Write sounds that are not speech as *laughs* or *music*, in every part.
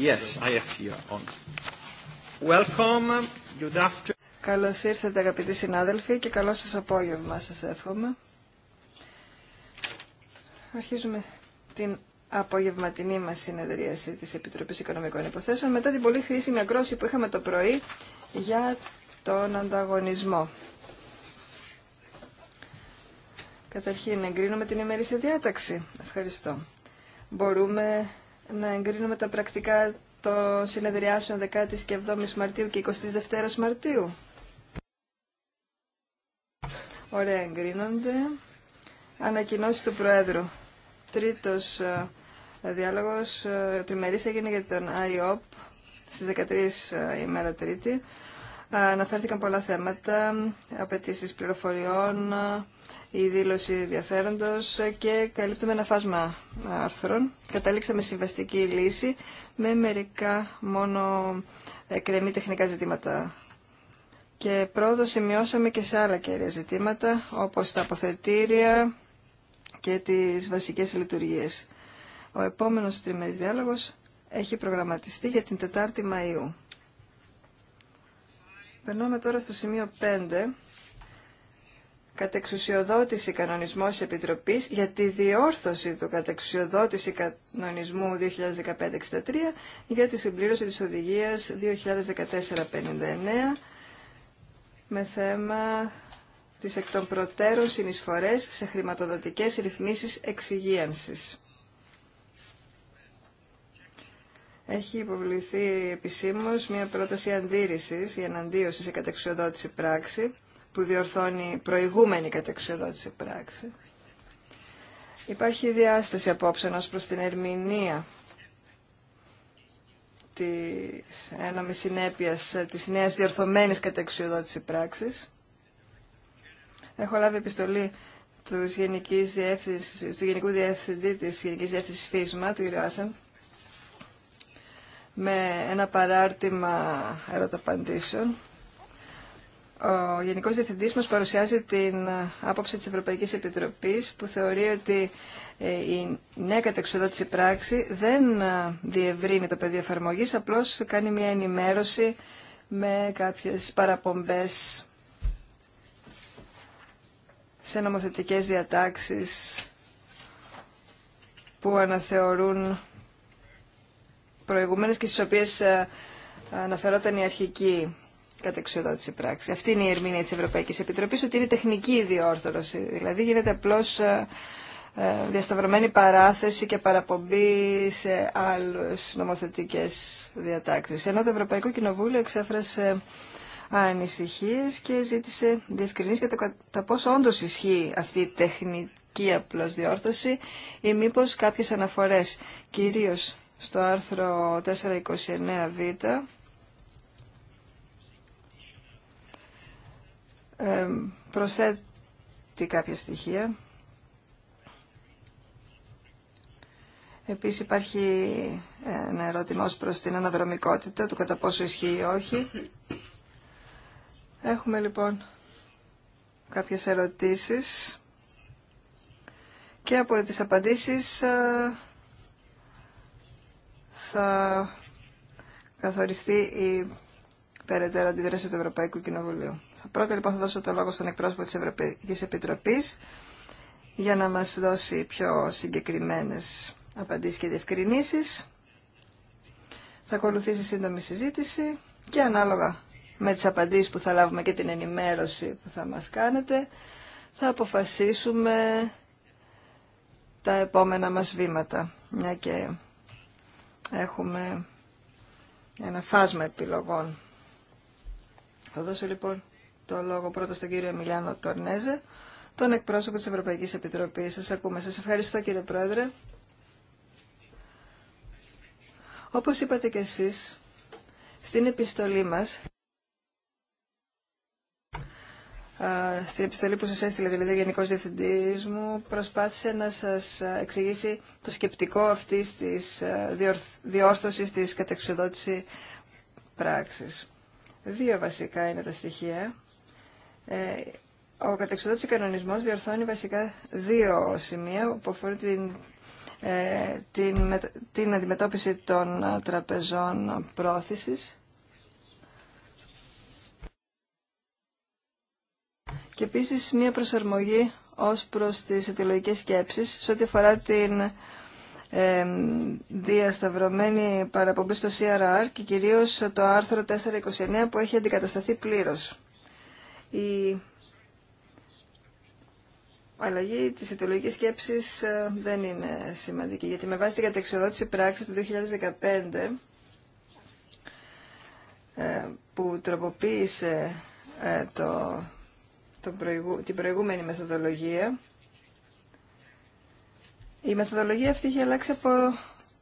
Yes, I here on. Welcome. Good afternoon. Καλώς ήρθατε αγαπητοί συνάδελφοι και καλό σας απόγευμα σας εύχομαι. Αρχίζουμε την απογευματινή μας συνεδρίαση της Επιτροπής Οικονομικών Υποθέσεων μετά την πολύ χρήσιμη ακρόση που είχαμε το πρωί για τον ανταγωνισμό. Καταρχήν εγκρίνουμε την ημερήσια διάταξη. Ευχαριστώ. Μπορούμε να εγκρίνουμε τα πρακτικά των συνεδριάσεων 10 και 7 Μαρτίου και 22 Μαρτίου. Ωραία, εγκρίνονται. Ανακοινώσει του Προέδρου. Τρίτος ε, διάλογος ε, τριμερής έγινε για τον ΆΙΟΠ στις 13 ε, ημέρα Τρίτη. Αναφέρθηκαν πολλά θέματα, απαιτήσει πληροφοριών, η δήλωση ενδιαφέροντο και καλύπτουμε ένα φάσμα άρθρων. Καταλήξαμε συμβαστική λύση με μερικά μόνο κρεμή τεχνικά ζητήματα. Και πρόοδο σημειώσαμε και σε άλλα κέρια ζητήματα, όπως τα αποθετήρια και τις βασικές λειτουργίες. Ο επόμενος τριμερής διάλογος έχει προγραμματιστεί για την 4η Μαΐου. Περνούμε τώρα στο σημείο 5 κατεξουσιοδότηση κανονισμός επιτροπής για τη διόρθωση του κατεξουσιοδότηση κανονισμού 2015-63 για τη συμπλήρωση της οδηγίας 2014-59 με θέμα τις εκ των προτέρων συνεισφορές σε χρηματοδοτικές ρυθμίσεις εξυγίανσης. έχει υποβληθεί επισήμω μια πρόταση αντίρρησης ή εναντίωση σε κατεξοδότηση πράξη που διορθώνει προηγούμενη κατεξοδότηση πράξη. Υπάρχει διάσταση απόψε ως προς την ερμηνεία της ένομης συνέπεια της νέας διορθωμένης κατεξοδότηση πράξης. Έχω λάβει επιστολή του Γενικού Διευθυντή της Γενικής Διεύθυνσης ΦΙΣΜΑ, του Ιράσεν, με ένα παράρτημα ερωταπαντήσεων. Ο Γενικός Διευθυντής μας παρουσιάζει την άποψη της Ευρωπαϊκής Επιτροπής που θεωρεί ότι ε, η νέα κατεξοδότηση πράξη δεν ε, διευρύνει το πεδίο εφαρμογή, απλώς κάνει μια ενημέρωση με κάποιες παραπομπές σε νομοθετικές διατάξεις που αναθεωρούν προηγουμένες και στις οποίες ε, αναφερόταν η αρχική κατεξοδότηση πράξη. Αυτή είναι η ερμηνεία της Ευρωπαϊκής Επιτροπής, ότι είναι τεχνική διόρθωση. Δηλαδή γίνεται απλώς ε, ε, διασταυρωμένη παράθεση και παραπομπή σε άλλες νομοθετικές διατάξεις. Ενώ το Ευρωπαϊκό Κοινοβούλιο εξέφρασε ανησυχίες και ζήτησε διευκρινήσεις για το κατά πόσο όντως ισχύει αυτή η τεχνική απλώς διόρθωση ή μήπως κάποιες αναφορές, κυρίως στο άρθρο 429β προσθέτει κάποια στοιχεία. Επίσης υπάρχει ένα ερώτημα ως προς την αναδρομικότητα, του κατά πόσο ισχύει ή όχι. Έχουμε λοιπόν κάποιες ερωτήσεις και από τις απαντήσεις ε, θα καθοριστεί η περαιτέρω αντίδραση του Ευρωπαϊκού Κοινοβουλίου. Θα πρώτα λοιπόν θα δώσω το λόγο στον εκπρόσωπο της Ευρωπαϊκής Επιτροπής για να μας δώσει πιο συγκεκριμένες απαντήσεις και διευκρινήσεις. Θα ακολουθήσει σύντομη συζήτηση και ανάλογα με τις απαντήσεις που θα λάβουμε και την ενημέρωση που θα μας κάνετε, θα αποφασίσουμε τα επόμενα μας βήματα, μια και έχουμε ένα φάσμα επιλογών. Θα δώσω λοιπόν το λόγο πρώτα στον κύριο Εμιλιάνο Τορνέζε, τον εκπρόσωπο της Ευρωπαϊκής Επιτροπής. Σας ακούμε. Σας ευχαριστώ κύριε Πρόεδρε. Όπως είπατε και εσείς, στην επιστολή μας στην επιστολή που σας έστειλε δηλαδή ο Γενικός Διευθυντής μου προσπάθησε να σας εξηγήσει το σκεπτικό αυτής της διόρθωσης της κατεξοδότηση πράξης. Δύο βασικά είναι τα στοιχεία. Ε, ο κατεξοδότηση κανονισμός διορθώνει βασικά δύο σημεία που αφορούν την, ε, την, την αντιμετώπιση των τραπεζών πρόθεσης και επίση μία προσαρμογή ως προς τις αιτιολογικές σκέψεις σε ό,τι αφορά την ε, διασταυρωμένη παραπομπή στο CRR και κυρίως το άρθρο 429 που έχει αντικατασταθεί πλήρως. Η αλλαγή της αιτιολογικής σκέψης ε, δεν είναι σημαντική γιατί με βάση την κατεξοδότηση πράξη του 2015 ε, που τροποποίησε ε, το την προηγούμενη μεθοδολογία. Η μεθοδολογία αυτή είχε αλλάξει από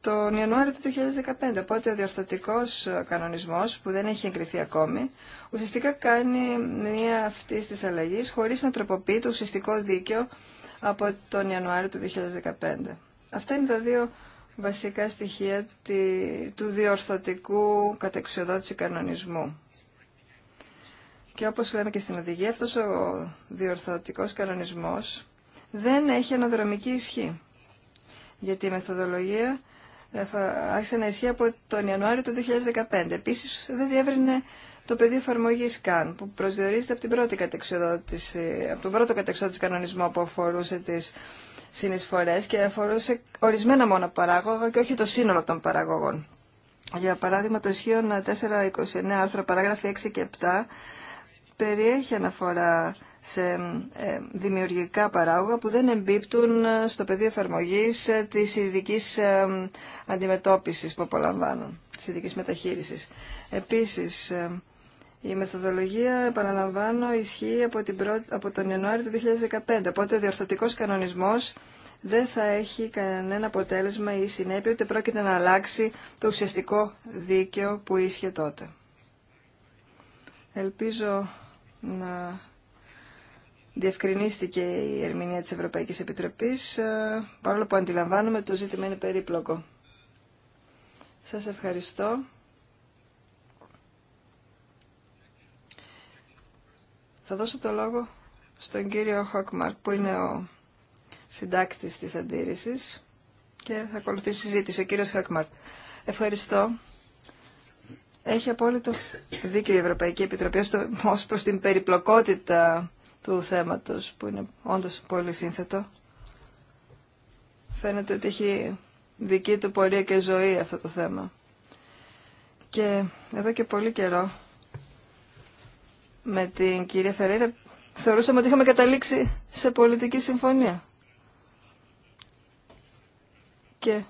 τον Ιανουάριο του 2015, οπότε ο διορθωτικός κανονισμός που δεν έχει εγκριθεί ακόμη, ουσιαστικά κάνει μια αυτή της αλλαγής χωρίς να τροποποιεί το ουσιαστικό δίκαιο από τον Ιανουάριο του 2015. Αυτά είναι τα δύο βασικά στοιχεία του διορθωτικού κατεξοδότηση κανονισμού. Και όπως λέμε και στην οδηγία, αυτός ο διορθωτικός κανονισμός δεν έχει αναδρομική ισχύ. Γιατί η μεθοδολογία ε, άρχισε να ισχύει από τον Ιανουάριο του 2015. Επίσης δεν διεύρυνε το πεδίο εφαρμογή καν, που προσδιορίζεται από, την πρώτη από τον πρώτο κατεξοδότηση κανονισμό που αφορούσε τις συνεισφορές και αφορούσε ορισμένα μόνο παράγωγα και όχι το σύνολο των παραγωγών. Για παράδειγμα, το ισχύον 429 άρθρα παράγραφη 6 και 7 περιέχει αναφορά σε ε, δημιουργικά παράγωγα που δεν εμπίπτουν ε, στο πεδίο εφαρμογή ε, της ειδική αντιμετώπισης που απολαμβάνουν, της ειδική μεταχείρισης. Επίσης, η μεθοδολογία, επαναλαμβάνω, ισχύει από, την από τον Ιανουάριο του 2015, οπότε ο διορθωτικός κανονισμός δεν θα έχει κανένα αποτέλεσμα ή συνέπεια, ούτε πρόκειται να αλλάξει το ουσιαστικό δίκαιο που ίσχυε τότε. Ελπίζω να διευκρινίστηκε η ερμηνεία της Ευρωπαϊκής Επιτροπής, ε, παρόλο που αντιλαμβάνομαι το ζήτημα είναι περίπλοκο. Σας ευχαριστώ. Θα δώσω το λόγο στον κύριο Χόκμαρκ, που είναι ο συντάκτης της αντίρρησης και θα ακολουθήσει συζήτηση. Ο κύριος Χόκμαρκ. Ευχαριστώ. Έχει απόλυτο δίκιο η Ευρωπαϊκή Επιτροπή ω προς την περιπλοκότητα του θέματος που είναι όντω πολύ σύνθετο. Φαίνεται ότι έχει δική του πορεία και ζωή αυτό το θέμα. Και εδώ και πολύ καιρό με την κυρία Φεραίρα θεωρούσαμε ότι είχαμε καταλήξει σε πολιτική συμφωνία. Και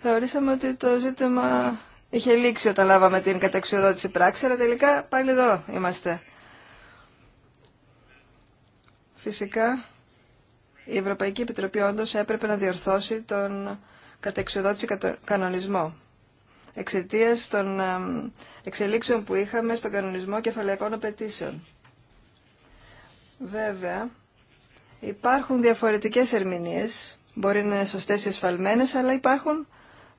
θεωρήσαμε ότι το ζήτημα Είχε λήξει όταν λάβαμε την καταξιοδότηση πράξη, αλλά τελικά πάλι εδώ είμαστε. Φυσικά, η Ευρωπαϊκή Επιτροπή όντω έπρεπε να διορθώσει τον καταξιοδότηση κανονισμό εξαιτία των εξελίξεων που είχαμε στον κανονισμό κεφαλαικών απαιτήσεων. Βέβαια, υπάρχουν διαφορετικές ερμηνείες, μπορεί να είναι σωστές ή αλλά υπάρχουν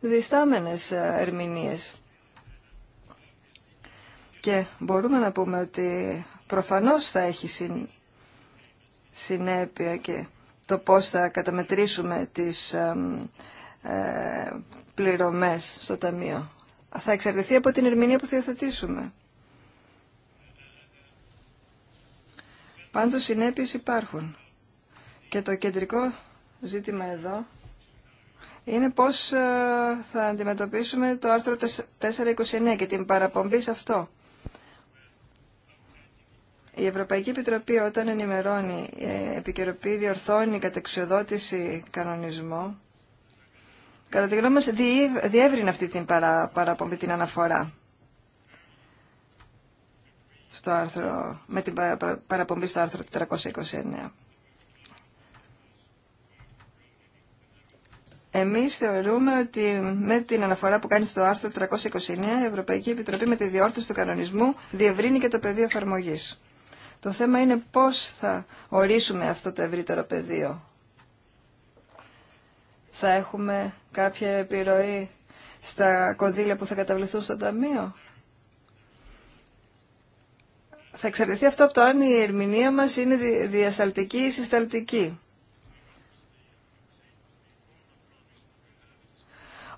διστάμενες ε, ερμηνείες. Και μπορούμε να πούμε ότι προφανώς θα έχει συνέπεια και το πώς θα καταμετρήσουμε τις ε, πληρωμές στο Ταμείο. Θα εξαρτηθεί από την ερμηνεία που θα υιοθετήσουμε. Πάντως συνέπειες υπάρχουν. Και το κεντρικό ζήτημα εδώ είναι πώς ε, θα αντιμετωπίσουμε το άρθρο 429 και την παραπομπή σε αυτό. Η Ευρωπαϊκή Επιτροπή όταν ενημερώνει, ε, επικαιροποιεί, διορθώνει κατεξοδότηση κανονισμό, κατά τη γνώμη μας διεύρυνε αυτή την παραπομπή, την αναφορά στο άρθρο, με την παραπομπή στο άρθρο 429. Εμείς θεωρούμε ότι με την αναφορά που κάνει στο άρθρο 329 η Ευρωπαϊκή Επιτροπή με τη διόρθωση του κανονισμού διευρύνει και το πεδίο εφαρμογή. Το θέμα είναι πώς θα ορίσουμε αυτό το ευρύτερο πεδίο. Θα έχουμε κάποια επιρροή στα κονδύλια που θα καταβληθούν στο Ταμείο. Θα εξαρτηθεί αυτό από το αν η ερμηνεία μας είναι διασταλτική ή συσταλτική.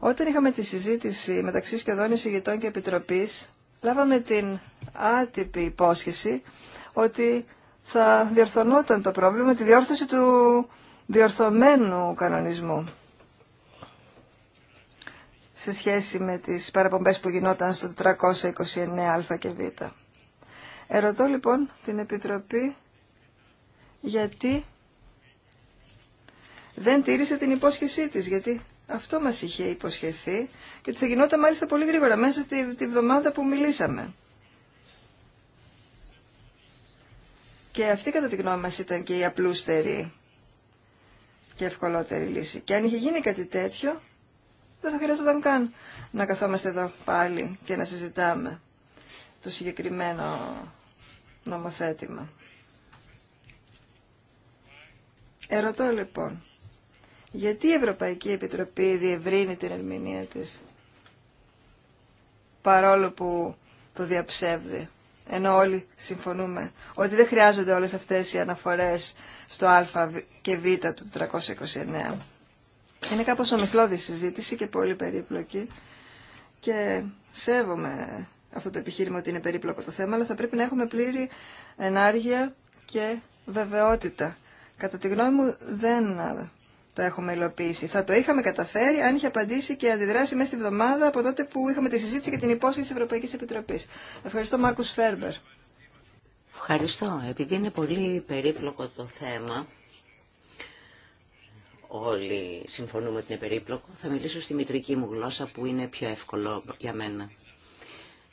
Όταν είχαμε τη συζήτηση μεταξύ Σκεδόνης, Υγητών και επιτροπής, λάβαμε την άτυπη υπόσχεση ότι θα διορθωνόταν το πρόβλημα τη διόρθωση του διορθωμένου κανονισμού σε σχέση με τις παραπομπές που γινόταν στο 429α και β. Ερωτώ λοιπόν την Επιτροπή γιατί δεν τήρησε την υπόσχεσή της, γιατί αυτό μας είχε υποσχεθεί και ότι θα γινόταν μάλιστα πολύ γρήγορα, μέσα στη, τη βδομάδα που μιλήσαμε. Και αυτή κατά τη γνώμη μας ήταν και η απλούστερη και ευκολότερη λύση. Και αν είχε γίνει κάτι τέτοιο, δεν θα χρειαζόταν καν να καθόμαστε εδώ πάλι και να συζητάμε το συγκεκριμένο νομοθέτημα. Ερωτώ λοιπόν, γιατί η Ευρωπαϊκή Επιτροπή διευρύνει την ερμηνεία της παρόλο που το διαψεύδει. Ενώ όλοι συμφωνούμε ότι δεν χρειάζονται όλες αυτές οι αναφορές στο α και β του 429. Είναι κάπως ομιχλώδη συζήτηση και πολύ περίπλοκη και σέβομαι αυτό το επιχείρημα ότι είναι περίπλοκο το θέμα, αλλά θα πρέπει να έχουμε πλήρη ενάργεια και βεβαιότητα. Κατά τη γνώμη μου δεν το έχουμε υλοποιήσει. Θα το είχαμε καταφέρει αν είχε απαντήσει και αντιδράσει μέσα στη βδομάδα από τότε που είχαμε τη συζήτηση και την υπόσχεση τη Ευρωπαϊκή Επιτροπή. Ευχαριστώ, Μάρκου Φέρμπερ. Ευχαριστώ. Επειδή είναι πολύ περίπλοκο το θέμα, όλοι συμφωνούμε ότι είναι περίπλοκο, θα μιλήσω στη μητρική μου γλώσσα που είναι πιο εύκολο για μένα.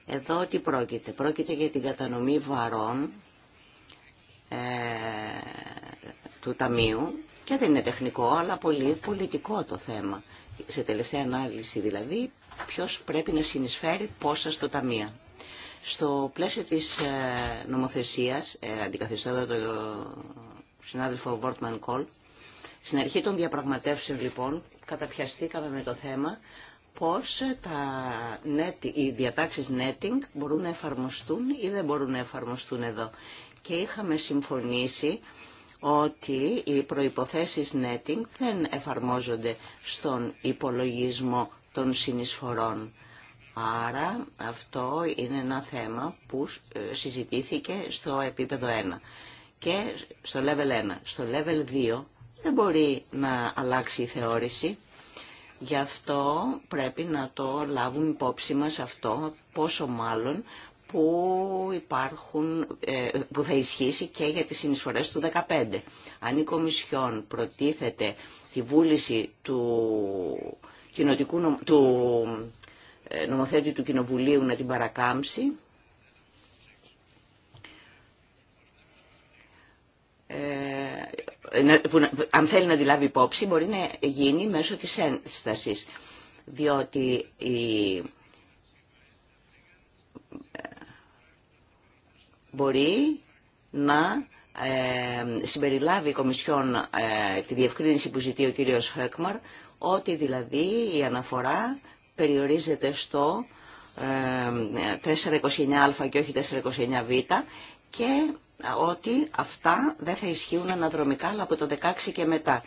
Εδώ τι πρόκειται. Πρόκειται για την κατανομή βαρών ε, του Ταμείου και δεν είναι τεχνικό, αλλά πολύ πολιτικό το θέμα. Σε τελευταία ανάλυση δηλαδή, ποιος πρέπει να συνεισφέρει πόσα στο ταμείο. Στο πλαίσιο της ε, νομοθεσίας, ε, αντικαθιστά εδώ το συνάδελφο Βόρτμαν Κόλ, στην αρχή των διαπραγματεύσεων λοιπόν καταπιαστήκαμε με το θέμα πώς τα net, οι διατάξεις netting μπορούν να εφαρμοστούν ή δεν μπορούν να εφαρμοστούν εδώ. Και είχαμε συμφωνήσει ότι οι προϋποθέσεις netting δεν εφαρμόζονται στον υπολογισμό των συνεισφορών. Άρα αυτό είναι ένα θέμα που ε, συζητήθηκε στο επίπεδο 1 και στο level 1. Στο level 2 δεν μπορεί να αλλάξει η θεώρηση. Γι' αυτό πρέπει να το λάβουμε υπόψη μας αυτό, πόσο μάλλον που, υπάρχουν, ε, που θα ισχύσει και για τις συνεισφορές του 2015. Αν η Κομισιόν προτίθεται τη βούληση του, κοινοτικού, του ε, νομοθέτη του Κοινοβουλίου να την παρακάμψει, ε, αν θέλει να τη λάβει υπόψη, μπορεί να γίνει μέσω της ένστασης. Διότι η μπορεί να ε, συμπεριλάβει η Κομισιόν ε, τη διευκρίνηση που ζητεί ο κύριος Χέκμαρ, ότι δηλαδή η αναφορά περιορίζεται στο 429α ε, και όχι 429β και ότι αυτά δεν θα ισχύουν αναδρομικά αλλά από το 16 και μετά.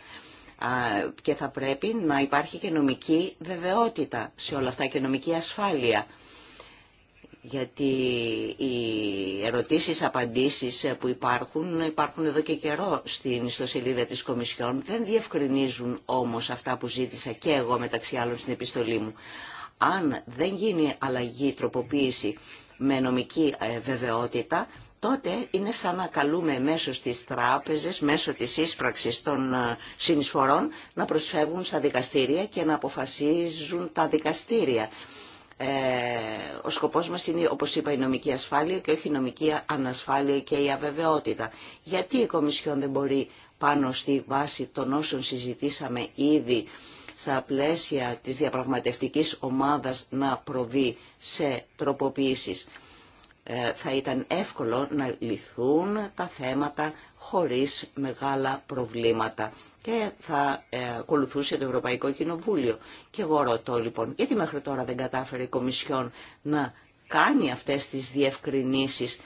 Και θα πρέπει να υπάρχει και νομική βεβαιότητα σε όλα αυτά και νομική ασφάλεια γιατί οι ερωτήσεις-απαντήσεις που υπάρχουν υπάρχουν εδώ και καιρό στην ιστοσελίδα της Κομισιόν. Δεν διευκρινίζουν όμως αυτά που ζήτησα και εγώ μεταξύ άλλων στην επιστολή μου. Αν δεν γίνει αλλαγή, τροποποίηση με νομική ε, βεβαιότητα, τότε είναι σαν να καλούμε μέσω στις τράπεζες, μέσω της ίσπραξης των ε, συνεισφορών, να προσφεύγουν στα δικαστήρια και να αποφασίζουν τα δικαστήρια ε, ο σκοπός μας είναι, όπως είπα, η νομική ασφάλεια και όχι η νομική ανασφάλεια και η αβεβαιότητα. Γιατί η Κομισιόν δεν μπορεί πάνω στη βάση των όσων συζητήσαμε ήδη στα πλαίσια της διαπραγματευτικής ομάδας να προβεί σε τροποποιήσεις. Ε, θα ήταν εύκολο να λυθούν τα θέματα χωρίς μεγάλα προβλήματα και θα ε, ακολουθούσε το Ευρωπαϊκό Κοινοβούλιο. Και εγώ ρωτώ λοιπόν, γιατί μέχρι τώρα δεν κατάφερε η Κομισιόν να κάνει αυτές τις διευκρινήσεις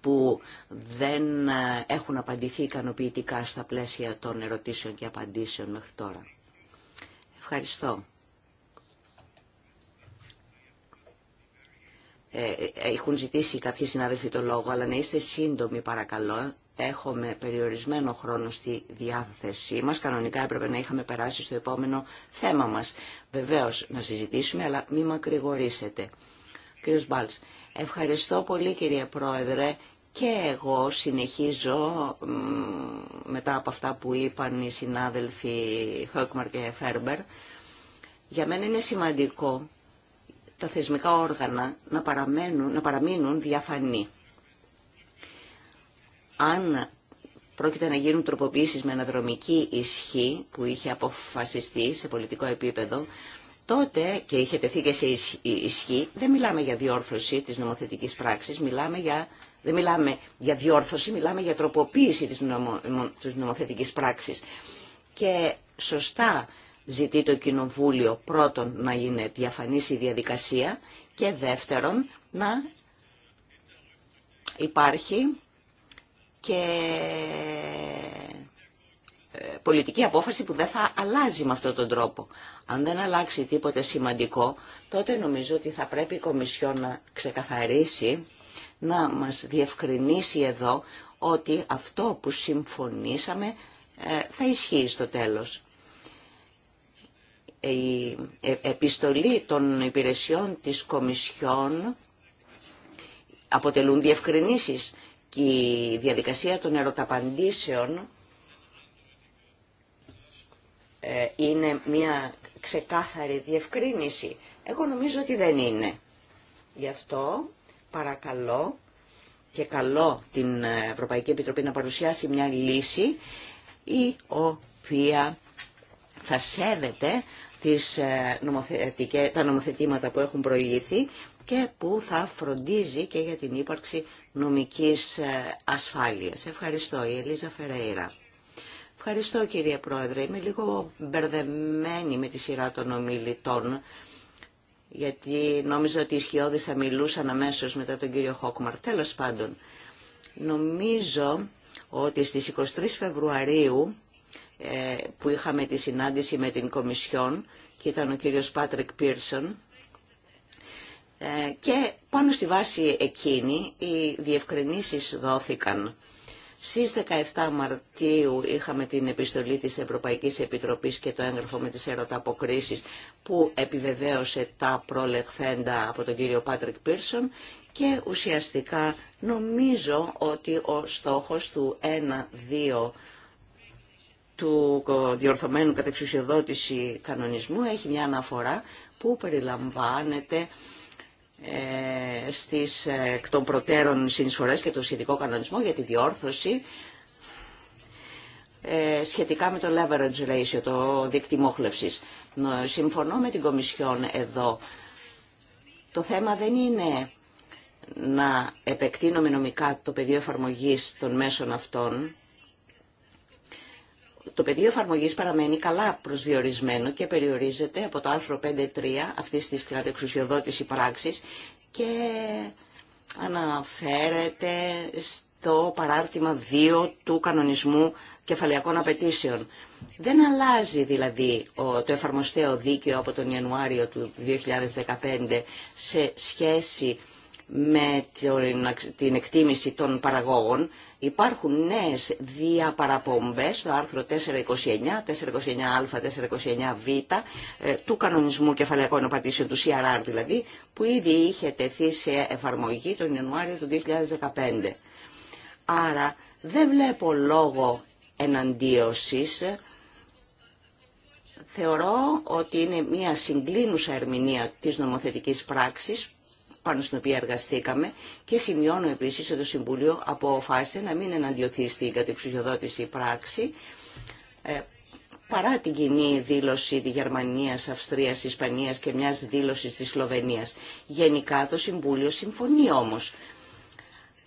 που δεν ε, έχουν απαντηθεί ικανοποιητικά στα πλαίσια των ερωτήσεων και απαντήσεων μέχρι τώρα. Ευχαριστώ. Ε, ε έχουν ζητήσει κάποιοι συνάδελφοι το λόγο, αλλά να είστε σύντομοι παρακαλώ έχουμε περιορισμένο χρόνο στη διάθεσή μας. Κανονικά έπρεπε να είχαμε περάσει στο επόμενο θέμα μας. Βεβαίως να συζητήσουμε, αλλά μη μακρηγορήσετε. Κύριος Μπάλτς, ευχαριστώ πολύ κύριε Πρόεδρε και εγώ συνεχίζω μετά από αυτά που είπαν οι συνάδελφοι Χόκμαρ και Φέρμπερ. Για μένα είναι σημαντικό τα θεσμικά όργανα να, να παραμείνουν διαφανή αν πρόκειται να γίνουν τροποποιήσεις με αναδρομική ισχύ που είχε αποφασιστεί σε πολιτικό επίπεδο, τότε και είχε τεθεί και σε ισχύ, δεν μιλάμε για διόρθωση της νομοθετικής πράξης, μιλάμε για, δεν μιλάμε για διόρθωση, μιλάμε για τροποποίηση της, νομο, της νομοθετικής πράξης. Και σωστά ζητεί το Κοινοβούλιο πρώτον να είναι διαφανής η διαδικασία και δεύτερον να υπάρχει και ε, πολιτική απόφαση που δεν θα αλλάζει με αυτόν τον τρόπο. Αν δεν αλλάξει τίποτε σημαντικό, τότε νομίζω ότι θα πρέπει η Κομισιό να ξεκαθαρίσει, να μας διευκρινίσει εδώ ότι αυτό που συμφωνήσαμε ε, θα ισχύει στο τέλος. Η ε, επιστολή των υπηρεσιών της Κομισιόν αποτελούν διευκρινήσεις η διαδικασία των ερωταπαντήσεων ε, είναι μια ξεκάθαρη διευκρίνηση. Εγώ νομίζω ότι δεν είναι. Γι' αυτό παρακαλώ και καλώ την Ευρωπαϊκή Επιτροπή να παρουσιάσει μια λύση η οποία θα σέβεται τις ε, νομοθετικές, τα νομοθετήματα που έχουν προηγηθεί και που θα φροντίζει και για την ύπαρξη νομικής ε, ασφάλειας. Ευχαριστώ, η Ελίζα Φερέιρα. Ευχαριστώ κύριε Πρόεδρε. Είμαι λίγο μπερδεμένη με τη σειρά των ομιλητών γιατί νόμιζα ότι οι σκιώδεις θα μιλούσαν αμέσω μετά τον κύριο Χόκμαρ. Τέλος πάντων, νομίζω ότι στις 23 Φεβρουαρίου ε, που είχαμε τη συνάντηση με την Κομισιόν και ήταν ο κύριος Πάτρικ Πίρσον ε, και πάνω στη βάση εκείνη οι διευκρινήσεις δόθηκαν. Στις 17 Μαρτίου είχαμε την επιστολή της Ευρωπαϊκής Επιτροπής και το έγγραφο με τις ερωταποκρίσεις που επιβεβαίωσε τα προλεχθέντα από τον κύριο Πάτρικ Πίρσον και ουσιαστικά νομίζω ότι ο στόχος του 1-2 του διορθωμένου κατεξουσιοδότηση κανονισμού έχει μια αναφορά που περιλαμβάνεται ε, στις ε, εκ των προτέρων συνεισφορές και το σχετικό κανονισμό για τη διόρθωση ε, σχετικά με το leverage ratio, το δίκτυ μόχλευσης. Συμφωνώ με την Κομισιόν εδώ. Το θέμα δεν είναι να επεκτείνουμε νομικά το πεδίο εφαρμογής των μέσων αυτών, το πεδίο εφαρμογή παραμένει καλά προσδιορισμένο και περιορίζεται από το άρθρο 5.3 αυτής της κρατεξουσιοδότηση πράξη και αναφέρεται στο παράρτημα 2 του κανονισμού κεφαλαιακών απαιτήσεων. Δεν αλλάζει δηλαδή το εφαρμοστέο δίκαιο από τον Ιανουάριο του 2015 σε σχέση με την εκτίμηση των παραγόγων Υπάρχουν νέες διαπαραπομπές στο άρθρο 429, 429α, 429β του κανονισμού κεφαλαϊκών απαντήσεων του CRR δηλαδή, που ήδη είχε τεθεί σε εφαρμογή τον Ιανουάριο του 2015. Άρα δεν βλέπω λόγο εναντίωσης. Θεωρώ ότι είναι μια συγκλίνουσα ερμηνεία της νομοθετικής πράξης πάνω στην οποία εργαστήκαμε και σημειώνω επίσης ότι το Συμβούλιο αποφάσισε να μην εναντιωθεί στην κατεξουσιοδότηση πράξη ε, παρά την κοινή δήλωση τη Γερμανίας, Αυστρίας, Ισπανίας και μια δήλωση της Σλοβενίας. Γενικά το Συμβούλιο συμφωνεί όμως.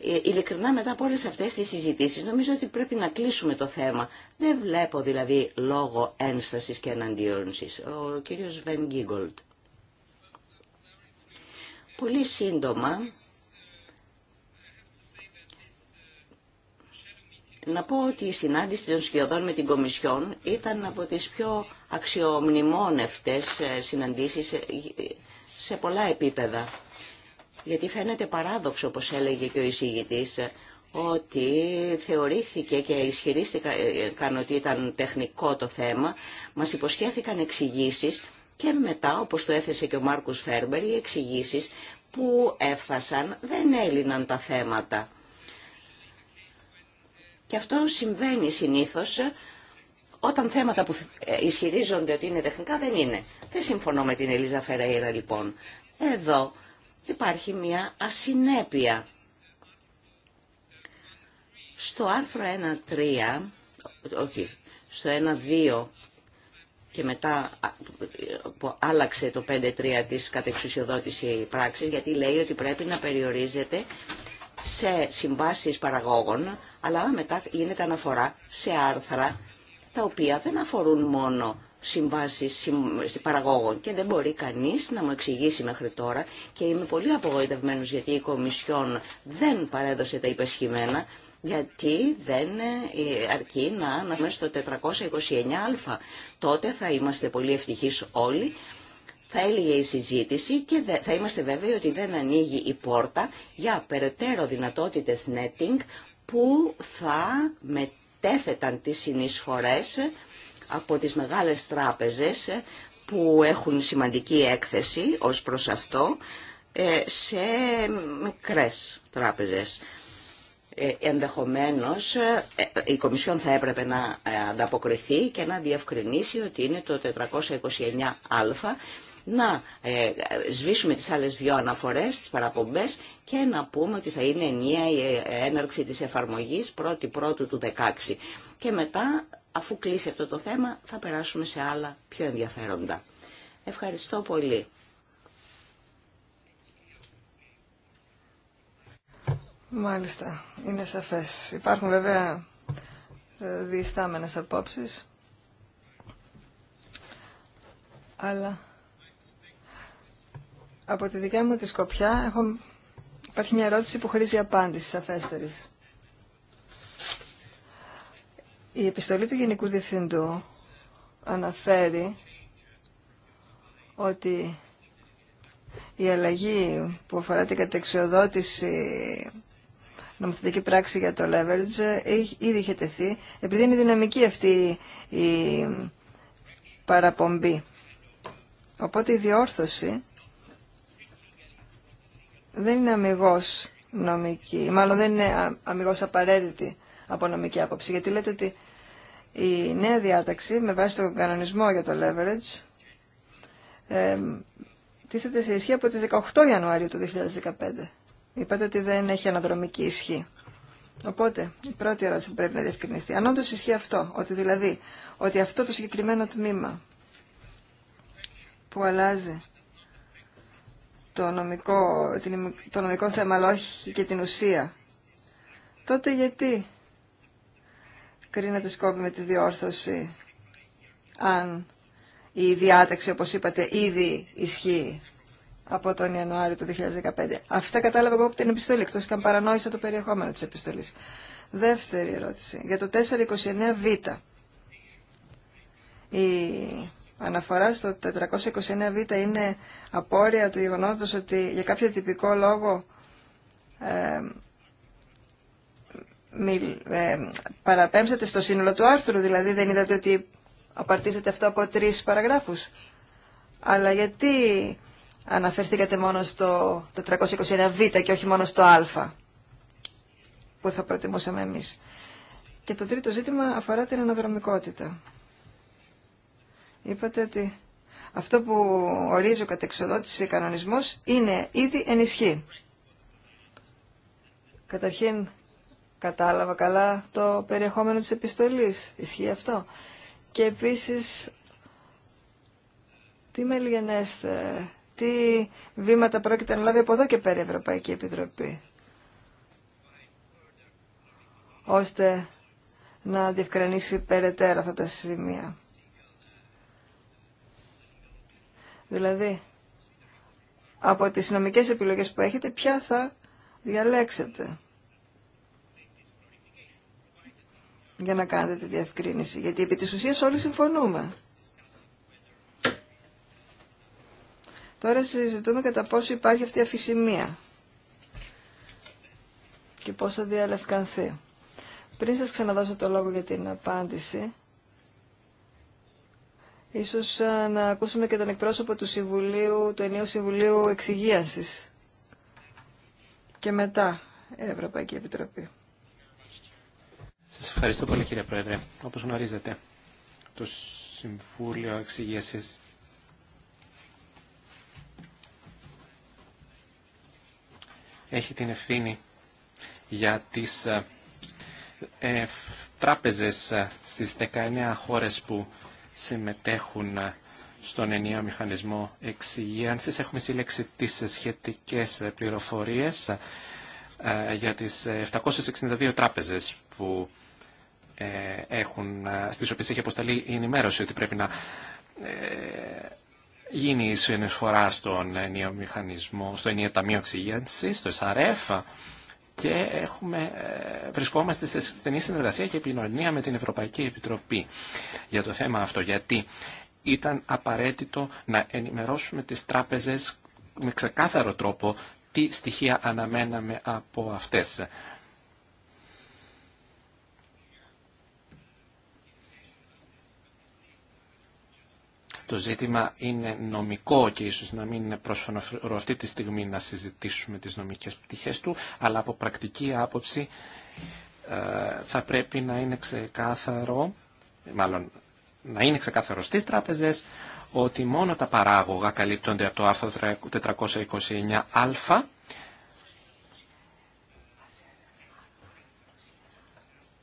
Ε, ειλικρινά μετά από όλες αυτές τις συζητήσεις νομίζω ότι πρέπει να κλείσουμε το θέμα. Δεν βλέπω δηλαδή λόγο ένστασης και εναντιόνσης. Ο κύριος Βεν Γίγκολτ. Πολύ σύντομα να πω ότι η συνάντηση των σχεδόν με την Κομισιόν ήταν από τις πιο αξιομνημόνευτες ε, συναντήσεις ε, σε πολλά επίπεδα. Γιατί φαίνεται παράδοξο, όπως έλεγε και ο εισηγητής, ε, ότι θεωρήθηκε και ισχυρίστηκαν ότι ήταν τεχνικό το θέμα. Μας υποσχέθηκαν εξηγήσει και μετά, όπως το έθεσε και ο Μάρκος Φέρμπερ, οι εξηγήσει που έφτασαν δεν έλυναν τα θέματα. Και αυτό συμβαίνει συνήθως όταν θέματα που ισχυρίζονται ότι είναι τεχνικά δεν είναι. Δεν συμφωνώ με την Ελίζα Φεραίρα λοιπόν. Εδώ υπάρχει μια ασυνέπεια. Στο άρθρο 1.3, όχι, στο 1.2 και μετά που άλλαξε το 5-3 της κατεξουσιοδότηση πράξη, γιατί λέει ότι πρέπει να περιορίζεται σε συμβάσεις παραγόγων αλλά μετά γίνεται αναφορά σε άρθρα τα οποία δεν αφορούν μόνο συμβάσεις παραγόγων και δεν μπορεί κανείς να μου εξηγήσει μέχρι τώρα και είμαι πολύ απογοητευμένος γιατί η Κομισιόν δεν παρέδωσε τα υπεσχημένα γιατί δεν ε, ε, αρκεί να είμαστε στο 429α. Τότε θα είμαστε πολύ ευτυχείς όλοι, θα έλεγε η συζήτηση και θα είμαστε βέβαιοι ότι δεν ανοίγει η πόρτα για περαιτέρω δυνατότητες netting που θα μετέθεταν τις συνεισφορές από τις μεγάλες τράπεζες που έχουν σημαντική έκθεση ως προς αυτό ε, σε μικρές τράπεζες. Ε, ενδεχομένως ε, η Κομισιόν θα έπρεπε να ε, ανταποκριθεί και να διευκρινίσει ότι είναι το 429α να σβήσουμε τις άλλες δύο αναφορές, τις παραπομπές και να πούμε ότι θα είναι ενιαία η έναρξη της εφαρμογής Πρώτου του 16. Και μετά, αφού κλείσει αυτό το θέμα, θα περάσουμε σε άλλα πιο ενδιαφέροντα. Ευχαριστώ πολύ. Μάλιστα, είναι σαφές. Υπάρχουν βέβαια ε, διστάμενες απόψεις, αλλά από τη δικιά μου τη σκοπιά έχω... υπάρχει μια ερώτηση που χρήζει απάντηση σαφέστερης. Η επιστολή του Γενικού Διευθυντού αναφέρει ότι η αλλαγή που αφορά την κατεξιοδότηση νομοθετική πράξη για το leverage ήδη είχε τεθεί, επειδή είναι δυναμική αυτή η παραπομπή. Οπότε η διόρθωση δεν είναι αμυγός νομική, μάλλον δεν είναι αμυγός απαραίτητη από νομική άποψη, γιατί λέτε ότι η νέα διάταξη με βάση τον κανονισμό για το leverage ε, τίθεται σε ισχύ από τις 18 Ιανουαρίου του 2015. Είπατε ότι δεν έχει αναδρομική ισχύ. Οπότε, η πρώτη ερώτηση που πρέπει να διευκρινιστεί. Αν όντω ισχύει αυτό, ότι δηλαδή ότι αυτό το συγκεκριμένο τμήμα που αλλάζει το νομικό, το νομικό θέμα, αλλά όχι και την ουσία, τότε γιατί κρίνεται σκόπι με τη διόρθωση αν η διάταξη, όπως είπατε, ήδη ισχύει από τον Ιανουάριο του 2015. Αυτά κατάλαβα εγώ από την επιστολή, εκτό και αν παρανόησα το περιεχόμενο της επιστολή. Δεύτερη ερώτηση. Για το 429β. Η αναφορά στο 429β είναι απόρρια του γεγονότο ότι για κάποιο τυπικό λόγο ε, ε, παραπέμψατε στο σύνολο του άρθρου, δηλαδή δεν είδατε ότι απαρτίζεται αυτό από τρεις παραγράφους. Αλλά γιατί αναφερθήκατε μόνο στο 429β και όχι μόνο στο α που θα προτιμούσαμε εμείς. Και το τρίτο ζήτημα αφορά την αναδρομικότητα. Είπατε ότι αυτό που ορίζει ο κατεξοδότηση κανονισμός είναι ήδη ενισχύ. Καταρχήν κατάλαβα καλά το περιεχόμενο της επιστολής. Ισχύει αυτό. Και επίσης τι με λιγενέστε τι βήματα πρόκειται να λάβει από εδώ και πέρα η Ευρωπαϊκή Επιτροπή ώστε να διευκρινίσει περαιτέρω αυτά τα σημεία. Δηλαδή, από τις νομικές επιλογές που έχετε, ποια θα διαλέξετε για να κάνετε τη διευκρίνηση. Γιατί επί της ουσίας όλοι συμφωνούμε. Τώρα συζητούμε κατά πόσο υπάρχει αυτή η αφησιμία και πώς θα διαλευκανθεί. Πριν σας ξαναδώσω το λόγο για την απάντηση, ίσως ε, να ακούσουμε και τον εκπρόσωπο του Συμβουλίου, του Ενίου Συμβουλίου Εξυγίασης και μετά Ευρωπαϊκή Επιτροπή. Σας ευχαριστώ πολύ κύριε Πρόεδρε. Όπως γνωρίζετε, το Συμβούλιο Εξυγίασης έχει την ευθύνη για τις ε, ε, τράπεζες ε, στις 19 χώρες που συμμετέχουν στον ενιαίο μηχανισμό εξυγίανσης. Έχουμε συλλέξει τις σχετικές πληροφορίες για τις 762 τράπεζες που έχουν, στις οποίες έχει αποσταλεί η ενημέρωση ότι πρέπει να γίνει η συνεισφορά στον ενιαίο μηχανισμό, στο ενιαίο ταμείο στο SRF και έχουμε, ε, βρισκόμαστε σε στενή συνεργασία και επικοινωνία με την Ευρωπαϊκή Επιτροπή για το θέμα αυτό. Γιατί ήταν απαραίτητο να ενημερώσουμε τις τράπεζες με ξεκάθαρο τρόπο τι στοιχεία αναμέναμε από αυτές. Το ζήτημα είναι νομικό και ίσως να μην είναι προσφανοφρό αυτή τη στιγμή να συζητήσουμε τις νομικές πτυχές του, αλλά από πρακτική άποψη ε, θα πρέπει να είναι ξεκάθαρο, μάλλον να είναι ξεκάθαρο στις τράπεζες, ότι μόνο τα παράγωγα καλύπτονται από το άρθρο 429α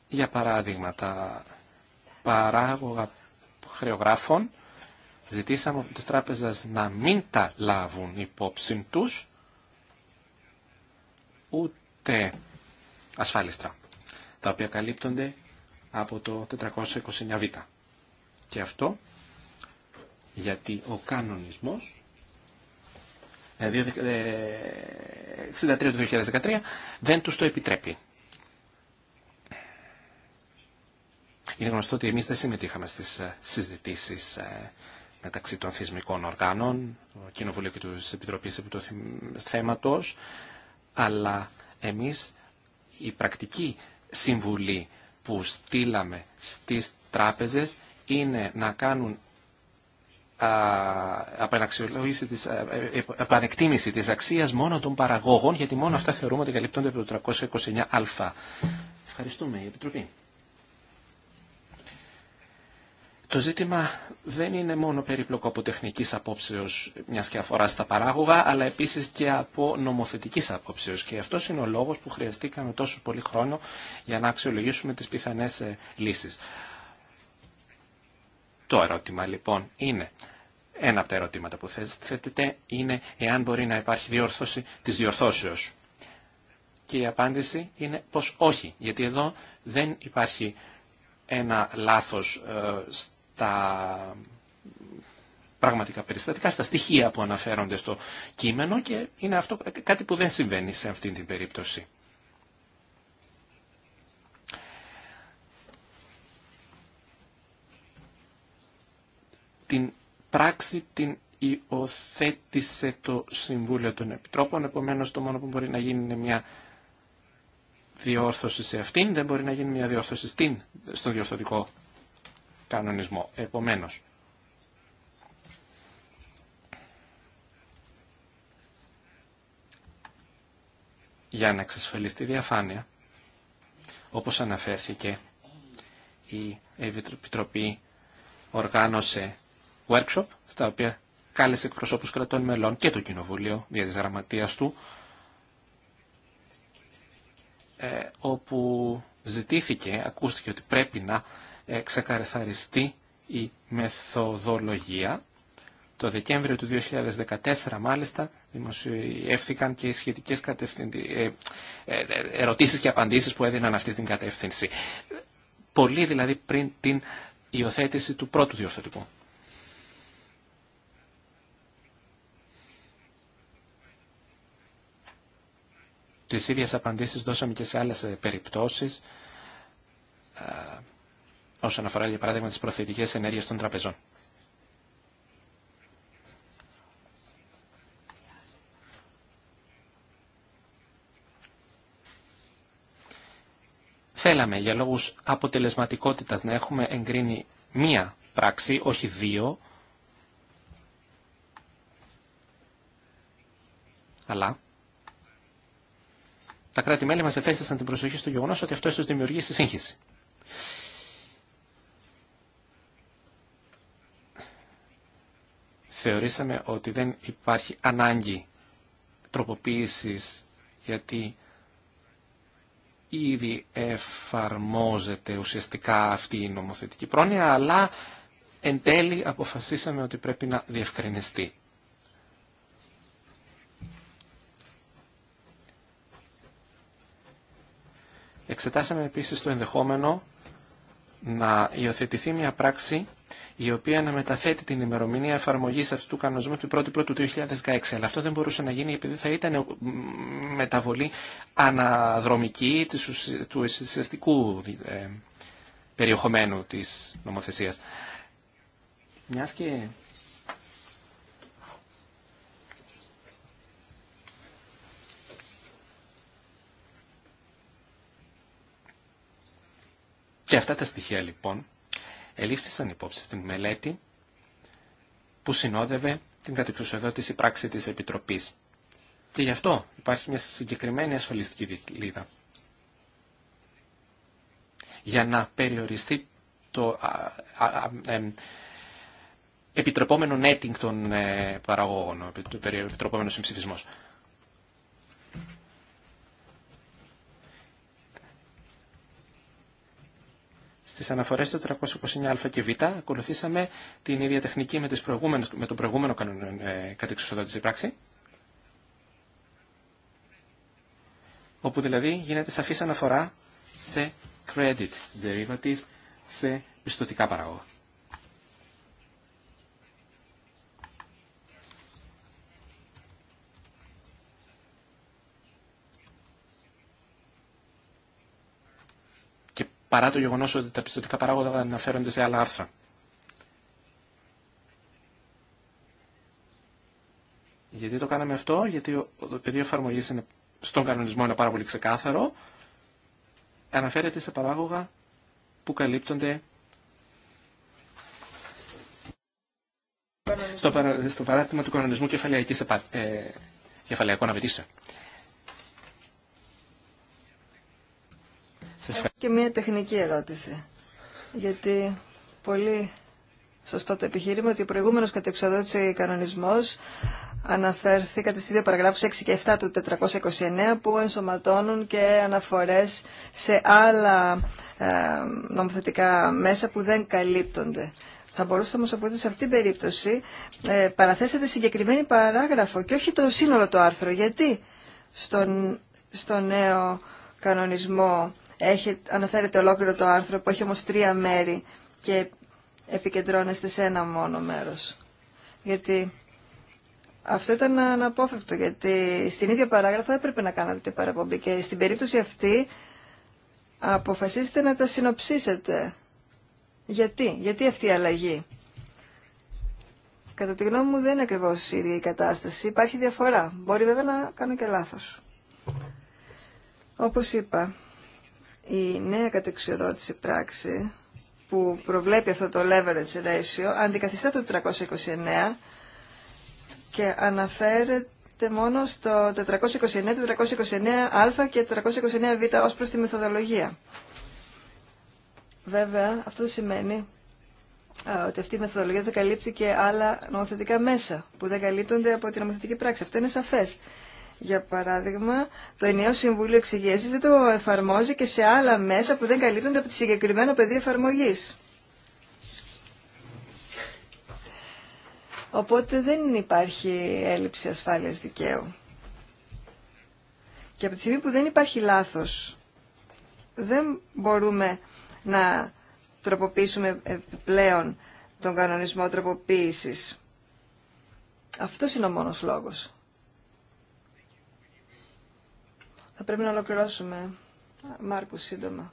για παράδειγμα τα παράγωγα χρεογράφων Ζητήσαμε από τις τράπεζες να μην τα λάβουν υπόψη τους ούτε ασφάλιστα. τα οποία καλύπτονται από το 429β. Και αυτό γιατί ο κανονισμός 63 ε, ε, του 2013 δεν τους το επιτρέπει. Είναι γνωστό ότι εμείς δεν συμμετείχαμε στις ε, συζητήσεις μεταξύ των θεσμικών οργάνων, το Κοινοβουλίο και της Επιτροπής επί του θέματος, αλλά εμείς η πρακτική συμβουλή που στείλαμε στις τράπεζες είναι να κάνουν της, ε, ε, επανεκτίμηση της αξίας μόνο των παραγόγων, γιατί μόνο αυτά θεωρούμε ότι καλύπτονται από το 329α. Ευχαριστούμε, η Επιτροπή. Το ζήτημα δεν είναι μόνο περίπλοκο από τεχνικής απόψεως, μιας και αφορά στα παράγωγα, αλλά επίσης και από νομοθετικής απόψεως. Και αυτό είναι ο λόγος που χρειαστήκαμε τόσο πολύ χρόνο για να αξιολογήσουμε τις πιθανές ε, λύσεις. Το ερώτημα λοιπόν είναι, ένα από τα ερωτήματα που θέτεται είναι εάν μπορεί να υπάρχει διόρθωση της διορθώσεως. Και η απάντηση είναι πως όχι, γιατί εδώ δεν υπάρχει ένα λάθος ε, τα πραγματικά περιστατικά, στα στοιχεία που αναφέρονται στο κείμενο και είναι αυτό κάτι που δεν συμβαίνει σε αυτή την περίπτωση. Την πράξη την υιοθέτησε το Συμβούλιο των Επιτρόπων, επομένως το μόνο που μπορεί να γίνει είναι μια διόρθωση σε αυτήν, δεν μπορεί να γίνει μια διόρθωση στην, στον διορθωτικό κανονισμό. Επομένως, για να εξασφαλίσει τη διαφάνεια, όπως αναφέρθηκε, η Επιτροπή οργάνωσε workshop, στα οποία κάλεσε εκπροσώπους κρατών μελών και το Κοινοβούλιο, δια τη γραμματείας του, ε, όπου ζητήθηκε, ακούστηκε ότι πρέπει να ξεκαρθαριστεί η μεθοδολογία. Το Δεκέμβριο του 2014 μάλιστα δημοσιεύθηκαν και οι σχετικές ε, ε, ε, ερωτήσεις και απαντήσεις που έδιναν αυτή την κατεύθυνση. Πολύ δηλαδή πριν την υιοθέτηση του πρώτου διορθωτικού. Τις ίδιες απαντήσεις δώσαμε και σε άλλες περιπτώσεις όσον αφορά για παράδειγμα τις προθετικές ενέργειες των τραπεζών. Θέλαμε για λόγους αποτελεσματικότητας να έχουμε εγκρίνει μία πράξη, όχι δύο, αλλά τα κράτη-μέλη μας εφέστησαν την προσοχή στο γεγονός ότι αυτό ίσως δημιουργήσει σύγχυση. θεωρήσαμε ότι δεν υπάρχει ανάγκη τροποποίησης γιατί ήδη εφαρμόζεται ουσιαστικά αυτή η νομοθετική πρόνοια, αλλά εν τέλει αποφασίσαμε ότι πρέπει να διευκρινιστεί. Εξετάσαμε επίσης το ενδεχόμενο να υιοθετηθεί μια πράξη η οποία να μεταθέτει την ημερομηνία εφαρμογή αυτού του κανονισμού την 1η του 2016. Αλλά αυτό δεν μπορούσε να γίνει επειδή θα ήταν μεταβολή αναδρομική του ουσιαστικού ε, περιεχομένου της νομοθεσίας. και Και αυτά τα στοιχεία λοιπόν ελήφθησαν υπόψη στην μελέτη που συνόδευε την κατεξουσιοδότηση πράξη της Επιτροπής. Και γι' αυτό υπάρχει μια συγκεκριμένη ασφαλιστική δικλίδα. Για να περιοριστεί το επιτρεπόμενο netting των ε, παραγωγών, το επιτρεπόμενο συμψηφισμός. Στι αναφορέ του 329α και β ακολουθήσαμε την ίδια τεχνική με, τις με τον προηγούμενο κανόνα ε, πράξη. όπου δηλαδή γίνεται σαφής αναφορά σε credit derivative, σε πιστοτικά παράγωγα. παρά το γεγονός ότι τα πιστοτικά παράγοντα αναφέρονται σε άλλα άρθρα. Γιατί το κάναμε αυτό, γιατί το πεδίο εφαρμογή στον κανονισμό είναι πάρα πολύ ξεκάθαρο. Αναφέρεται σε παράγωγα που καλύπτονται στο, παρά... του κανονισμού κεφαλαϊκής... ε... κεφαλαϊκών απαιτήσεων. Έχω και μια τεχνική ερώτηση. Γιατί πολύ σωστό το επιχείρημα ότι ο προηγούμενος κατεξοδότηση κανονισμός αναφέρθηκε κατά δύο παραγράφους 6 και 7 του 429 που ενσωματώνουν και αναφορές σε άλλα ε, νομοθετικά μέσα που δεν καλύπτονται. Θα μπορούσατε όμως από ότι σε αυτήν την περίπτωση ε, παραθέσατε συγκεκριμένη παράγραφο και όχι το σύνολο το άρθρο. Γιατί στον, στο νέο κανονισμό έχει, αναφέρετε ολόκληρο το άρθρο που έχει όμως τρία μέρη και επικεντρώνεστε σε ένα μόνο μέρος. Γιατί αυτό ήταν αναπόφευκτο, γιατί στην ίδια παράγραφο έπρεπε να κάνατε την παραπομπή και στην περίπτωση αυτή αποφασίσετε να τα συνοψίσετε. Γιατί, γιατί αυτή η αλλαγή. Κατά τη γνώμη μου δεν είναι ακριβώς η ίδια η κατάσταση, υπάρχει διαφορά. Μπορεί βέβαια να κάνω και λάθος. Όπως είπα, η νέα κατεξιοδότηση πράξη που προβλέπει αυτό το leverage ratio αντικαθιστά το 429 και αναφέρεται μόνο στο 429, 429α και 429β ως προς τη μεθοδολογία. Βέβαια, αυτό σημαίνει ότι αυτή η μεθοδολογία δεν καλύπτει και άλλα νομοθετικά μέσα που δεν καλύπτονται από την νομοθετική πράξη. Αυτό είναι σαφές. Για παράδειγμα, το ενιαίο Συμβούλιο Εξηγήσεις δεν το εφαρμόζει και σε άλλα μέσα που δεν καλύπτονται από τη συγκεκριμένο πεδίο εφαρμογής. Οπότε δεν υπάρχει έλλειψη ασφάλειας δικαίου. Και από τη στιγμή που δεν υπάρχει λάθος, δεν μπορούμε να τροποποιήσουμε πλέον τον κανονισμό τροποποίησης. Αυτός είναι ο μόνος λόγος. Θα πρέπει να ολοκληρώσουμε. Μάρκου, σύντομα.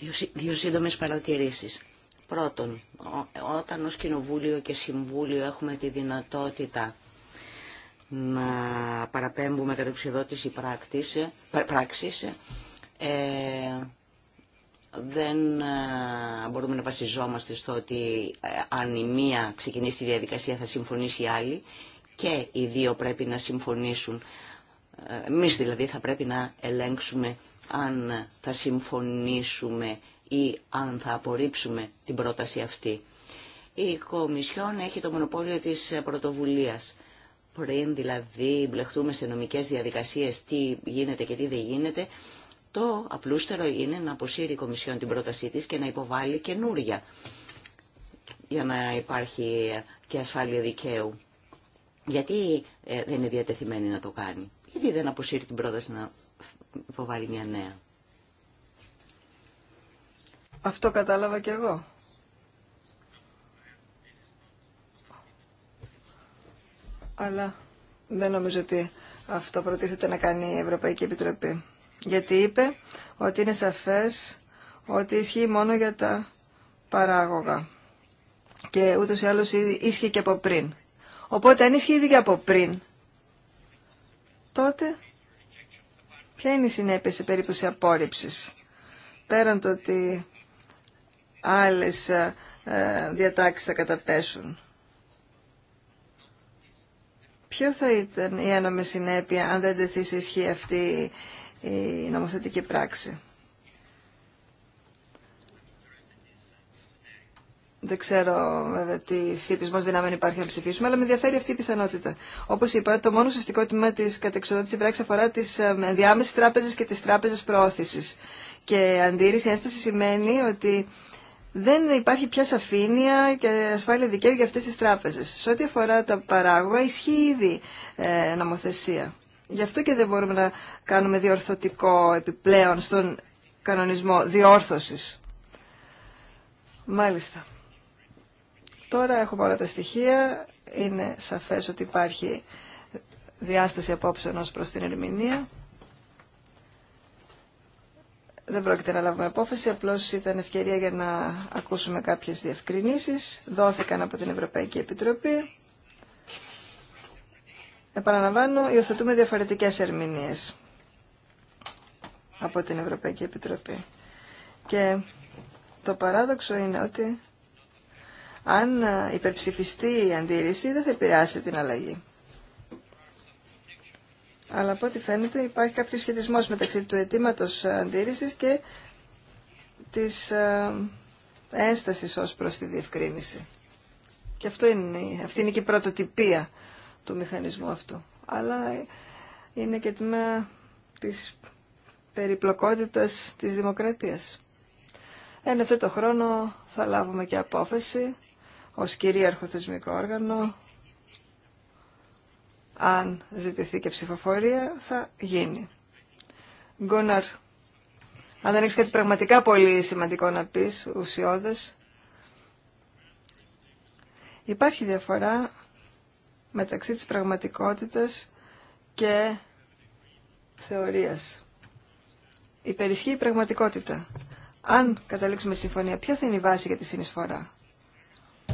Δύο, δύο σύντομες παρατηρήσεις. Πρώτον, όταν ως Κοινοβούλιο και Συμβούλιο έχουμε τη δυνατότητα να παραπέμπουμε κατά πράκτης, πράξης, ε, δεν ε, μπορούμε να βασιζόμαστε στο ότι ε, αν η μία ξεκινήσει τη διαδικασία θα συμφωνήσει η άλλη και οι δύο πρέπει να συμφωνήσουν εμείς δηλαδή θα πρέπει να ελέγξουμε αν θα συμφωνήσουμε ή αν θα απορρίψουμε την πρόταση αυτή. Η Κομισιόν έχει το μονοπόλιο της πρωτοβουλίας. Πριν δηλαδή μπλεχτούμε σε νομικές διαδικασίες τι γίνεται και τι δεν γίνεται, το απλούστερο είναι να αποσύρει η Κομισιόν την πρότασή της και να υποβάλει καινούρια για να υπάρχει και ασφάλεια δικαίου. Γιατί ε, δεν είναι διατεθειμένη να το κάνει γιατί δεν αποσύρει την πρόταση να υποβάλει μια νέα. Αυτό κατάλαβα κι εγώ. Αλλά δεν νομίζω ότι αυτό προτίθεται να κάνει η Ευρωπαϊκή Επιτροπή. Γιατί είπε ότι είναι σαφές ότι ισχύει μόνο για τα παράγωγα. Και ούτως ή άλλως ίσχυε και από πριν. Οπότε αν ισχύει ήδη και από πριν, τότε ποια είναι η συνέπεια σε περίπτωση απόρριψης. Πέραν το ότι άλλες ε, διατάξεις θα καταπέσουν. Ποιο θα ήταν η ένομη συνέπεια αν δεν τεθεί σε ισχύ αυτή η νομοθετική πράξη. Δεν ξέρω βέβαια τι σχετισμό δυνάμεων υπάρχει να ψηφίσουμε, αλλά με ενδιαφέρει αυτή η πιθανότητα. Όπω είπα, το μόνο ουσιαστικό τμήμα τη κατεξοδότηση πράξη αφορά τι ε, ενδιάμεσε τράπεζε και τι τράπεζε προώθηση. Και αντίρρηση ένσταση σημαίνει ότι δεν υπάρχει πια σαφήνεια και ασφάλεια δικαίου για αυτέ τι τράπεζε. Σε ό,τι αφορά τα παράγωγα, ισχύει ήδη ε, νομοθεσία. Γι' αυτό και δεν μπορούμε να κάνουμε διορθωτικό επιπλέον στον κανονισμό διόρθωση. Μάλιστα. Τώρα έχουμε όλα τα στοιχεία. Είναι σαφές ότι υπάρχει διάσταση απόψεων ως προς την ερμηνεία. Δεν πρόκειται να λάβουμε απόφαση, απλώς ήταν ευκαιρία για να ακούσουμε κάποιες διευκρινήσεις. Δόθηκαν από την Ευρωπαϊκή Επιτροπή. Επαναλαμβάνω, υιοθετούμε διαφορετικές ερμηνείες από την Ευρωπαϊκή Επιτροπή. Και το παράδοξο είναι ότι αν ε, υπερψηφιστεί η αντίρρηση, δεν θα επηρεάσει την αλλαγή. Αλλά από ό,τι φαίνεται υπάρχει κάποιο σχετισμό μεταξύ του αιτήματο ε, αντίρρησης και της ε, ένσταση ως προς τη διευκρίνηση. Και αυτό είναι, αυτή είναι και η πρωτοτυπία του μηχανισμού αυτού. Αλλά είναι και τμήμα της περιπλοκότητας της δημοκρατίας. Εν ναι, αυτό το χρόνο θα λάβουμε και απόφαση ως κυρίαρχο θεσμικό όργανο, αν ζητηθεί και ψηφοφορία, θα γίνει. Γκόναρ, αν δεν έχεις κάτι πραγματικά πολύ σημαντικό να πεις, ουσιώδες, υπάρχει διαφορά μεταξύ της πραγματικότητας και θεωρίας. Υπερισχύει η πραγματικότητα. Αν καταλήξουμε συμφωνία, ποια θα είναι η βάση για τη συνεισφορά.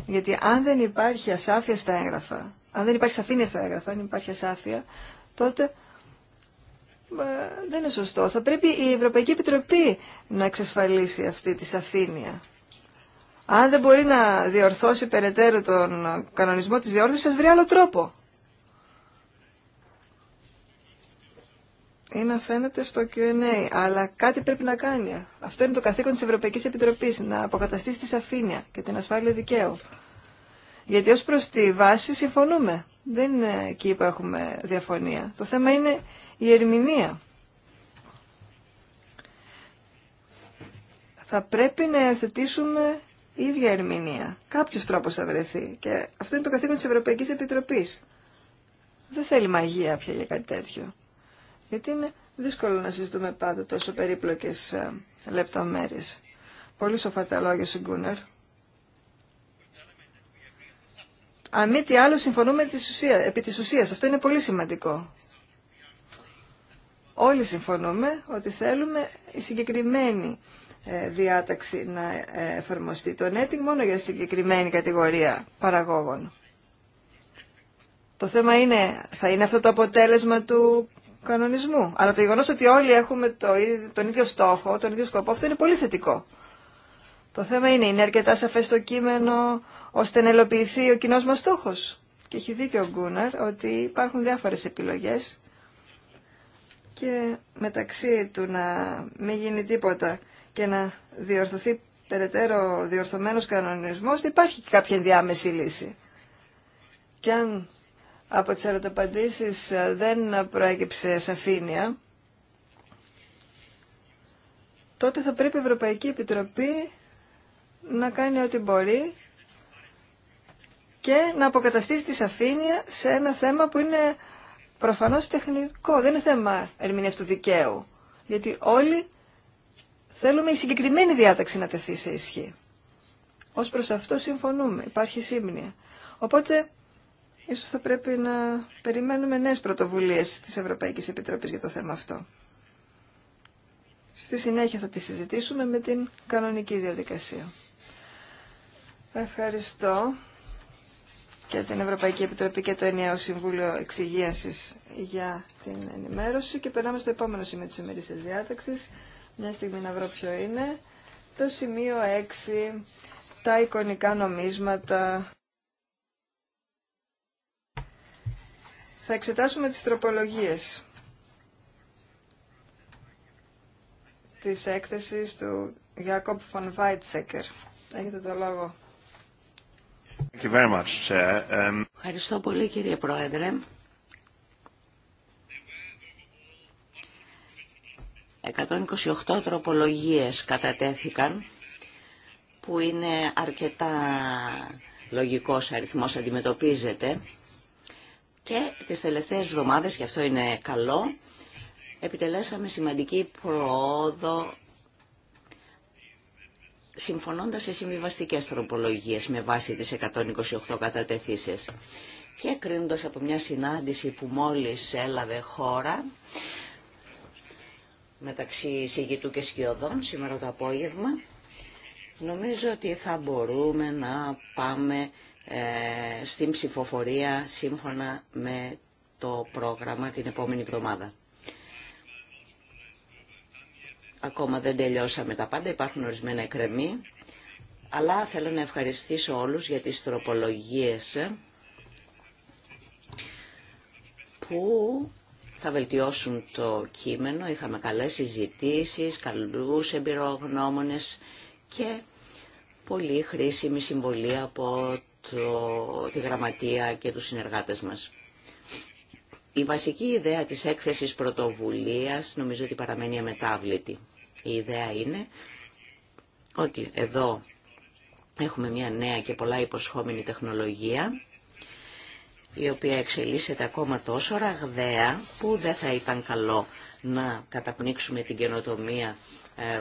Γιατί αν δεν υπάρχει ασάφεια στα έγγραφα, αν δεν υπάρχει σαφήνεια στα έγγραφα, αν υπάρχει ασάφεια, τότε ε, δεν είναι σωστό. Θα πρέπει η Ευρωπαϊκή Επιτροπή να εξασφαλίσει αυτή τη σαφήνεια. Αν δεν μπορεί να διορθώσει περαιτέρω τον κανονισμό της διόρθωσης, βρει άλλο τρόπο. είναι φαίνεται στο Q&A, αλλά κάτι πρέπει να κάνει. Αυτό είναι το καθήκον της Ευρωπαϊκής Επιτροπής, να αποκαταστήσει τη σαφήνεια και την ασφάλεια δικαίου. Γιατί ως προς τη βάση συμφωνούμε. Δεν είναι εκεί που έχουμε διαφωνία. Το θέμα είναι η ερμηνεία. Θα πρέπει να θετήσουμε ίδια ερμηνεία. Κάποιος τρόπος θα βρεθεί. Και αυτό είναι το καθήκον της Ευρωπαϊκής Επιτροπής. Δεν θέλει μαγεία πια για κάτι τέτοιο γιατί είναι δύσκολο να συζητούμε πάντα τόσο περίπλοκες ε, λεπτομέρειες. Πολύ σοφά τα λόγια σου, Γκούνερ. Αν μη τι άλλο, συμφωνούμε τη επί της ουσίας. Αυτό είναι πολύ σημαντικό. Όλοι συμφωνούμε ότι θέλουμε η συγκεκριμένη ε, διάταξη να ε, εφαρμοστεί. Το netting μόνο για συγκεκριμένη κατηγορία παραγόγων. Το θέμα είναι, θα είναι αυτό το αποτέλεσμα του κανονισμού. Αλλά το γεγονό ότι όλοι έχουμε το, τον ίδιο στόχο, τον ίδιο σκοπό, αυτό είναι πολύ θετικό. Το θέμα είναι, είναι αρκετά σαφέ το κείμενο ώστε να ελοποιηθεί ο κοινό μα στόχο. Και έχει δίκιο ο Γκούναρ ότι υπάρχουν διάφορε επιλογέ και μεταξύ του να μην γίνει τίποτα και να διορθωθεί περαιτέρω διορθωμένος κανονισμός, υπάρχει και κάποια ενδιάμεση λύση. Και αν από τις ερωταπαντήσεις ε, δεν προέκυψε σαφήνεια, τότε θα πρέπει η Ευρωπαϊκή Επιτροπή να κάνει ό,τι μπορεί και να αποκαταστήσει τη σαφήνεια σε ένα θέμα που είναι προφανώς τεχνικό, δεν είναι θέμα ερμηνείας του δικαίου, γιατί όλοι θέλουμε η συγκεκριμένη διάταξη να τεθεί σε ισχύ. Ως προς αυτό συμφωνούμε, υπάρχει σύμνοια. Οπότε Ίσως θα πρέπει να περιμένουμε νέες πρωτοβουλίες της Ευρωπαϊκής Επιτροπής για το θέμα αυτό. Στη συνέχεια θα τη συζητήσουμε με την κανονική διαδικασία. Ευχαριστώ και την Ευρωπαϊκή Επιτροπή και το Ενιαίο Συμβούλιο Εξυγίασης για την ενημέρωση και περνάμε στο επόμενο σημείο της ημερήσιας διάταξης. Μια στιγμή να βρω ποιο είναι. Το σημείο 6, τα εικονικά νομίσματα Θα εξετάσουμε τις τροπολογίες της έκθεσης του Γιάκοπ Φον Βάιτσέκερ. Έχετε το λόγο. Um, Ευχαριστώ πολύ κύριε Πρόεδρε. ...128 τροπολογίες κατατέθηκαν... ...που είναι αρκετά λογικός αριθμός αντιμετωπίζεται... Και τις τελευταίες εβδομάδες, και αυτό είναι καλό, επιτελέσαμε σημαντική πρόοδο συμφωνώντας σε συμβιβαστικές τροπολογίες με βάση τις 128 κατατεθήσεις. Και κρίνοντας από μια συνάντηση που μόλις έλαβε χώρα μεταξύ Σιγητού και Σκιωδών σήμερα το απόγευμα, νομίζω ότι θα μπορούμε να πάμε ε, στην ψηφοφορία σύμφωνα με το πρόγραμμα την επόμενη εβδομάδα. Ακόμα δεν τελειώσαμε τα πάντα, υπάρχουν ορισμένα εκκρεμή, αλλά θέλω να ευχαριστήσω όλους για τις τροπολογίες που θα βελτιώσουν το κείμενο. Είχαμε καλές συζητήσεις, καλούς εμπειρογνώμονες και πολύ χρήσιμη συμβολή από το, τη γραμματεία και τους συνεργάτες μας. Η βασική ιδέα της έκθεσης πρωτοβουλίας νομίζω ότι παραμένει αμετάβλητη. Η ιδέα είναι ότι εδώ έχουμε μια νέα και πολλά υποσχόμενη τεχνολογία η οποία εξελίσσεται ακόμα τόσο ραγδαία που δεν θα ήταν καλό να καταπνίξουμε την καινοτομία ε,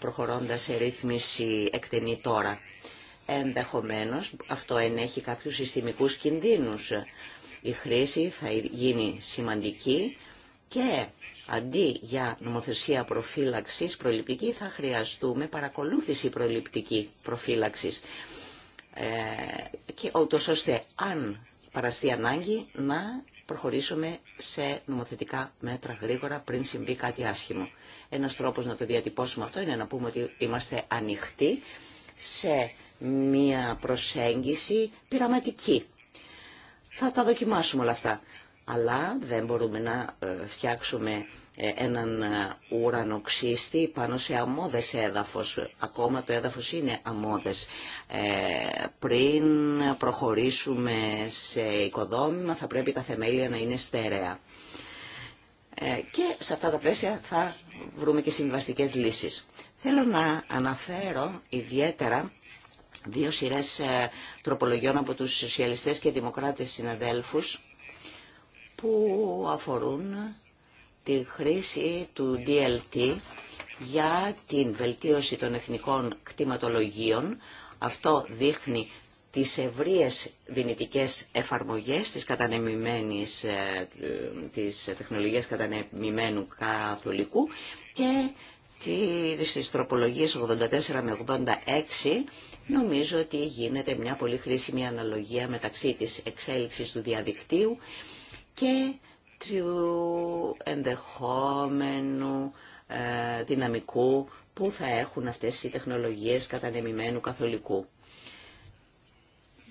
προχωρώντας σε ρύθμιση εκτενή τώρα. Ενδεχομένως αυτό ενέχει κάποιους συστημικούς κινδύνους. Η χρήση θα γίνει σημαντική και αντί για νομοθεσία προφύλαξης προληπτική θα χρειαστούμε παρακολούθηση προληπτική προφύλαξης ε, και ούτως ώστε αν παραστεί ανάγκη να προχωρήσουμε σε νομοθετικά μέτρα γρήγορα πριν συμβεί κάτι άσχημο. Ένας τρόπος να το διατυπώσουμε αυτό είναι να πούμε ότι είμαστε ανοιχτοί σε μία προσέγγιση πειραματική. Θα τα δοκιμάσουμε όλα αυτά. Αλλά δεν μπορούμε να ε, φτιάξουμε ε, έναν ε, ουρανοξύστη πάνω σε αμμώδες έδαφος. Ακόμα το έδαφος είναι αμμώδες. πριν προχωρήσουμε σε οικοδόμημα θα πρέπει τα θεμέλια να είναι στερεά. και σε αυτά τα πλαίσια θα βρούμε και συμβαστικές λύσεις. Θέλω να αναφέρω ιδιαίτερα δύο σειρές ε, τροπολογιών από τους σοσιαλιστές και δημοκράτες συναδέλφους που αφορούν τη χρήση του DLT για την βελτίωση των εθνικών κτηματολογίων. Αυτό δείχνει τις ευρείες δυνητικές εφαρμογές της, κατανεμημένης, ε, της τεχνολογίας κατανεμημένου καθολικού και τις τροπολογίες 84 με 86 Νομίζω ότι γίνεται μια πολύ χρήσιμη αναλογία μεταξύ της εξέλιξης του διαδικτύου και του ενδεχόμενου ε, δυναμικού που θα έχουν αυτές οι τεχνολογίες κατανεμημένου καθολικού.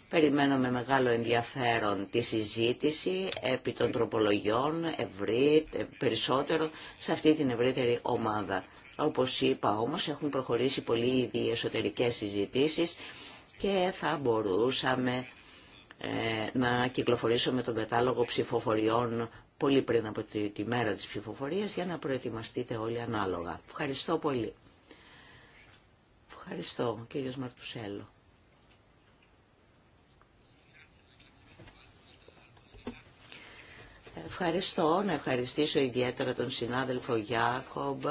Περιμένω με μεγάλο ενδιαφέρον τη συζήτηση επί των τροπολογιών ευρύ, ε, περισσότερο σε αυτή την ευρύτερη ομάδα. Όπως είπα όμως έχουν προχωρήσει πολύ οι εσωτερικές συζητήσεις και θα μπορούσαμε ε, να κυκλοφορήσουμε τον κατάλογο ψηφοφοριών πολύ πριν από τη, μέρα της ψηφοφορίας για να προετοιμαστείτε όλοι ανάλογα. Ευχαριστώ πολύ. Ευχαριστώ κύριος Μαρτουσέλο. Ευχαριστώ. Να ευχαριστήσω ιδιαίτερα τον συνάδελφο Γιάκομπ,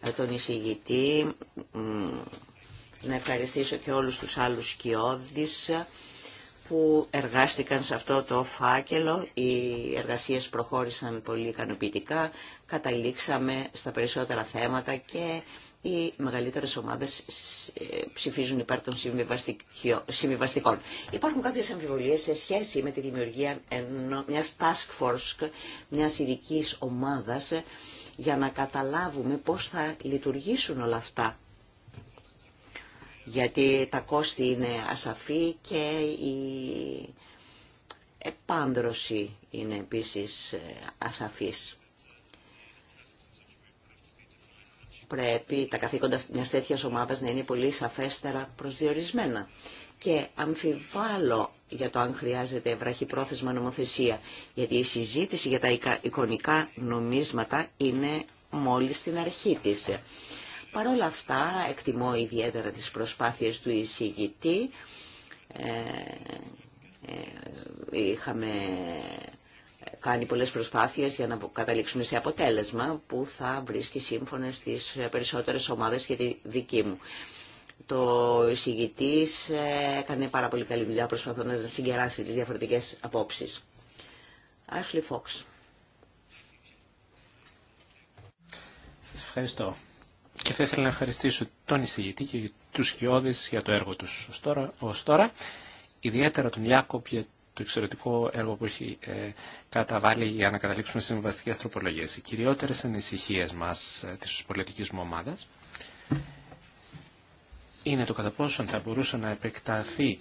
ε, τον εισηγητή. Να ευχαριστήσω και όλους τους άλλους σκιώδης που εργάστηκαν σε αυτό το φάκελο. Οι εργασίες προχώρησαν πολύ ικανοποιητικά. Καταλήξαμε στα περισσότερα θέματα και οι μεγαλύτερε ομάδε ε, ψηφίζουν υπέρ των συμβιβαστικών. Υπάρχουν κάποιες αμφιβολίες σε σχέση με τη δημιουργία μιας task force, μιας ειδική ομάδας, ε, για να καταλάβουμε πώς θα λειτουργήσουν όλα αυτά. Γιατί τα κόστη είναι ασαφή και η επάντρωση είναι επίσης ε, ασαφής. πρέπει τα καθήκοντα μιας τέτοια ομάδας να είναι πολύ σαφέστερα προσδιορισμένα. Και αμφιβάλλω για το αν χρειάζεται πρόθεσμα νομοθεσία, γιατί η συζήτηση για τα εικονικά νομίσματα είναι μόλις στην αρχή της. Παρ' όλα αυτά, εκτιμώ ιδιαίτερα τις προσπάθειες του εισηγητή. Ε, ε, είχαμε κάνει πολλές προσπάθειες για να καταλήξουμε σε αποτέλεσμα που θα βρίσκει σύμφωνα στις περισσότερες ομάδες και τη δική μου. Το εισηγητή ε, έκανε πάρα πολύ καλή δουλειά προσπαθώντας να συγκεράσει τις διαφορετικές απόψεις. Ashley Fox. Σας ευχαριστώ. Και θα ήθελα να ευχαριστήσω τον εισηγητή και τους σκιώδεις για το έργο τους ως τώρα, ιδιαίτερα τον Ιάκοπ για το εξαιρετικό έργο που έχει ε, καταβάλει για να καταλήξουμε συμβαστικές τροπολογίες. Οι κυριότερες ανησυχίες μας ε, της πολιτικής μου ομάδας είναι το κατά πόσον θα μπορούσε να επεκταθεί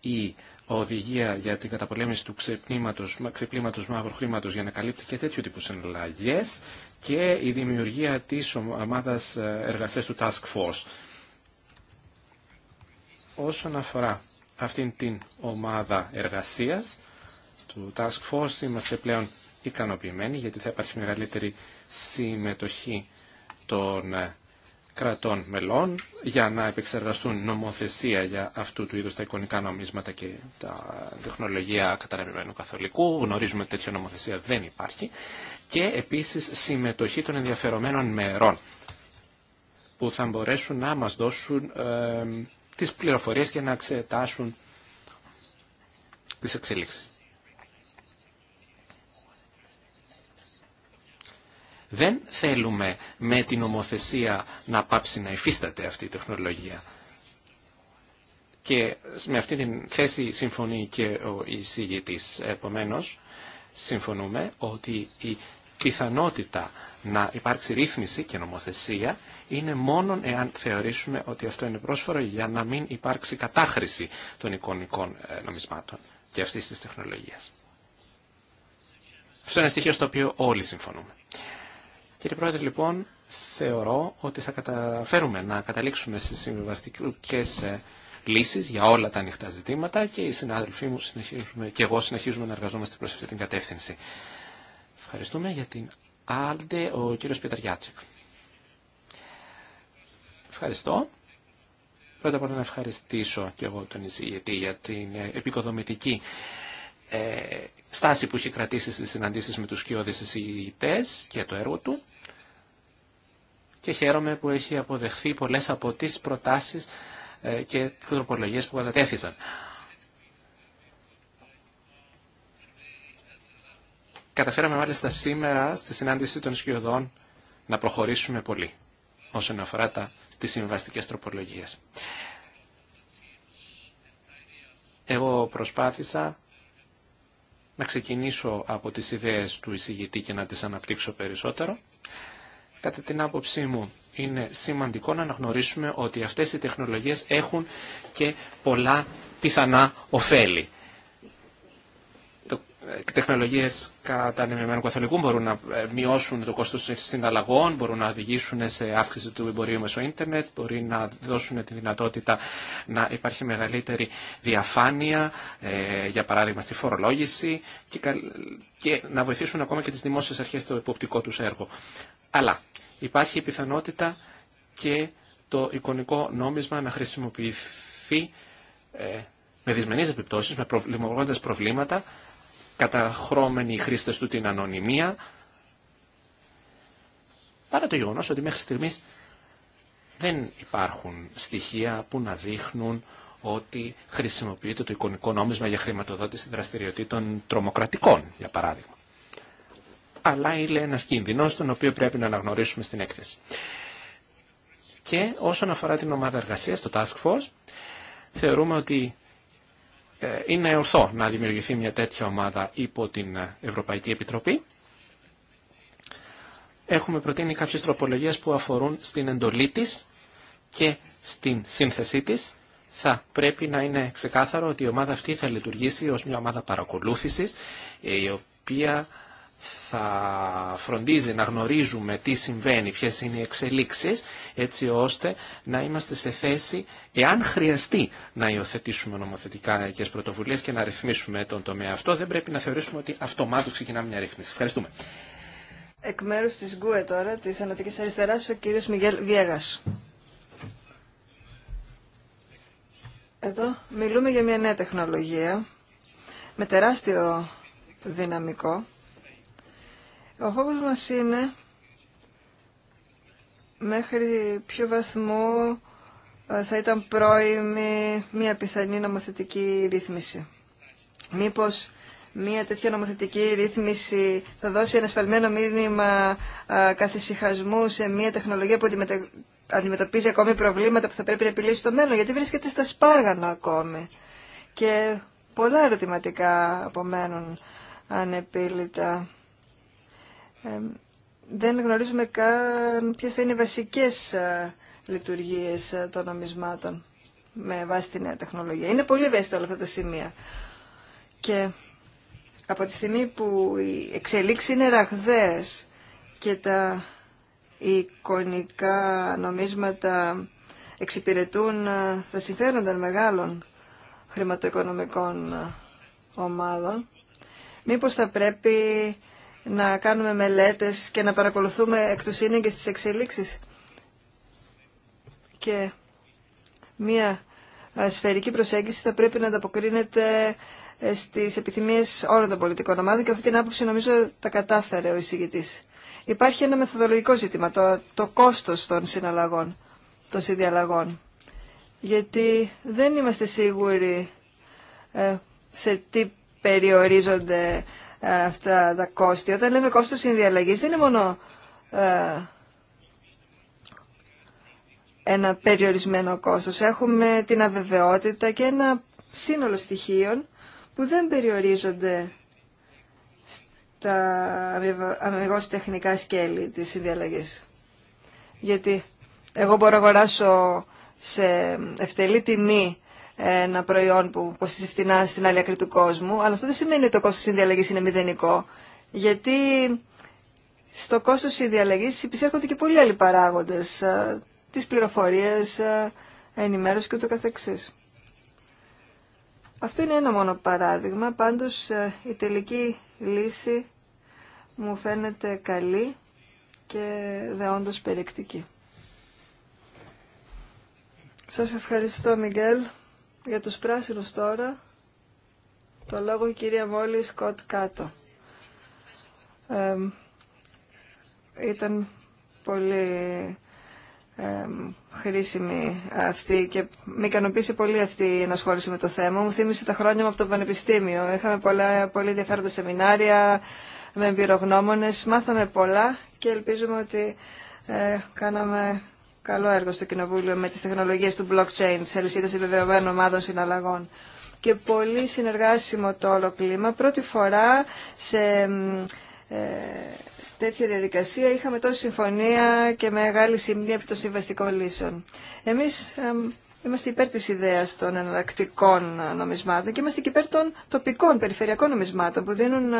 η οδηγία για την καταπολέμηση του ξεπνήματος ξεπλήματος μαύρου χρήματο για να καλύπτει και τέτοιου τύπου συναλλαγές και η δημιουργία της ομάδας ε, εργασίας του Task Force. Όσον αφορά αυτήν την ομάδα εργασίας του Task Force. Είμαστε πλέον ικανοποιημένοι γιατί θα υπάρχει μεγαλύτερη συμμετοχή των ε, κρατών μελών για να επεξεργαστούν νομοθεσία για αυτού του είδους τα εικονικά νομίσματα και τα τεχνολογία καταναλωμένου καθολικού. Γνωρίζουμε ότι τέτοια νομοθεσία δεν υπάρχει. Και επίσης συμμετοχή των ενδιαφερομένων μερών που θα μπορέσουν να μας δώσουν ε, τις πληροφορίες και να εξετάσουν τις εξελίξεις. Δεν θέλουμε με την ομοθεσία να πάψει να υφίσταται αυτή η τεχνολογία. Και με αυτή την θέση συμφωνεί και ο εισηγητής. Επομένως, συμφωνούμε ότι η πιθανότητα να υπάρξει ρύθμιση και νομοθεσία είναι μόνον εάν θεωρήσουμε ότι αυτό είναι πρόσφορο για να μην υπάρξει κατάχρηση των εικονικών ε, νομισμάτων και αυτής της τεχνολογίας. Αυτό είναι ένα στοιχείο στο οποίο όλοι συμφωνούμε. Κύριε Πρόεδρε, λοιπόν, θεωρώ ότι θα καταφέρουμε να καταλήξουμε σε συμβιβαστικές λύσεις για όλα τα ανοιχτά ζητήματα και οι συνάδελφοί μου συνεχίζουμε, και εγώ συνεχίζουμε να εργαζόμαστε προς αυτή την κατεύθυνση. Ευχαριστούμε για την Άλντε, ο κύριος Πιεταριάτσικ. Ευχαριστώ. Πρώτα απ' όλα να ευχαριστήσω και εγώ τον εισηγητή για την ε, επικοδομητική ε, στάση που έχει κρατήσει στις συναντήσεις με τους κοιόδης εισηγητές και το έργο του και χαίρομαι που έχει αποδεχθεί πολλές από τις προτάσεις ε, και τροπολογίες που κατατέθησαν. Καταφέραμε μάλιστα σήμερα στη συνάντηση των σκιωδών να προχωρήσουμε πολύ όσον αφορά τα, τις συμβαστικές τροπολογίες. Εγώ προσπάθησα να ξεκινήσω από τις ιδέες του εισηγητή και να τις αναπτύξω περισσότερο. Κατά την άποψή μου είναι σημαντικό να αναγνωρίσουμε ότι αυτές οι τεχνολογίες έχουν και πολλά πιθανά ωφέλη τεχνολογίε τεχνολογίες κατανεμημένου καθολικού μπορούν να ε, μειώσουν το κόστο συναλλαγών, μπορούν να οδηγήσουν σε αύξηση του εμπορίου μέσω ίντερνετ, μπορεί να δώσουν τη δυνατότητα να υπάρχει μεγαλύτερη διαφάνεια, ε, για παράδειγμα στη φορολόγηση και να βοηθήσουν ακόμα και τι δημόσιες αρχέ στο υποπτικό του έργο. Αλλά υπάρχει η πιθανότητα και το εικονικό νόμισμα να χρησιμοποιηθεί ε, με δυσμενεί επιπτώσει, με προβλημογόντας προβλήματα, καταχρώμενοι οι χρήστες του την ανωνυμία, παρά το γεγονός ότι μέχρι στιγμής δεν υπάρχουν στοιχεία που να δείχνουν ότι χρησιμοποιείται το εικονικό νόμισμα για χρηματοδότηση δραστηριοτήτων τρομοκρατικών, για παράδειγμα. Αλλά είναι ένας κίνδυνος, τον οποίο πρέπει να αναγνωρίσουμε στην έκθεση. Και όσον αφορά την ομάδα εργασίας, το Task Force, θεωρούμε ότι ε, είναι ορθό να δημιουργηθεί μια τέτοια ομάδα υπό την ε, Ευρωπαϊκή Επιτροπή. Έχουμε προτείνει κάποιες τροπολογίες που αφορούν στην εντολή της και στην σύνθεσή της. Θα πρέπει να είναι ξεκάθαρο ότι η ομάδα αυτή θα λειτουργήσει ως μια ομάδα παρακολούθησης η οποία θα φροντίζει να γνωρίζουμε τι συμβαίνει, ποιες είναι οι εξελίξεις, έτσι ώστε να είμαστε σε θέση, εάν χρειαστεί, να υιοθετήσουμε νομοθετικά και πρωτοβουλίες και να ρυθμίσουμε τον τομέα αυτό. Δεν πρέπει να θεωρήσουμε ότι αυτομάτως ξεκινάμε μια ρύθμιση. Ευχαριστούμε. Εκ μέρους της ΓΚΟΕ τώρα, της Ανατικής Αριστεράς, ο κύριος Μιγέλ Βιέγας. Εδώ μιλούμε για μια νέα τεχνολογία με τεράστιο δυναμικό ο φόβος μας είναι μέχρι ποιο βαθμό ε, θα ήταν πρώιμη μια πιθανή νομοθετική ρύθμιση. Μήπως μια τέτοια νομοθετική ρύθμιση θα δώσει ένα σφαλμένο μήνυμα ε, καθησυχασμού σε μια τεχνολογία που αντιμετωπίζει ακόμη προβλήματα που θα πρέπει να επιλύσει στο μέλλον, γιατί βρίσκεται στα σπάργανα ακόμη. Και πολλά ερωτηματικά απομένουν ανεπίλητα δεν γνωρίζουμε καν ποιες θα είναι οι βασικές ε, λειτουργίες ε, των νομισμάτων με βάση τη νέα τεχνολογία. Είναι πολύ ευαίσθητα όλα αυτά τα σημεία. Και από τη στιγμή που οι εξελίξεις είναι ραχδαίες και τα εικονικά νομίσματα εξυπηρετούν ε, τα συμφέροντα μεγάλων χρηματοοικονομικών ομάδων, μήπως θα πρέπει να κάνουμε μελέτες και να παρακολουθούμε εκ του σύνεγγες τις εξελίξεις. Και μία ε, σφαιρική προσέγγιση θα πρέπει να ανταποκρίνεται ε, στις επιθυμίες όλων των πολιτικών ομάδων και αυτή την άποψη νομίζω τα κατάφερε ο εισηγητής. Υπάρχει ένα μεθοδολογικό ζήτημα, το, το κόστος των συναλλαγών, των συνδιαλλαγών. Γιατί δεν είμαστε σίγουροι ε, σε τι περιορίζονται ε, αυτά τα κόστη. Όταν λέμε κόστος συνδιαλλαγής δεν είναι μόνο ε, ένα περιορισμένο κόστος. Έχουμε την αβεβαιότητα και ένα σύνολο στοιχείων που δεν περιορίζονται στα αμυγός τεχνικά σκέλη της συνδιαλλαγής. Γιατί εγώ μπορώ να αγοράσω σε ευτελή τιμή ένα προϊόν που κοστίζει φτηνά στην άλλη άκρη του κόσμου, αλλά αυτό δεν σημαίνει ότι το κόστος συνδιαλλαγής είναι μηδενικό, γιατί στο κόστος συνδιαλλαγής υπησέρχονται και πολλοί άλλοι παράγοντες, ε, τις πληροφορίες, ε, ενημέρωση και ούτω καθεξής. Αυτό είναι ένα μόνο παράδειγμα, πάντως ε, η τελική λύση μου φαίνεται καλή και δεόντως περιεκτική. Σας ευχαριστώ Μιγγέλ. Για τους πράσινους τώρα, το λόγο η κυρία Μόλι Σκοτ Κάτω. ήταν πολύ ε, χρήσιμη αυτή και με ικανοποίησε πολύ αυτή η ενασχόληση με το θέμα. Μου θύμισε τα χρόνια μου από το Πανεπιστήμιο. Είχαμε πολλά, πολύ ενδιαφέροντα σεμινάρια με εμπειρογνώμονες. Μάθαμε πολλά και ελπίζουμε ότι ε, κάναμε καλό έργο στο Κοινοβούλιο με τις τεχνολογίες του blockchain, της αλυσίδας επιβεβαιωμένων ομάδων συναλλαγών και πολύ συνεργάσιμο το όλο κλίμα. Πρώτη φορά σε ε, τέτοια διαδικασία είχαμε τόση συμφωνία και μεγάλη σημεία επί των συμβαστικών λύσεων. Εμείς ε, είμαστε υπέρ της ιδέας των εναλλακτικών νομισμάτων και είμαστε και υπέρ των τοπικών, περιφερειακών νομισμάτων που δίνουν ε,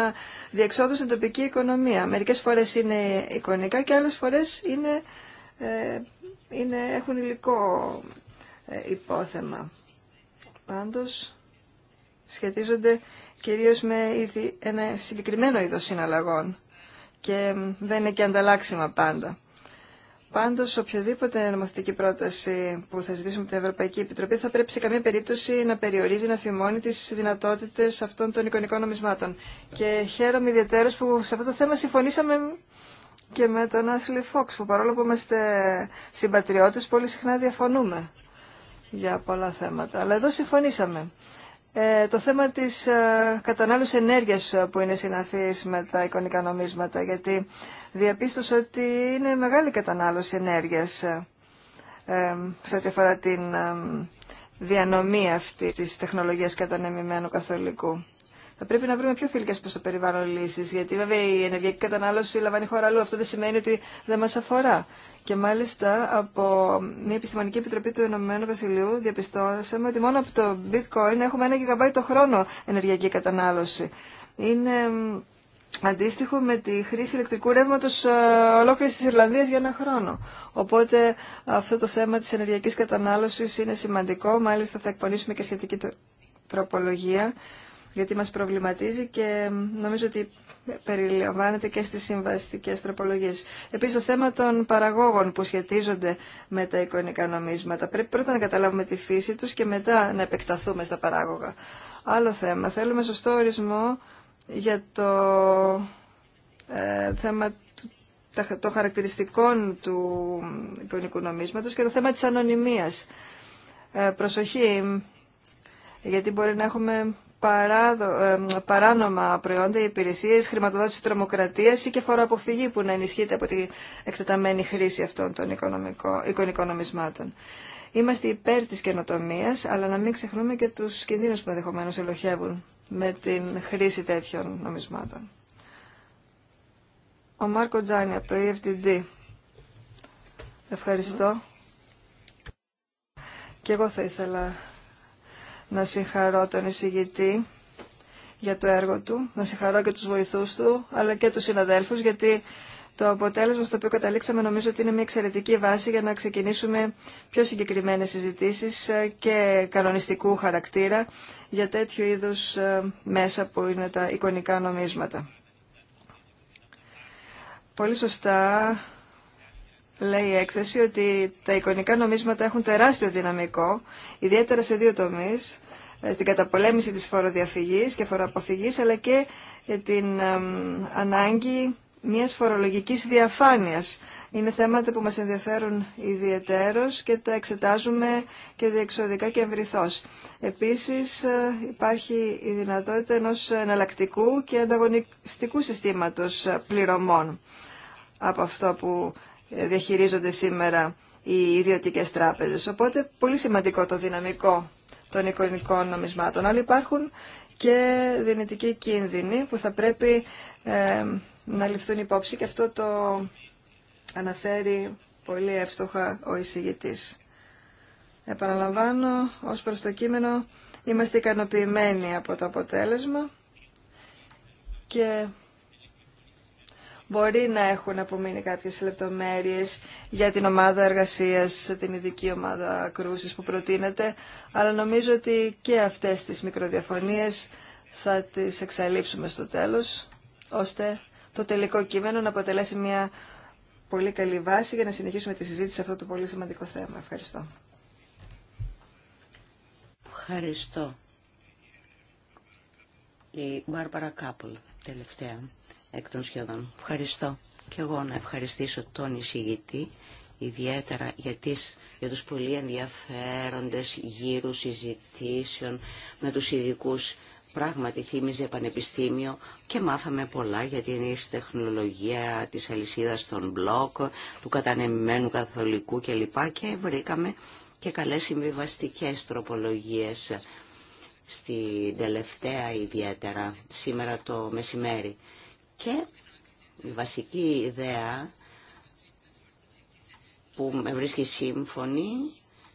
διεξόδου στην τοπική οικονομία. Μερικές φορές είναι εικονικά και άλλες φορές είναι... Ε, είναι, έχουν υλικό ε, υπόθεμα. Πάντως σχετίζονται κυρίως με ήδη, ένα συγκεκριμένο είδος συναλλαγών και δεν είναι και ανταλλάξιμα πάντα. Πάντως, οποιοδήποτε νομοθετική πρόταση που θα ζητήσουμε από την Ευρωπαϊκή Επιτροπή θα πρέπει σε καμία περίπτωση να περιορίζει, να φημώνει τις δυνατότητες αυτών των εικονικών νομισμάτων. Και χαίρομαι ιδιαίτερω που σε αυτό το θέμα συμφωνήσαμε και με τον Άσλι Φόξ, που παρόλο που είμαστε συμπατριώτες, πολύ συχνά διαφωνούμε για πολλά θέματα. Αλλά εδώ συμφωνήσαμε. Ε, το θέμα της ε, κατανάλωσης ενέργειας ε, που είναι συναφής με τα εικονικά νομίσματα, γιατί διαπίστωσα ότι είναι μεγάλη κατανάλωση ενέργειας ε, σε ό,τι αφορά την διανομή αυτή της τεχνολογίας κατανεμημένου καθολικού. Θα πρέπει να βρούμε πιο φιλικέ προ το περιβάλλον λύσει. Γιατί βέβαια η ενεργειακή κατανάλωση λαμβάνει χώρα αλλού. Αυτό δεν σημαίνει ότι δεν μα αφορά. Και μάλιστα από μια επιστημονική επιτροπή του Ηνωμένου Βασιλείου διαπιστώσαμε ότι μόνο από το bitcoin έχουμε ένα γιγαμπάι το χρόνο ενεργειακή κατανάλωση. Είναι αντίστοιχο με τη χρήση ηλεκτρικού ρεύματο ε, ολόκληρη τη Ιρλανδία για ένα χρόνο. Οπότε αυτό το θέμα τη ενεργειακή κατανάλωση είναι σημαντικό. Μάλιστα θα εκπονήσουμε και σχετική τροπολογία γιατί μας προβληματίζει και νομίζω ότι περιλαμβάνεται και στις συμβαστικές τροπολογίες. Επίσης το θέμα των παραγόγων που σχετίζονται με τα εικονικά νομίσματα. Πρέπει πρώτα να καταλάβουμε τη φύση τους και μετά να επεκταθούμε στα παράγωγα. Άλλο θέμα. Θέλουμε σωστό ορισμό για το ε, θέμα των χαρακτηριστικών του εικονικού νομίσματος και το θέμα της ανωνυμίας. Ε, προσοχή, γιατί μπορεί να έχουμε παράνομα προϊόντα, υπηρεσίες, χρηματοδότηση τρομοκρατία ή και φοροαποφυγή που να ενισχύεται από την εκτεταμένη χρήση αυτών των οικονομικών νομισμάτων. Είμαστε υπέρ της καινοτομία, αλλά να μην ξεχνούμε και του κινδύνου που ενδεχομένω ελοχεύουν με την χρήση τέτοιων νομισμάτων. Ο Μάρκο Τζάνι από το EFTD. Ευχαριστώ. Και εγώ θα ήθελα να συγχαρώ τον εισηγητή για το έργο του, να συγχαρώ και τους βοηθούς του, αλλά και τους συναδέλφους, γιατί το αποτέλεσμα στο οποίο καταλήξαμε νομίζω ότι είναι μια εξαιρετική βάση για να ξεκινήσουμε πιο συγκεκριμένες συζητήσεις ε, και κανονιστικού χαρακτήρα για τέτοιου είδους ε, μέσα που είναι τα εικονικά νομίσματα. Πολύ σωστά λέει η έκθεση ότι τα εικονικά νομίσματα έχουν τεράστιο δυναμικό, ιδιαίτερα σε δύο τομείς, ε, στην καταπολέμηση της φοροδιαφυγής και φοροαποφυγής, αλλά και ε, την ανάγκη μιας φορολογικής διαφάνειας. Είναι θέματα που μας ενδιαφέρουν ιδιαιτέρως και τα εξετάζουμε και διεξοδικά και εμβριθώς. Επίσης ε, υπάρχει η δυνατότητα ενός εναλλακτικού και ανταγωνιστικού συστήματος πληρωμών από αυτό που διαχειρίζονται σήμερα οι ιδιωτικές τράπεζες. Οπότε πολύ σημαντικό το δυναμικό των εικονικών νομισμάτων. Αλλά υπάρχουν και δυνητικοί κίνδυνοι που θα πρέπει ε, να ληφθούν υπόψη και αυτό το αναφέρει πολύ εύστοχα ο εισηγητής. Επαναλαμβάνω, ως προς το κείμενο είμαστε ικανοποιημένοι από το αποτέλεσμα και μπορεί να έχουν απομείνει κάποιες λεπτομέρειες για την ομάδα εργασίας, την ειδική ομάδα κρούσης που προτείνεται, αλλά νομίζω ότι και αυτές τις μικροδιαφωνίες θα τις εξαλείψουμε στο τέλος, ώστε το τελικό κείμενο να αποτελέσει μια πολύ καλή βάση για να συνεχίσουμε τη συζήτηση σε αυτό το πολύ σημαντικό θέμα. Ευχαριστώ. Ευχαριστώ. Η Μπάρμπαρα Κάπουλ, τελευταία εκ των σχεδόν. Ευχαριστώ και εγώ να ευχαριστήσω τον εισηγητή ιδιαίτερα για, τις, για τους πολύ ενδιαφέροντες γύρους συζητήσεων με τους ειδικού. Πράγματι θύμιζε πανεπιστήμιο και μάθαμε πολλά για την τεχνολογία της αλυσίδας των μπλοκ, του κατανεμημένου καθολικού κλπ. Και βρήκαμε και καλές συμβιβαστικέ τροπολογίες στην τελευταία ιδιαίτερα σήμερα το μεσημέρι. Και η βασική ιδέα που με βρίσκει σύμφωνη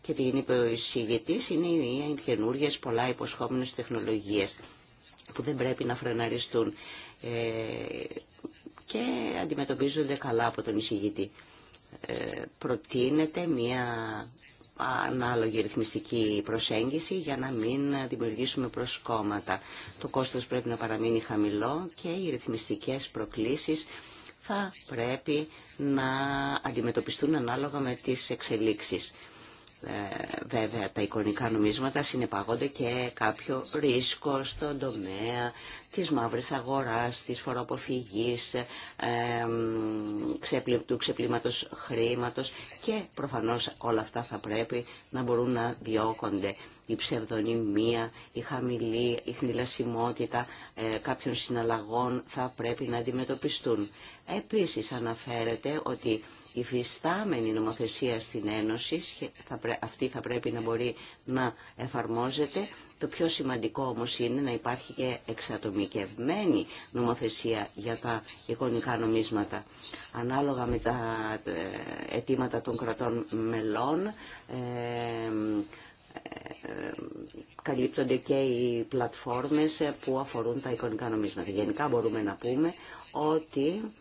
και την είπε ο εισηγητής είναι οι καινούριε πολλά υποσχόμενες τεχνολογίες που δεν πρέπει να φρεναριστούν ε, και αντιμετωπίζονται καλά από τον εισηγητή. Ε, προτείνεται μια ανάλογη ρυθμιστική προσέγγιση για να μην δημιουργήσουμε προσκόμματα. Το κόστος πρέπει να παραμείνει χαμηλό και οι ρυθμιστικές προκλήσεις θα πρέπει να αντιμετωπιστούν ανάλογα με τις εξελίξεις. Ε, βέβαια τα εικονικά νομίσματα συνεπάγονται και κάποιο ρίσκο στον τομέα της μαύρης αγοράς, της φοροαποφυγής, ε, του ξεπλήματος χρήματος και προφανώς όλα αυτά θα πρέπει να μπορούν να διώκονται η ψευδονυμία, η χαμηλή, η χνηλασιμότητα ε, κάποιων συναλλαγών θα πρέπει να αντιμετωπιστούν. Επίσης αναφέρεται ότι η φυστάμενη νομοθεσία στην Ένωση, αυτή θα πρέπει να μπορεί να εφαρμόζεται. Το πιο σημαντικό όμως είναι να υπάρχει και εξατομικευμένη νομοθεσία για τα εικονικά νομίσματα. Ανάλογα με τα ε, αιτήματα των κρατών μελών, ε, καλύπτονται και οι πλατφόρμες που αφορούν τα εικονικά νομίσματα. Γενικά μπορούμε να πούμε ότι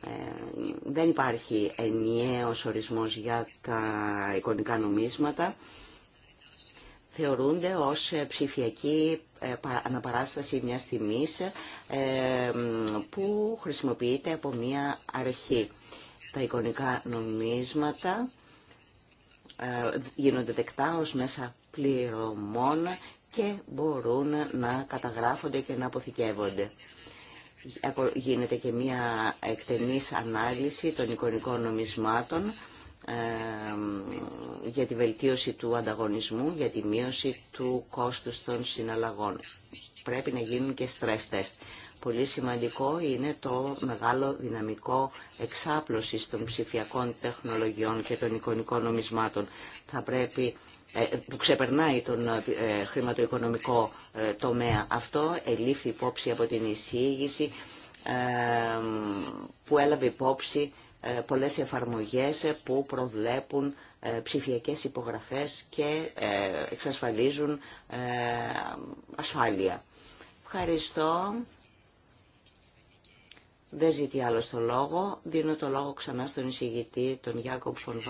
ε, δεν υπάρχει ενιαίος ορισμός για τα εικονικά νομίσματα. Θεωρούνται ως ψηφιακή ε, αναπαράσταση μιας τιμής ε, που χρησιμοποιείται από μια αρχή. Τα εικονικά νομίσματα γίνονται δεκτά ως μέσα πληρωμών και μπορούν να καταγράφονται και να αποθηκεύονται. Γίνεται και μία εκτενής ανάλυση των εικονικών νομισμάτων για τη βελτίωση του ανταγωνισμού, για τη μείωση του κόστους των συναλλαγών. Πρέπει να γίνουν και stress test. Πολύ σημαντικό είναι το μεγάλο δυναμικό εξάπλωση των ψηφιακών τεχνολογιών και των εικονικών νομισμάτων. Θα πρέπει ε, που ξεπερνάει τον ε, ε, χρηματοοικονομικό τομέα. Αυτό ελήφθη υπόψη από την εισήγηση που έλαβε υπόψη πολλές εφαρμογές που προβλέπουν ψηφιακές υπογραφές και εξασφαλίζουν ασφάλεια. Ευχαριστώ. Δεν ζητεί άλλο το λόγο. Δίνω το λόγο ξανά στον εισηγητή, τον Γιάκομπ Φον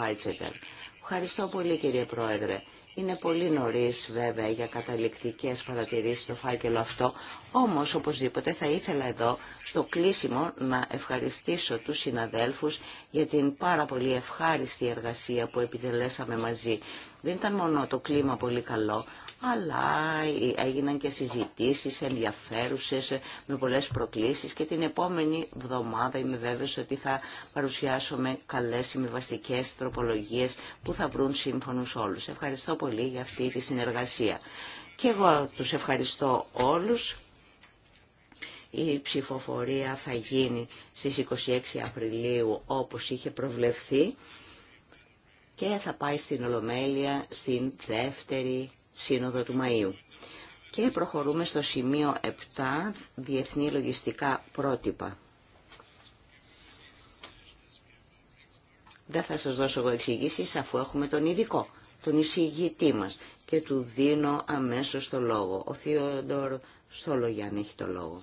Ευχαριστώ πολύ κύριε Πρόεδρε. Είναι πολύ νωρίς βέβαια για καταληκτικές παρατηρήσεις το φάκελο αυτό, όμως οπωσδήποτε θα ήθελα εδώ στο κλείσιμο να ευχαριστήσω τους συναδέλφους για την πάρα πολύ ευχάριστη εργασία που επιτελέσαμε μαζί. Δεν ήταν μόνο το κλίμα πολύ καλό, αλλά ε, έγιναν και συζητήσεις ενδιαφέρουσες ε, με πολλές προκλήσεις και την επόμενη εβδομάδα είμαι βέβαιος ότι θα παρουσιάσουμε καλές συμβιβαστικέ τροπολογίες που θα βρουν σύμφωνους όλους. Ευχαριστώ πολύ για αυτή τη συνεργασία. Και εγώ τους ευχαριστώ όλους. Η ψηφοφορία θα γίνει στις 26 Απριλίου όπως είχε προβλεφθεί και θα πάει στην Ολομέλεια στην δεύτερη σύνοδο του Μαΐου. Και προχωρούμε στο σημείο 7, διεθνή λογιστικά πρότυπα. Δεν θα σας δώσω εγώ εξηγήσεις αφού έχουμε τον ειδικό, τον εισηγητή μας και του δίνω αμέσως το λόγο. Ο Θείοντορ Στόλογιαν έχει το λόγο.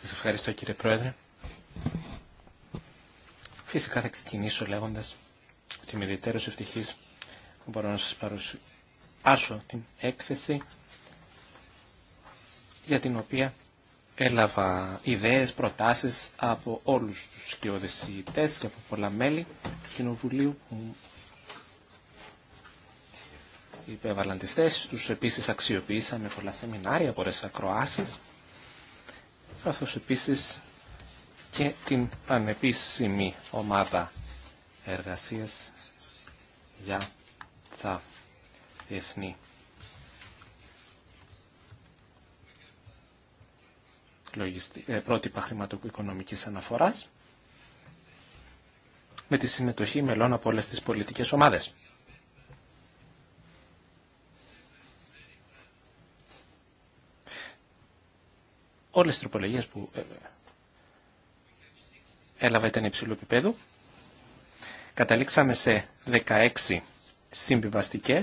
Σας ευχαριστώ κύριε Πρόεδρε. Φυσικά θα ξεκινήσω λέγοντας είμαι ευτυχής που μπορώ να σας παρουσιάσω την έκθεση για την οποία έλαβα ιδέες, προτάσεις από όλους τους σκιοδεσιητές και από πολλά μέλη του Κοινοβουλίου που υπέβαλαν τις θέσεις τους. Επίσης αξιοποιήσαμε πολλά σεμινάρια, πολλές ακροάσεις, καθώς επίσης και την πανεπίσημη ομάδα εργασίας για τα διεθνή ε, πρότυπα χρηματοοικονομικής αναφοράς με τη συμμετοχή μελών από όλες τις πολιτικές ομάδες. Όλες τις τροπολογίες που ε, ε, έλαβα ήταν υψηλού επίπεδου. Καταλήξαμε σε 16 συμβιβαστικέ,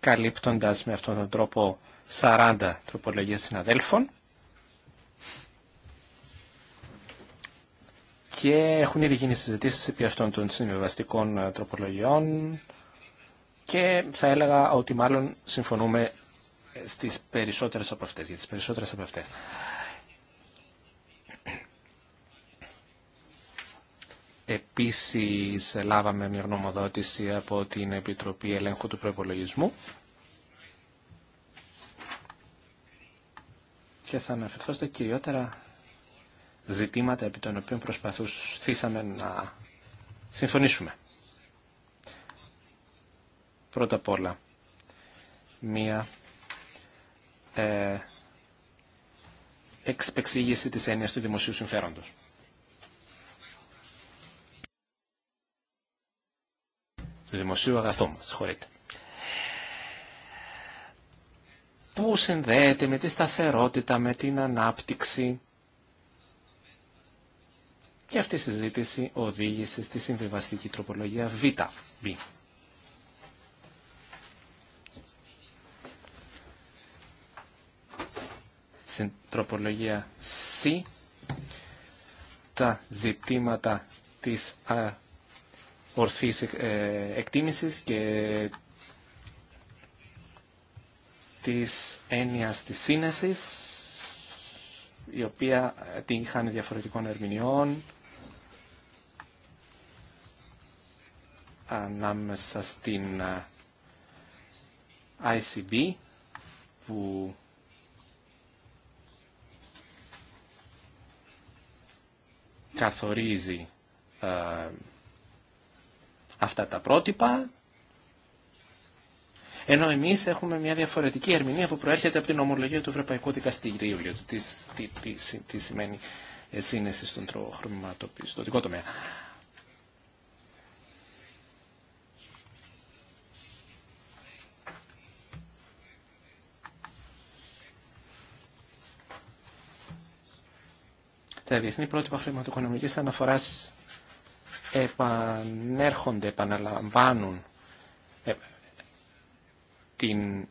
καλύπτοντας με αυτόν τον τρόπο 40 τροπολογίες συναδέλφων και έχουν ήδη γίνει συζητήσεις επί αυτών των συμβιβαστικών ε, τροπολογιών και θα έλεγα ότι μάλλον συμφωνούμε ε, στις περισσότερες από αυτές, για τις περισσότερες από αυτές. Επίσης λάβαμε μια γνωμοδότηση από την Επιτροπή Ελέγχου του Προπολογισμού. Και θα αναφερθώ στα κυριότερα ζητήματα επί των οποίων προσπαθούσαμε να συμφωνήσουμε. Πρώτα απ' όλα, μία ε, εξπεξήγηση της έννοιας του δημοσίου συμφέροντος. του δημοσίου αγαθού μας, συγχωρείτε. Που συνδέεται με τη σταθερότητα, με την ανάπτυξη. Και αυτή η συζήτηση οδήγησε στη συμβιβαστική τροπολογία Β. Στην τροπολογία C τα ζητήματα της ορθής ε, εκτίμησης και της έννοιας της σύνεσης, η οποία την είχαν διαφορετικών ερμηνεών ανάμεσα στην ICB ε, που καθορίζει ε, αυτά τα πρότυπα, ενώ εμεί έχουμε μια διαφορετική ερμηνεία που προέρχεται από την ομολογία του Ευρωπαϊκού Δικαστηρίου για το τι, τι, τι, τι σημαίνει ε, σύνεση στον δικό τομέα. Τα διεθνή πρότυπα χρηματοοικονομική αναφοράς επανέρχονται, επαναλαμβάνουν ε, την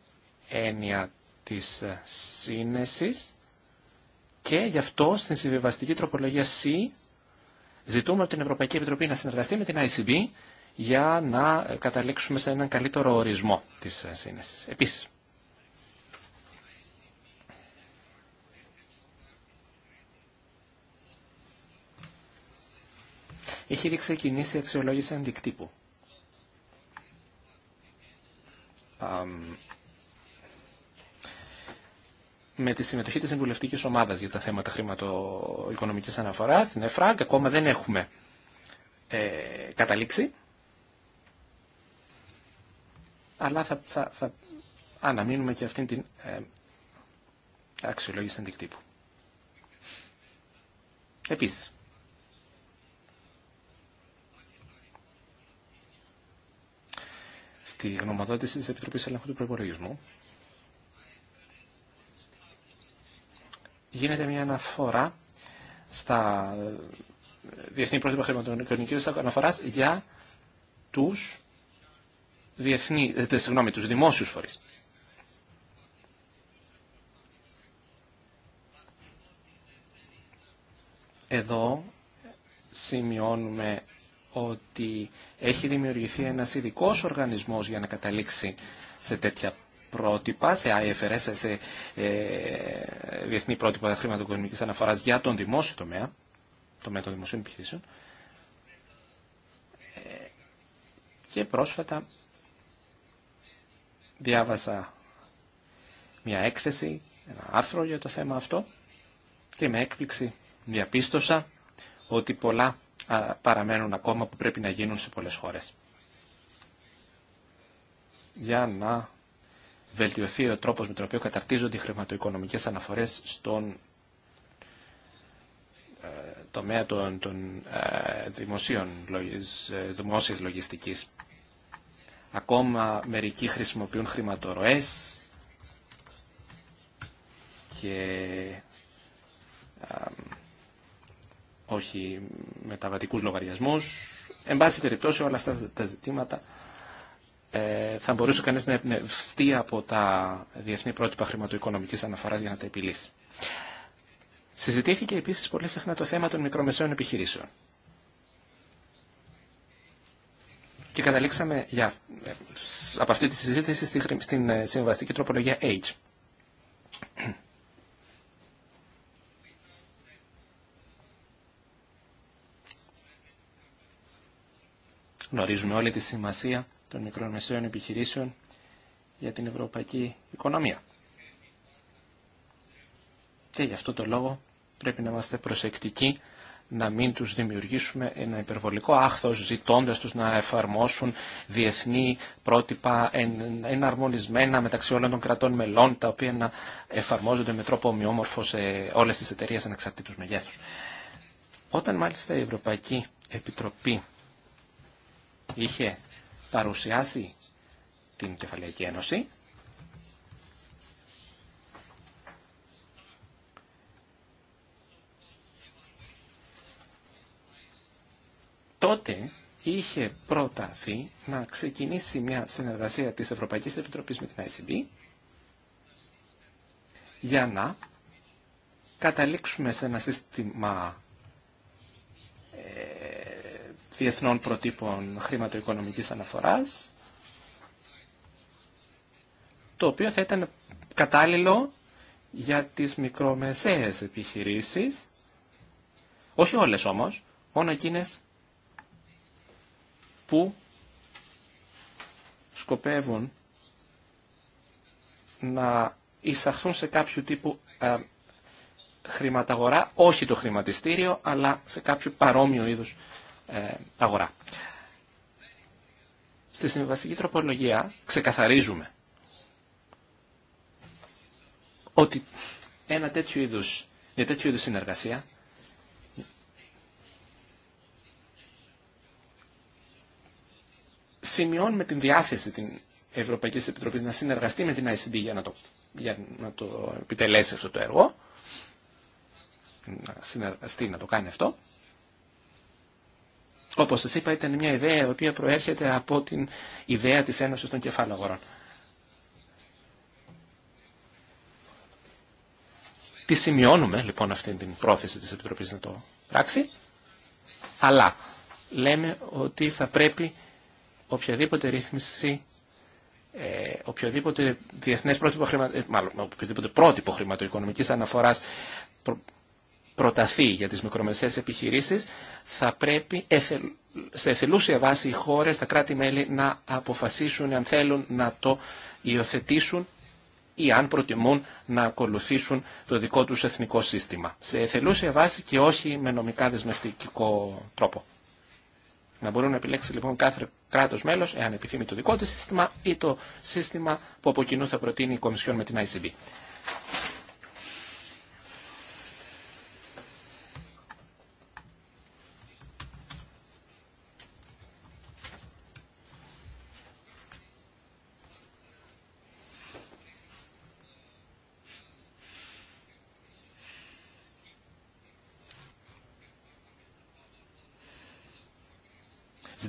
έννοια της ε, σύνεσης και γι' αυτό στην συμβιβαστική τροπολογία C ζητούμε από την Ευρωπαϊκή Επιτροπή να συνεργαστεί με την ICB για να ε, καταλήξουμε σε έναν καλύτερο ορισμό της σύνεσης. Επίσης, Έχει ήδη ξεκινήσει η αξιολόγηση αντικτύπου. με τη συμμετοχή της συμβουλευτική ομάδας για τα θέματα χρηματοοικονομικής αναφοράς στην ΕΦΡΑΚ ακόμα δεν έχουμε ε, καταλήξει αλλά θα, θα, αναμείνουμε και αυτήν την ε, αξιολόγηση αντικτύπου. Επίσης, στη γνωμοδότηση της Επιτροπής Ελέγχου του Προϋπολογισμού γίνεται μια αναφορά στα διεθνή πρότυπα χρηματοοικονομικής αναφοράς για τους, διεθνή, ε, συγγνώμη, τους δημόσιους φορείς. Εδώ σημειώνουμε ότι έχει δημιουργηθεί ένας ειδικό οργανισμός για να καταλήξει σε τέτοια πρότυπα, σε IFRS, σε ε, διεθνή πρότυπα χρηματοοικονομικής αναφοράς για τον δημόσιο τομέα, τομέα των δημοσίων επιχειρήσεων. Ε, και πρόσφατα διάβασα μια έκθεση, ένα άρθρο για το θέμα αυτό και με έκπληξη διαπίστωσα ότι πολλά παραμένουν ακόμα που πρέπει να γίνουν σε πολλές χώρες. Για να βελτιωθεί ο τρόπος με τον οποίο καταρτίζονται οι χρηματοοικονομικές αναφορές στον ε, τομέα των, των ε, δημοσίων, ε, δημόσιας λογιστικής. Ακόμα μερικοί χρησιμοποιούν χρηματορροές και όχι μεταβατικούς λογαριασμούς. Εν πάση περιπτώσει όλα αυτά τα ζητήματα ε, θα μπορούσε κανείς να εμπνευστεί από τα διεθνή πρότυπα χρηματοοικονομικής αναφοράς για να τα επιλύσει. Συζητήθηκε επίσης πολύ συχνά το θέμα των μικρομεσαίων επιχειρήσεων. Και καταλήξαμε για, ε, από αυτή τη συζήτηση στην ε, συμβαστική τροπολογία H. Γνωρίζουμε όλη τη σημασία των μικρομεσαίων επιχειρήσεων για την ευρωπαϊκή οικονομία. Και γι' αυτό το λόγο πρέπει να είμαστε προσεκτικοί να μην τους δημιουργήσουμε ένα υπερβολικό άχθος ζητώντας τους να εφαρμόσουν διεθνή πρότυπα εναρμονισμένα μεταξύ όλων των κρατών μελών τα οποία να εφαρμόζονται με τρόπο ομοιόμορφο σε όλες τις εταιρείες ανεξαρτήτως μεγέθους. Όταν μάλιστα η Ευρωπαϊκή Επιτροπή είχε παρουσιάσει την Κεφαλαϊκή Ένωση τότε είχε προταθεί να ξεκινήσει μια συνεργασία της Ευρωπαϊκής Επιτροπής με την ICB για να καταλήξουμε σε ένα σύστημα διεθνών προτύπων χρηματοοικονομικής αναφοράς, το οποίο θα ήταν κατάλληλο για τις μικρομεσαίες επιχειρήσεις, όχι όλες όμως, μόνο εκείνες που σκοπεύουν να εισαχθούν σε κάποιο τύπου ε, χρηματαγορά, όχι το χρηματιστήριο, αλλά σε κάποιο παρόμοιο είδους ε, αγορά. Στη συμβαστική τροπολογία ξεκαθαρίζουμε ότι ένα τέτοιο είδους, μια τέτοιου είδους συνεργασία με την διάθεση την Ευρωπαϊκής Επιτροπής να συνεργαστεί με την ICD για να το, για να το επιτελέσει αυτό το έργο, να συνεργαστεί να το κάνει αυτό, Όπω σα είπα ήταν μια ιδέα η οποία προέρχεται από την ιδέα της Ένωσης των Κεφαλαγορών. Τη σημειώνουμε λοιπόν αυτή την πρόθεση της Επιτροπής να το πράξει, αλλά λέμε ότι θα πρέπει οποιαδήποτε ρύθμιση, ε, οποιοδήποτε διεθνές πρότυπο, χρημα... ε, μάλλον, πρότυπο χρηματοοικονομικής αναφοράς προταθεί για τις μικρομεσαίες επιχειρήσεις, θα πρέπει σε εθελούσια βάση οι χώρες, τα κράτη-μέλη να αποφασίσουν αν θέλουν να το υιοθετήσουν ή αν προτιμούν να ακολουθήσουν το δικό τους εθνικό σύστημα. Σε εθελούσια βάση και όχι με νομικά δεσμευτικό τρόπο. Να μπορούν να επιλέξει λοιπόν κάθε κράτο μέλο, εάν επιθυμεί το δικό τη σύστημα ή το σύστημα που από κοινού θα προτείνει η αν προτιμουν να ακολουθησουν το δικο τους εθνικο συστημα σε εθελουσια βαση και οχι με νομικα δεσμευτικο τροπο να μπορουν να επιλεξει λοιπον καθε κρατος μελος εαν επιθυμει το δικο του συστημα η το συστημα που απο κοινου θα προτεινει η κομισιον με την ICB.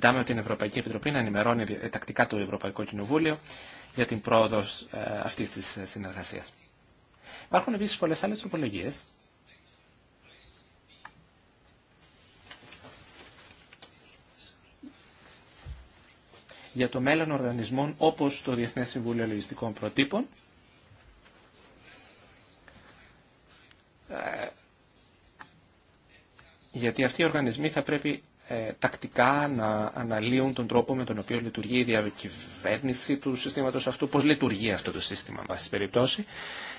Ζητάμε από την Ευρωπαϊκή Επιτροπή να ενημερώνει τακτικά το Ευρωπαϊκό Κοινοβούλιο για την πρόοδο ε, αυτή τη συνεργασία. Υπάρχουν επίση πολλέ άλλε τροπολογίε. για το μέλλον οργανισμών όπως το Διεθνές Συμβούλιο Λογιστικών Προτύπων γιατί αυτοί οι οργανισμοί θα πρέπει ε, τακτικά να αναλύουν τον τρόπο με τον οποίο λειτουργεί η διακυβέρνηση του συστήματος αυτού, πώς λειτουργεί αυτό το σύστημα, βάση περιπτώσει,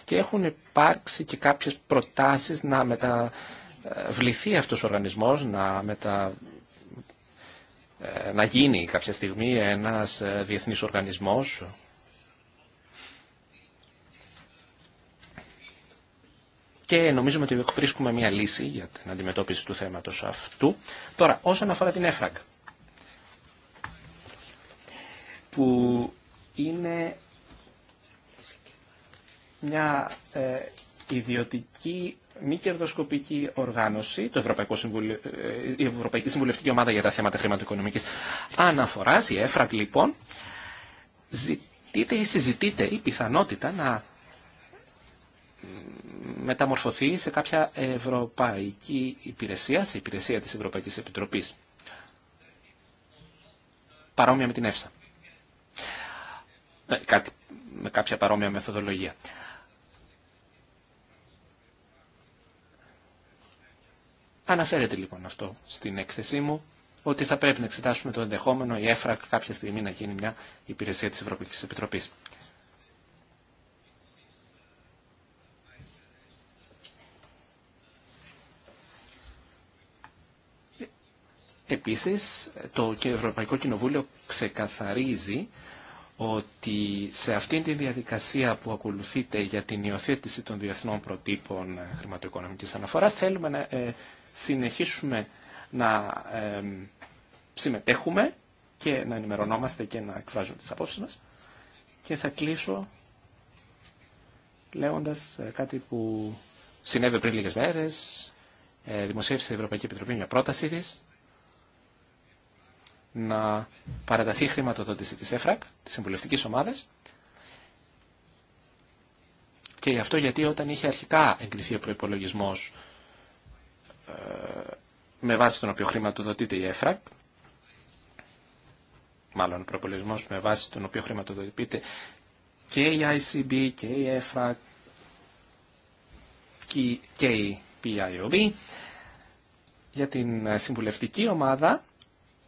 και έχουν υπάρξει και κάποιες προτάσεις να μεταβληθεί ε, αυτός ο οργανισμός, να ε, να γίνει κάποια στιγμή ένας διεθνή οργανισμός και νομίζουμε ότι βρίσκουμε μια λύση για την αντιμετώπιση του θέματος αυτού. Τώρα, όσον αφορά την ΕΦΡΑΚ, που είναι μια ε, ιδιωτική μη κερδοσκοπική οργάνωση, το Ευρωπαϊκό Συμβουλιο... Ε, η Ευρωπαϊκή Συμβουλευτική Ομάδα για τα θέματα χρηματοοικονομικής αναφοράς, η ΕΦΡΑΚ λοιπόν, ζητείται ή συζητείται η πιθανότητα να μεταμορφωθεί σε κάποια ευρωπαϊκή υπηρεσία, σε υπηρεσία της Ευρωπαϊκής Επιτροπής. Παρόμοια με την ΕΦΣΑ. Ε, με, κάποια παρόμοια μεθοδολογία. Αναφέρεται λοιπόν αυτό στην έκθεσή μου, ότι θα πρέπει να εξετάσουμε το ενδεχόμενο η ΕΦΡΑΚ κάποια στιγμή να γίνει μια υπηρεσία της Ευρωπαϊκής Επιτροπής. Επίσης, το Ευρωπαϊκό Κοινοβούλιο ξεκαθαρίζει ότι σε αυτή τη διαδικασία που ακολουθείται για την υιοθέτηση των διεθνών προτύπων ε, χρηματοοικονομικής αναφοράς θέλουμε να ε, συνεχίσουμε να συμμετέχουμε και να ενημερωνόμαστε και να εκφράζουμε τις απόψεις μας. Και θα κλείσω λέγοντας ε, κάτι που συνέβη πριν λίγες μέρες. Δημοσίευσε η Ευρωπαϊκή Επιτροπή μια πρόταση της να παραταθεί η χρηματοδότηση της ΕΦΡΑΚ, της συμβουλευτικής ομάδας, και αυτό γιατί όταν είχε αρχικά εγκριθεί ο προπολογισμό ε, με βάση τον οποίο χρηματοδοτείται η ΕΦΡΑΚ, μάλλον ο προπολογισμό με βάση τον οποίο χρηματοδοτείται και η ICB και η ΕΦΡΑΚ και η PIOB, για την συμβουλευτική ομάδα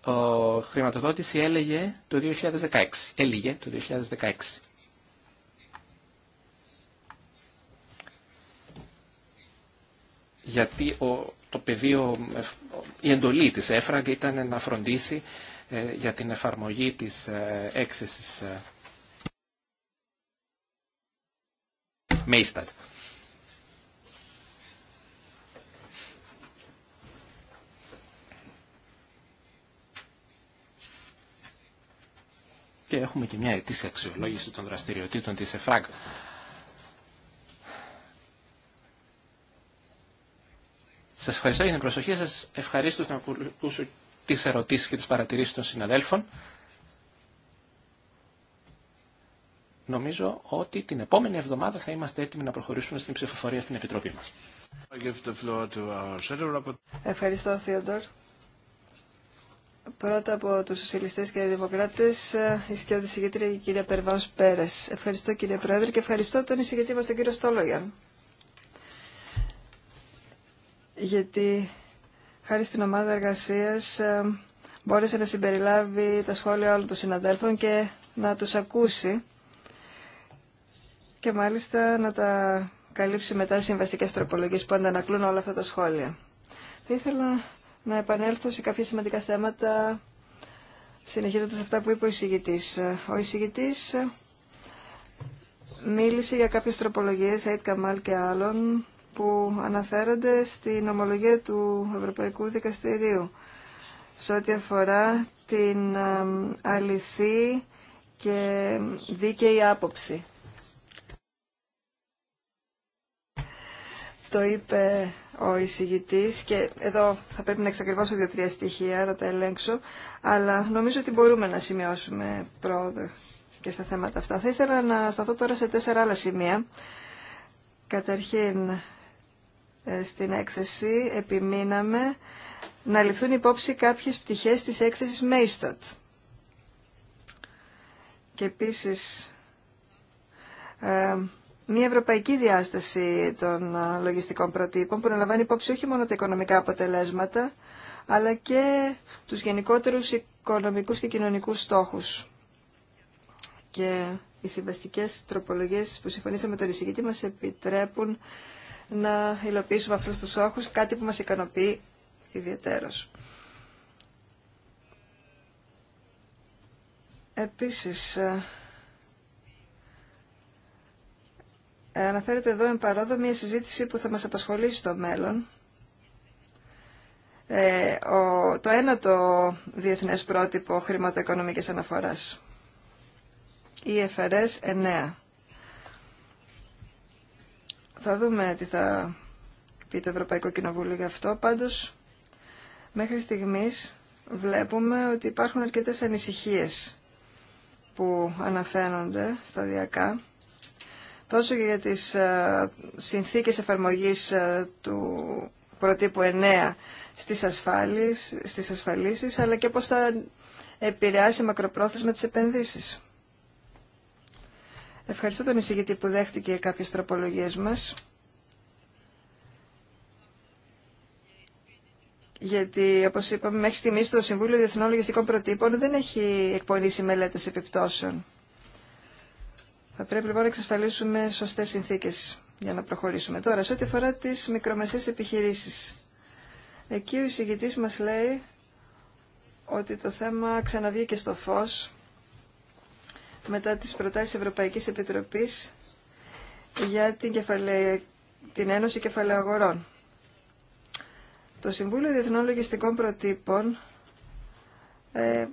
ο χρηματοδότηση έλεγε το 2016. Έλεγε το 2016. Γιατί ο, το πεδίο, η εντολή της ΕΦΡΑΓ ήταν να φροντίσει ε, για την εφαρμογή της ε, έκθεσης ε, και έχουμε και μια ετήσια αξιολόγηση των δραστηριοτήτων της ΕΦΡΑΚ. Σας ευχαριστώ για την προσοχή σας. Ευχαρίστω να ακούσω τις ερωτήσεις και τις παρατηρήσεις των συναδέλφων. Νομίζω ότι την επόμενη εβδομάδα θα είμαστε έτοιμοι να προχωρήσουμε στην ψηφοφορία στην Επιτροπή μας. Ευχαριστώ, Θεόντορ. Πρώτα από τους Σοσιαλιστές και Δημοκράτες, ε, η σκιώδη και η κυρία Περβάος Πέρες. Ευχαριστώ κύριε Πρόεδρε και ευχαριστώ τον εισηγητή μας τον κύριο Στόλογιαν. Γιατί χάρη στην ομάδα εργασίας ε, μπόρεσε να συμπεριλάβει τα σχόλια όλων των συναδέλφων και να τους ακούσει και μάλιστα να τα καλύψει μετά συμβαστικές τροπολογίες που αντανακλούν όλα αυτά τα σχόλια. Θα ήθελα να επανέλθω σε κάποια σημαντικά θέματα συνεχίζοντας αυτά που είπε ο εισηγητής. Ο εισηγητής μίλησε για κάποιες τροπολογίες, Αιτ Καμάλ και άλλων, που αναφέρονται στην ομολογία του Ευρωπαϊκού Δικαστηρίου σε ό,τι αφορά την αληθή και δίκαιη άποψη. Το είπε ο εισηγητής και εδώ θα πρέπει να εξακριβώσω δύο-τρία στοιχεία, να τα ελέγξω, αλλά νομίζω ότι μπορούμε να σημειώσουμε πρόοδο και στα θέματα αυτά. Θα ήθελα να σταθώ τώρα σε τέσσερα άλλα σημεία. Καταρχήν, ε, στην έκθεση επιμείναμε να ληφθούν υπόψη κάποιες πτυχές της έκθεσης Μέιστατ. Και επίσης, ε, μια ευρωπαϊκή διάσταση των ε, λογιστικών προτύπων που αναλαμβάνει υπόψη όχι μόνο τα οικονομικά αποτελέσματα, αλλά και τους γενικότερους οικονομικούς και κοινωνικούς στόχους. Και οι συμβαστικές τροπολογίες που συμφωνήσαμε με τον εισηγητή μας επιτρέπουν να υλοποιήσουμε αυτούς τους στόχους, κάτι που μας ικανοποιεί ιδιαίτερος. Επίσης, ε, αναφέρεται εδώ εν παρόδο μια συζήτηση που θα μας απασχολήσει στο μέλλον. Ε, ο, το ένατο διεθνές πρότυπο χρηματοοικονομικής αναφοράς. E ΕΦΡΕΣ 9. Θα δούμε τι θα πει το Ευρωπαϊκό Κοινοβούλιο γι' αυτό. Πάντως, μέχρι στιγμής βλέπουμε ότι υπάρχουν αρκετές ανησυχίες που αναφέρονται σταδιακά τόσο για τις ε, συνθήκες εφαρμογής ε, του προτύπου 9 στις, ασφάλεις, στις ασφαλίσεις, αλλά και πώς θα επηρεάσει μακροπρόθεσμα τις επενδύσεις. Ευχαριστώ τον εισηγητή που δέχτηκε κάποιες τροπολογίες μας. Γιατί, όπω είπαμε, μέχρι στιγμή το Συμβούλιο Διεθνών Λογιστικών Προτύπων δεν έχει εκπονήσει μελέτε επιπτώσεων. Θα πρέπει λοιπόν να εξασφαλίσουμε σωστές συνθήκες για να προχωρήσουμε. Τώρα, σε ό,τι αφορά τις μικρομεσαίες επιχειρήσεις. Εκεί ο εισηγητής μας λέει ότι το θέμα ξαναβγήκε στο φως μετά τις προτάσεις Ευρωπαϊκής Επιτροπής για την, κεφαλαί... την Ένωση Το Συμβούλιο Διεθνών Λογιστικών Προτύπων ε,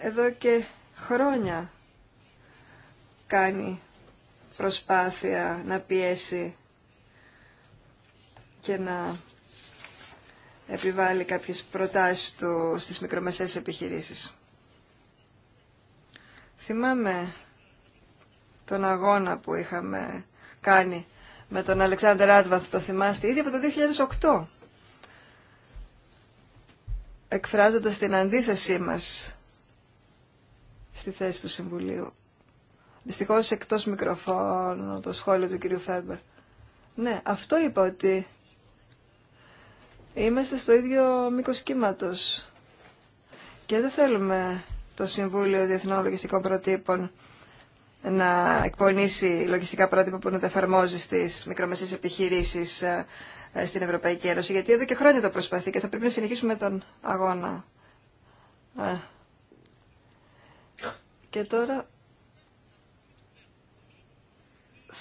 εδώ και χρόνια κάνει προσπάθεια να πιέσει και να επιβάλλει κάποιες προτάσεις του στις μικρομεσαίες επιχειρήσεις. Θυμάμαι τον αγώνα που είχαμε κάνει με τον Αλεξάνδρ Άτβαθ, το θυμάστε, ήδη από το 2008, εκφράζοντας την αντίθεσή μας στη θέση του Συμβουλίου. Δυστυχώ εκτός μικροφώνου το σχόλιο του κυρίου Φέρμπερ. Ναι, αυτό είπα ότι είμαστε στο ίδιο μήκο κύματο. και δεν θέλουμε το Συμβούλιο Διεθνών Λογιστικών Προτύπων να εκπονήσει λογιστικά πρότυπα που να τα εφαρμόζει στι μικρομεσαίες επιχειρήσει ε, στην Ευρωπαϊκή Ένωση. Γιατί εδώ και χρόνια το προσπαθεί και θα πρέπει να συνεχίσουμε τον αγώνα. Ε. Και τώρα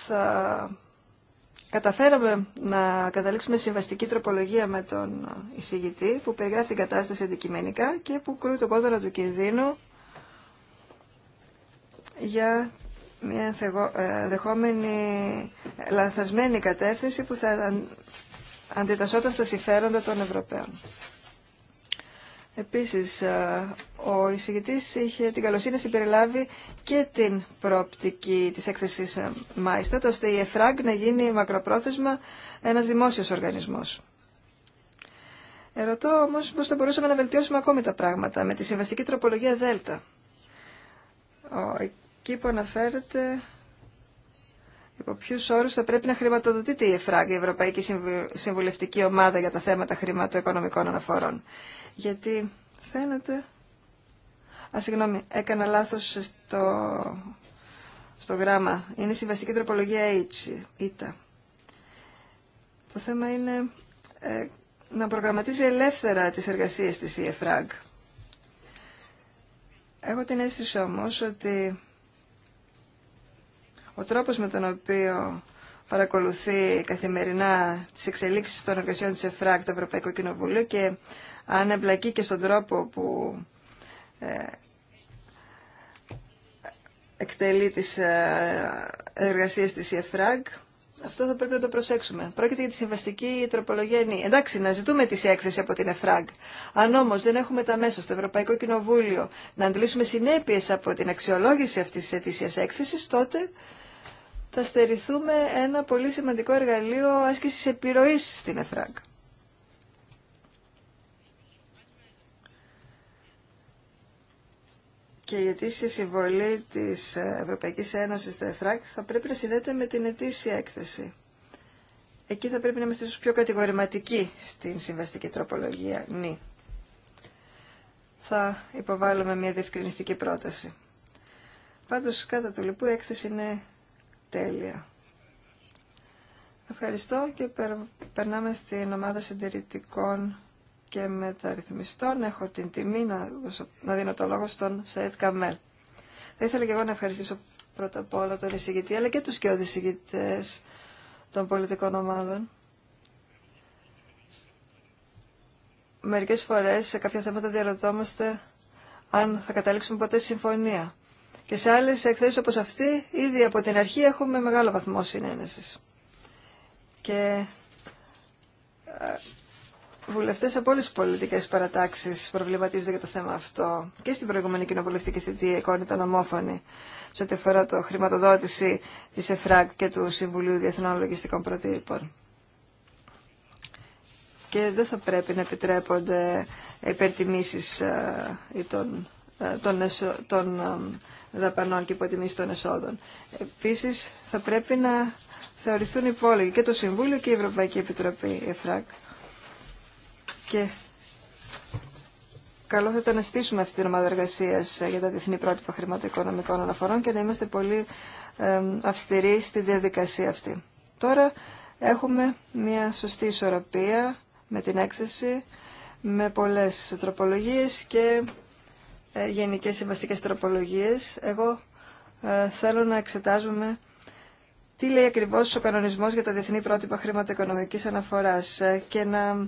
θα καταφέραμε να καταλήξουμε συμβαστική τροπολογία με τον εισηγητή που περιγράφει την κατάσταση αντικειμενικά και που κρούει το κόδωνα του κινδύνου για μια ε, δεχόμενη λανθασμένη κατεύθυνση που θα αντιτασσόταν στα συμφέροντα των Ευρωπαίων. Επίσης, ε, ο εισηγητής είχε την καλοσύνη να συμπεριλάβει και την πρόπτικη της έκθεσης ε, Μάιστα, ώστε η ΕΦΡΑΓ να γίνει μακροπρόθεσμα ένας δημόσιος οργανισμός. Ερωτώ όμως πώς θα μπορούσαμε να βελτιώσουμε ακόμη τα πράγματα με τη συμβαστική τροπολογία Δέλτα. Εκεί που αναφέρεται υπό ποιου όρου θα πρέπει να χρηματοδοτείται η ΕΦΡΑΓ, η Ευρωπαϊκή Συμβουλευτική Ομάδα για τα θέματα χρηματοοικονομικών αναφορών. Γιατί φαίνεται. Α, συγγνώμη, έκανα λάθο στο... στο γράμμα. Είναι η συμβαστική τροπολογία H, ήτα. Το θέμα είναι ε, να προγραμματίζει ελεύθερα τις εργασίες της η Έχω την αίσθηση όμως ότι ο τρόπος με τον οποίο παρακολουθεί καθημερινά τις εξελίξεις των εργασιών της ΕΦΡΑΚ, το Ευρωπαϊκό Κοινοβούλιο και αν εμπλακεί και στον τρόπο που ε, εκτελεί τις ε, εργασίες της ΕΦΡΑΚ, αυτό θα πρέπει να το προσέξουμε. Πρόκειται για τη συμβαστική τροπολογία ενή. Εντάξει, να ζητούμε τη έκθεση από την ΕΦΡΑΚ. Αν όμω δεν έχουμε τα μέσα στο Ευρωπαϊκό Κοινοβούλιο να αντλήσουμε συνέπειε από την αξιολόγηση αυτή τη ετήσια έκθεση, τότε θα στερηθούμε ένα πολύ σημαντικό εργαλείο άσκησης επιρροής στην ΕΦΡΑΚ. Και η αιτήσια συμβολή της Ευρωπαϊκής Ένωσης στην ΕΦΡΑΚ θα πρέπει να συνδέεται με την ετήσια έκθεση. Εκεί θα πρέπει να είμαστε στους πιο κατηγορηματικοί στην συμβαστική τροπολογία νη. Θα υποβάλουμε μια διευκρινιστική πρόταση. Πάντως, κατά του λοιπού, η έκθεση είναι τέλεια. Ευχαριστώ και περνάμε στην ομάδα συντηρητικών και μεταρρυθμιστών. Έχω την τιμή να, δώσω, να δίνω το λόγο στον Σαΐτ Καμέλ. Θα ήθελα και εγώ να ευχαριστήσω πρώτα απ' όλα τον εισηγητή, αλλά και τους και οδησηγητές των πολιτικών ομάδων. Μερικές φορές σε κάποια θέματα διαρωτόμαστε αν θα καταλήξουμε ποτέ συμφωνία. Και σε άλλες εκθέσεις όπως αυτή, ήδη από την αρχή έχουμε μεγάλο βαθμό συνένεσης. Και ε, βουλευτές από όλες τις πολιτικές παρατάξεις προβληματίζονται για το θέμα αυτό. Και στην προηγούμενη κοινοβουλευτική θητεία η εικόνα ήταν ομόφωνη σε ό,τι αφορά το χρηματοδότηση της ΕΦΡΑΚ και του Συμβουλίου Διεθνών Λογιστικών Προτύπων και δεν θα πρέπει να επιτρέπονται υπερτιμήσεις ε, των ε, δαπανών και υποτιμήσεις των εσόδων. Επίσης, θα πρέπει να θεωρηθούν υπόλογοι και το Συμβούλιο και η Ευρωπαϊκή Επιτροπή, ΕΦΡΑΚ. Και καλό θα ήταν να στήσουμε αυτή την ομάδα εργασία ε, για τα διεθνή πρότυπα χρηματοοικονομικών αναφορών και να είμαστε πολύ αυστηροί στη διαδικασία αυτή. Τώρα έχουμε μια σωστή ισορροπία με την έκθεση, με πολλές τροπολογίες και ε, γενικές συμβαστικές τροπολογίες. Εγώ ε, θέλω να εξετάζουμε τι λέει ακριβώς ο κανονισμός για τα διεθνή πρότυπα χρηματοοικονομικής αναφοράς ε, και να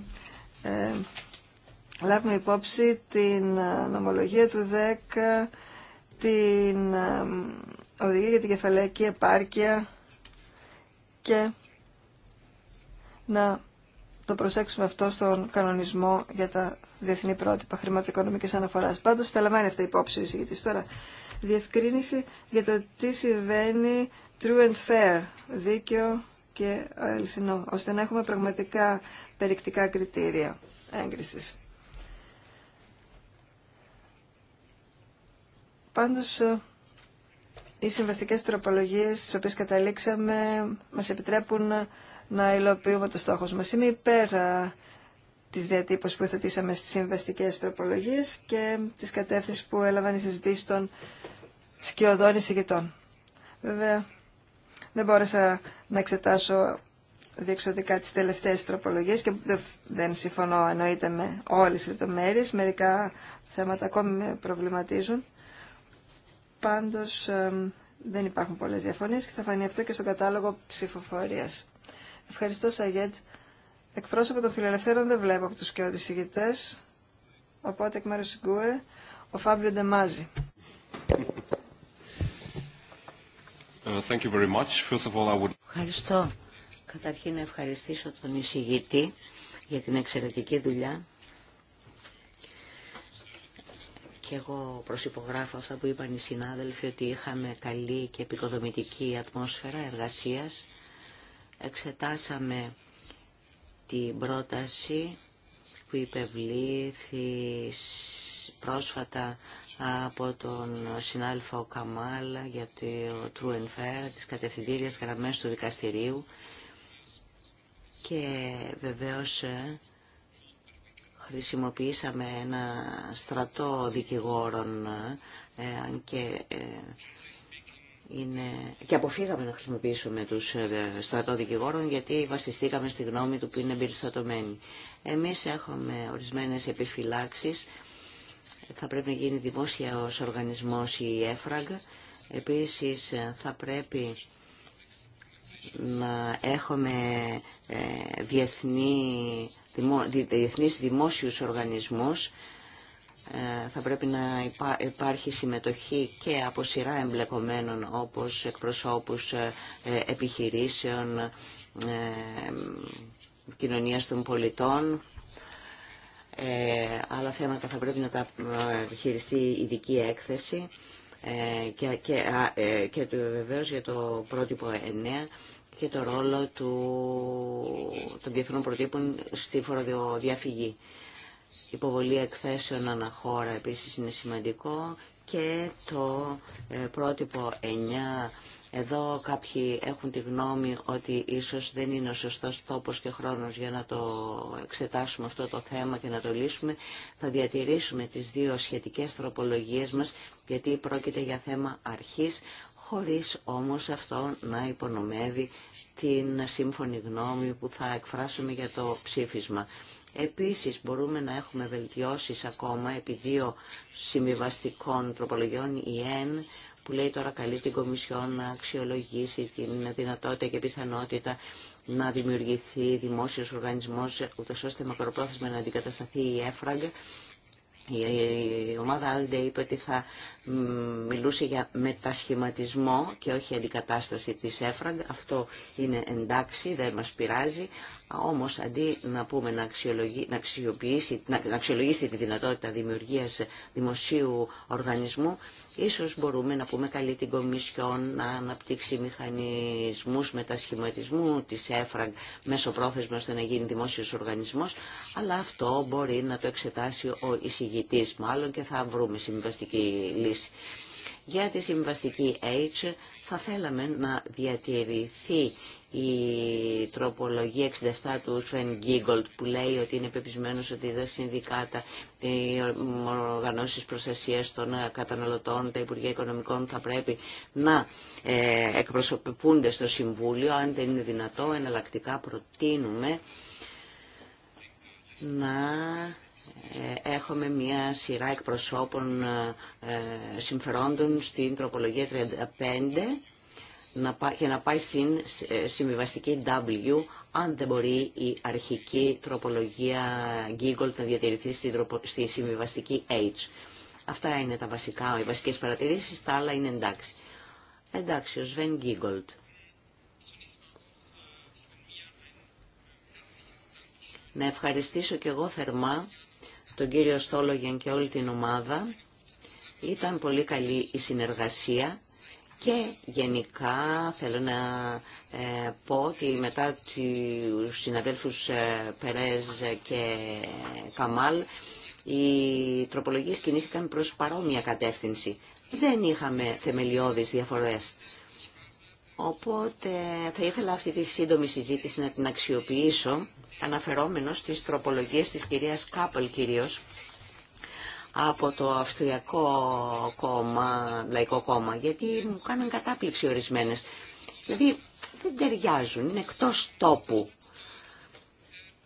λάβουμε υπόψη την νομολογία του ΔΕΚ, την οδηγία για την κεφαλαϊκή επάρκεια και να το προσέξουμε αυτό στον κανονισμό για τα διεθνή πρότυπα χρηματοοικονομικής αναφοράς. Πάντως, τα λαμβάνει αυτή η υπόψη εισηγητής. Τώρα, διευκρίνηση για το τι συμβαίνει true and fair, δίκαιο και αληθινό, ώστε να έχουμε πραγματικά περιεκτικά κριτήρια έγκρισης. Πάντως, οι συμβαστικές τροπολογίες στις οποίες καταλήξαμε μας επιτρέπουν να υλοποιούμε το στόχο μας. Είμαι υπέρ της διατύπωση που εθετήσαμε στις συμβαστικές τροπολογίες και της κατεύθυνση που έλαβαν οι συζητήσει των σκιωδών εισηγητών. Βέβαια, δεν μπόρεσα να εξετάσω διεξοδικά τις τελευταίες τροπολογίες και δεν συμφωνώ εννοείται με όλες τις λεπτομέρειες. Μερικά θέματα ακόμη με προβληματίζουν. Πάντως δεν υπάρχουν πολλές διαφωνίες και θα φανεί αυτό και στον κατάλογο ψηφοφορίας. Ευχαριστώ, Σαγέντ. Εκπρόσωπο των φιλελευθέρων δεν βλέπω από τους και ηγητές, οπότε εκ μέρους συγκούε, Γκουε, ο Φάμπιο Ντεμάζη. Ευχαριστώ. Καταρχήν να ευχαριστήσω τον εισηγητή για την εξαιρετική δουλειά. Και εγώ προσυπογράφω αυτά που είπαν οι συνάδελφοι ότι είχαμε καλή και επικοδομητική ατμόσφαιρα εργασίας εξετάσαμε την πρόταση που υπευλήθη πρόσφατα από τον ο Καμάλα για το True and Fair, τις γραμμές του δικαστηρίου και βεβαίως ε, χρησιμοποιήσαμε ένα στρατό δικηγόρων ε, αν και ε, είναι... και αποφύγαμε να χρησιμοποιήσουμε τους ε, στρατόδικηγόρων γιατί βασιστήκαμε στη γνώμη του που είναι εμπεριστατωμένη. Εμείς έχουμε ορισμένες επιφυλάξεις. Θα πρέπει να γίνει δημόσια ω οργανισμός η ΕΦΡΑΓ. Επίση ε, θα πρέπει να έχουμε ε, διεθνεί, διεθνείς δημόσιους οργανισμούς ε, θα πρέπει να υπάρχει συμμετοχή και από σειρά εμπλεκομένων όπως εκπροσώπους ε, ε, επιχειρήσεων, κοινωνίας των πολιτών. άλλα θέματα θα πρέπει να τα χειριστεί η ειδική έκθεση και, και, και το, βεβαίως για το πρότυπο 9 και το ρόλο του, των διεθνών προτύπων στη φοροδιαφυγή υποβολή εκθέσεων αναχώρα επίσης είναι σημαντικό και το ε, πρότυπο 9 εδώ κάποιοι έχουν τη γνώμη ότι ίσως δεν είναι ο σωστός τόπος και χρόνος για να το εξετάσουμε αυτό το θέμα και να το λύσουμε. Θα διατηρήσουμε τις δύο σχετικές τροπολογίες μας γιατί πρόκειται για θέμα αρχής χωρίς όμως αυτό να υπονομεύει την σύμφωνη γνώμη που θα εκφράσουμε για το ψήφισμα. Επίσης μπορούμε να έχουμε βελτιώσεις ακόμα επί δύο συμβιβαστικών τροπολογιών η ΕΝ που λέει τώρα καλεί την Κομισιόν να αξιολογήσει την δυνατότητα και πιθανότητα να δημιουργηθεί δημόσιος οργανισμός ούτως ώστε μακροπρόθεσμα να αντικατασταθεί η ΕΦΡΑΓ η ομάδα Άλντε είπε ότι θα μιλούσε για μετασχηματισμό και όχι αντικατάσταση της ΕΦΡΑΓ. Αυτό είναι εντάξει, δεν μας πειράζει. Όμως αντί να πούμε να, αξιολογήσει, να, αξιοποιήσει, αξιολογήσει τη δυνατότητα δημιουργίας δημοσίου οργανισμού, ίσως μπορούμε να πούμε καλή την Κομισιόν να αναπτύξει μηχανισμούς μετασχηματισμού της ΕΦΡΑΓ μέσω πρόθεσμα ώστε να γίνει δημόσιος οργανισμός, αλλά αυτό μπορεί να το εξετάσει ο εισηγητής μάλλον και θα βρούμε συμβαστική λύση. Για τη συμβαστική H θα θέλαμε να διατηρηθεί η τροπολογία 67 του Σφεν Γκίγκολτ που λέει ότι είναι πεπισμένος ότι δεν συνδικάτα, οι οργανώσεις προστασίας των καταναλωτών, τα Υπουργεία Οικονομικών θα πρέπει να ε, εκπροσωπούνται στο Συμβούλιο. Αν δεν είναι δυνατό, εναλλακτικά προτείνουμε να ε, έχουμε μια σειρά εκπροσώπων ε, ε, συμφερόντων στην τροπολογία 35 και να πάει στην συμβιβαστική W αν δεν μπορεί η αρχική τροπολογία Giggle να διατηρηθεί στη συμβιβαστική H. Αυτά είναι τα βασικά, οι βασικές παρατηρήσεις, τα άλλα είναι εντάξει. Εντάξει, ο Σβέν Γκίγκολτ. Να ευχαριστήσω και εγώ θερμά τον κύριο Στόλογεν και όλη την ομάδα. Ήταν πολύ καλή η συνεργασία και γενικά θέλω να ε, πω ότι μετά τους συναδέλφους ε, Περέζ και Καμάλ οι τροπολογίες κινήθηκαν προς παρόμοια κατεύθυνση. Δεν είχαμε θεμελιώδεις διαφορές. Οπότε θα ήθελα αυτή τη σύντομη συζήτηση να την αξιοποιήσω αναφερόμενος στις τροπολογίες της κυρίας Κάπελ κυρίως από το Αυστριακό κόμμα, Λαϊκό Κόμμα, γιατί μου κάναν κατάπληξη ορισμένες. Δηλαδή δεν ταιριάζουν, είναι εκτός τόπου.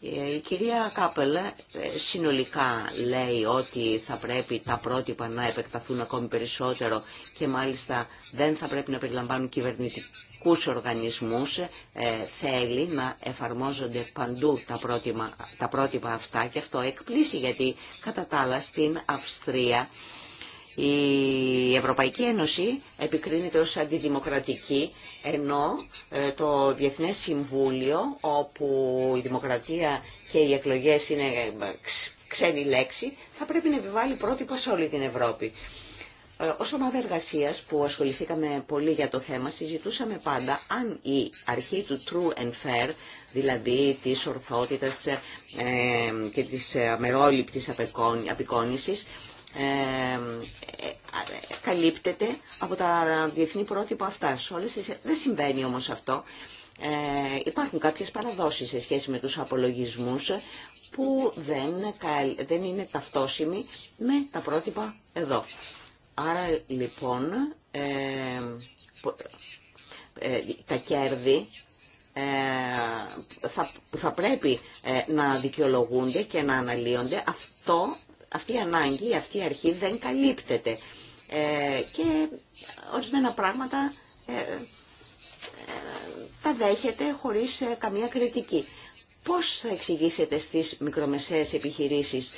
Ε, η κυρία Κάπελ ε, συνολικά λέει ότι θα πρέπει τα πρότυπα να επεκταθούν ακόμη περισσότερο και μάλιστα δεν θα πρέπει να περιλαμβάνουν κυβερνητικούς οργανισμούς. Ε, θέλει να εφαρμόζονται παντού τα πρότυπα, τα πρότυπα αυτά και αυτό εκπλήσει γιατί κατά τα άλλα στην Αυστρία η Ευρωπαϊκή Ένωση επικρίνεται ως αντιδημοκρατική, ενώ ε, το Διεθνές Συμβούλιο, όπου η δημοκρατία και οι εκλογές είναι ε, ξένη λέξη, θα πρέπει να επιβάλλει πρότυπα σε όλη την Ευρώπη. Ε, Ω ομάδα εργασία που ασχοληθήκαμε πολύ για το θέμα, συζητούσαμε πάντα αν η αρχή του true and fair, δηλαδή τη ορθότητα και τη αμερόληπτη απεικόνηση, ε, καλύπτεται από τα διεθνή πρότυπα αυτά. όλες Δεν συμβαίνει όμως αυτό. Ε, υπάρχουν κάποιες παραδόσεις σε σχέση με τους απολογισμούς που δεν, δεν είναι ταυτόσιμοι με τα πρότυπα εδώ. Άρα λοιπόν ε, τα κέρδη ε, θα, θα πρέπει ε, να δικαιολογούνται και να αναλύονται. Αυτό αυτή η ανάγκη, αυτή η αρχή δεν καλύπτεται. Ε, και ορισμένα πράγματα ε, ε, τα δέχεται χωρίς καμία κριτική. Πώς θα εξηγήσετε στις μικρομεσαίες επιχειρήσεις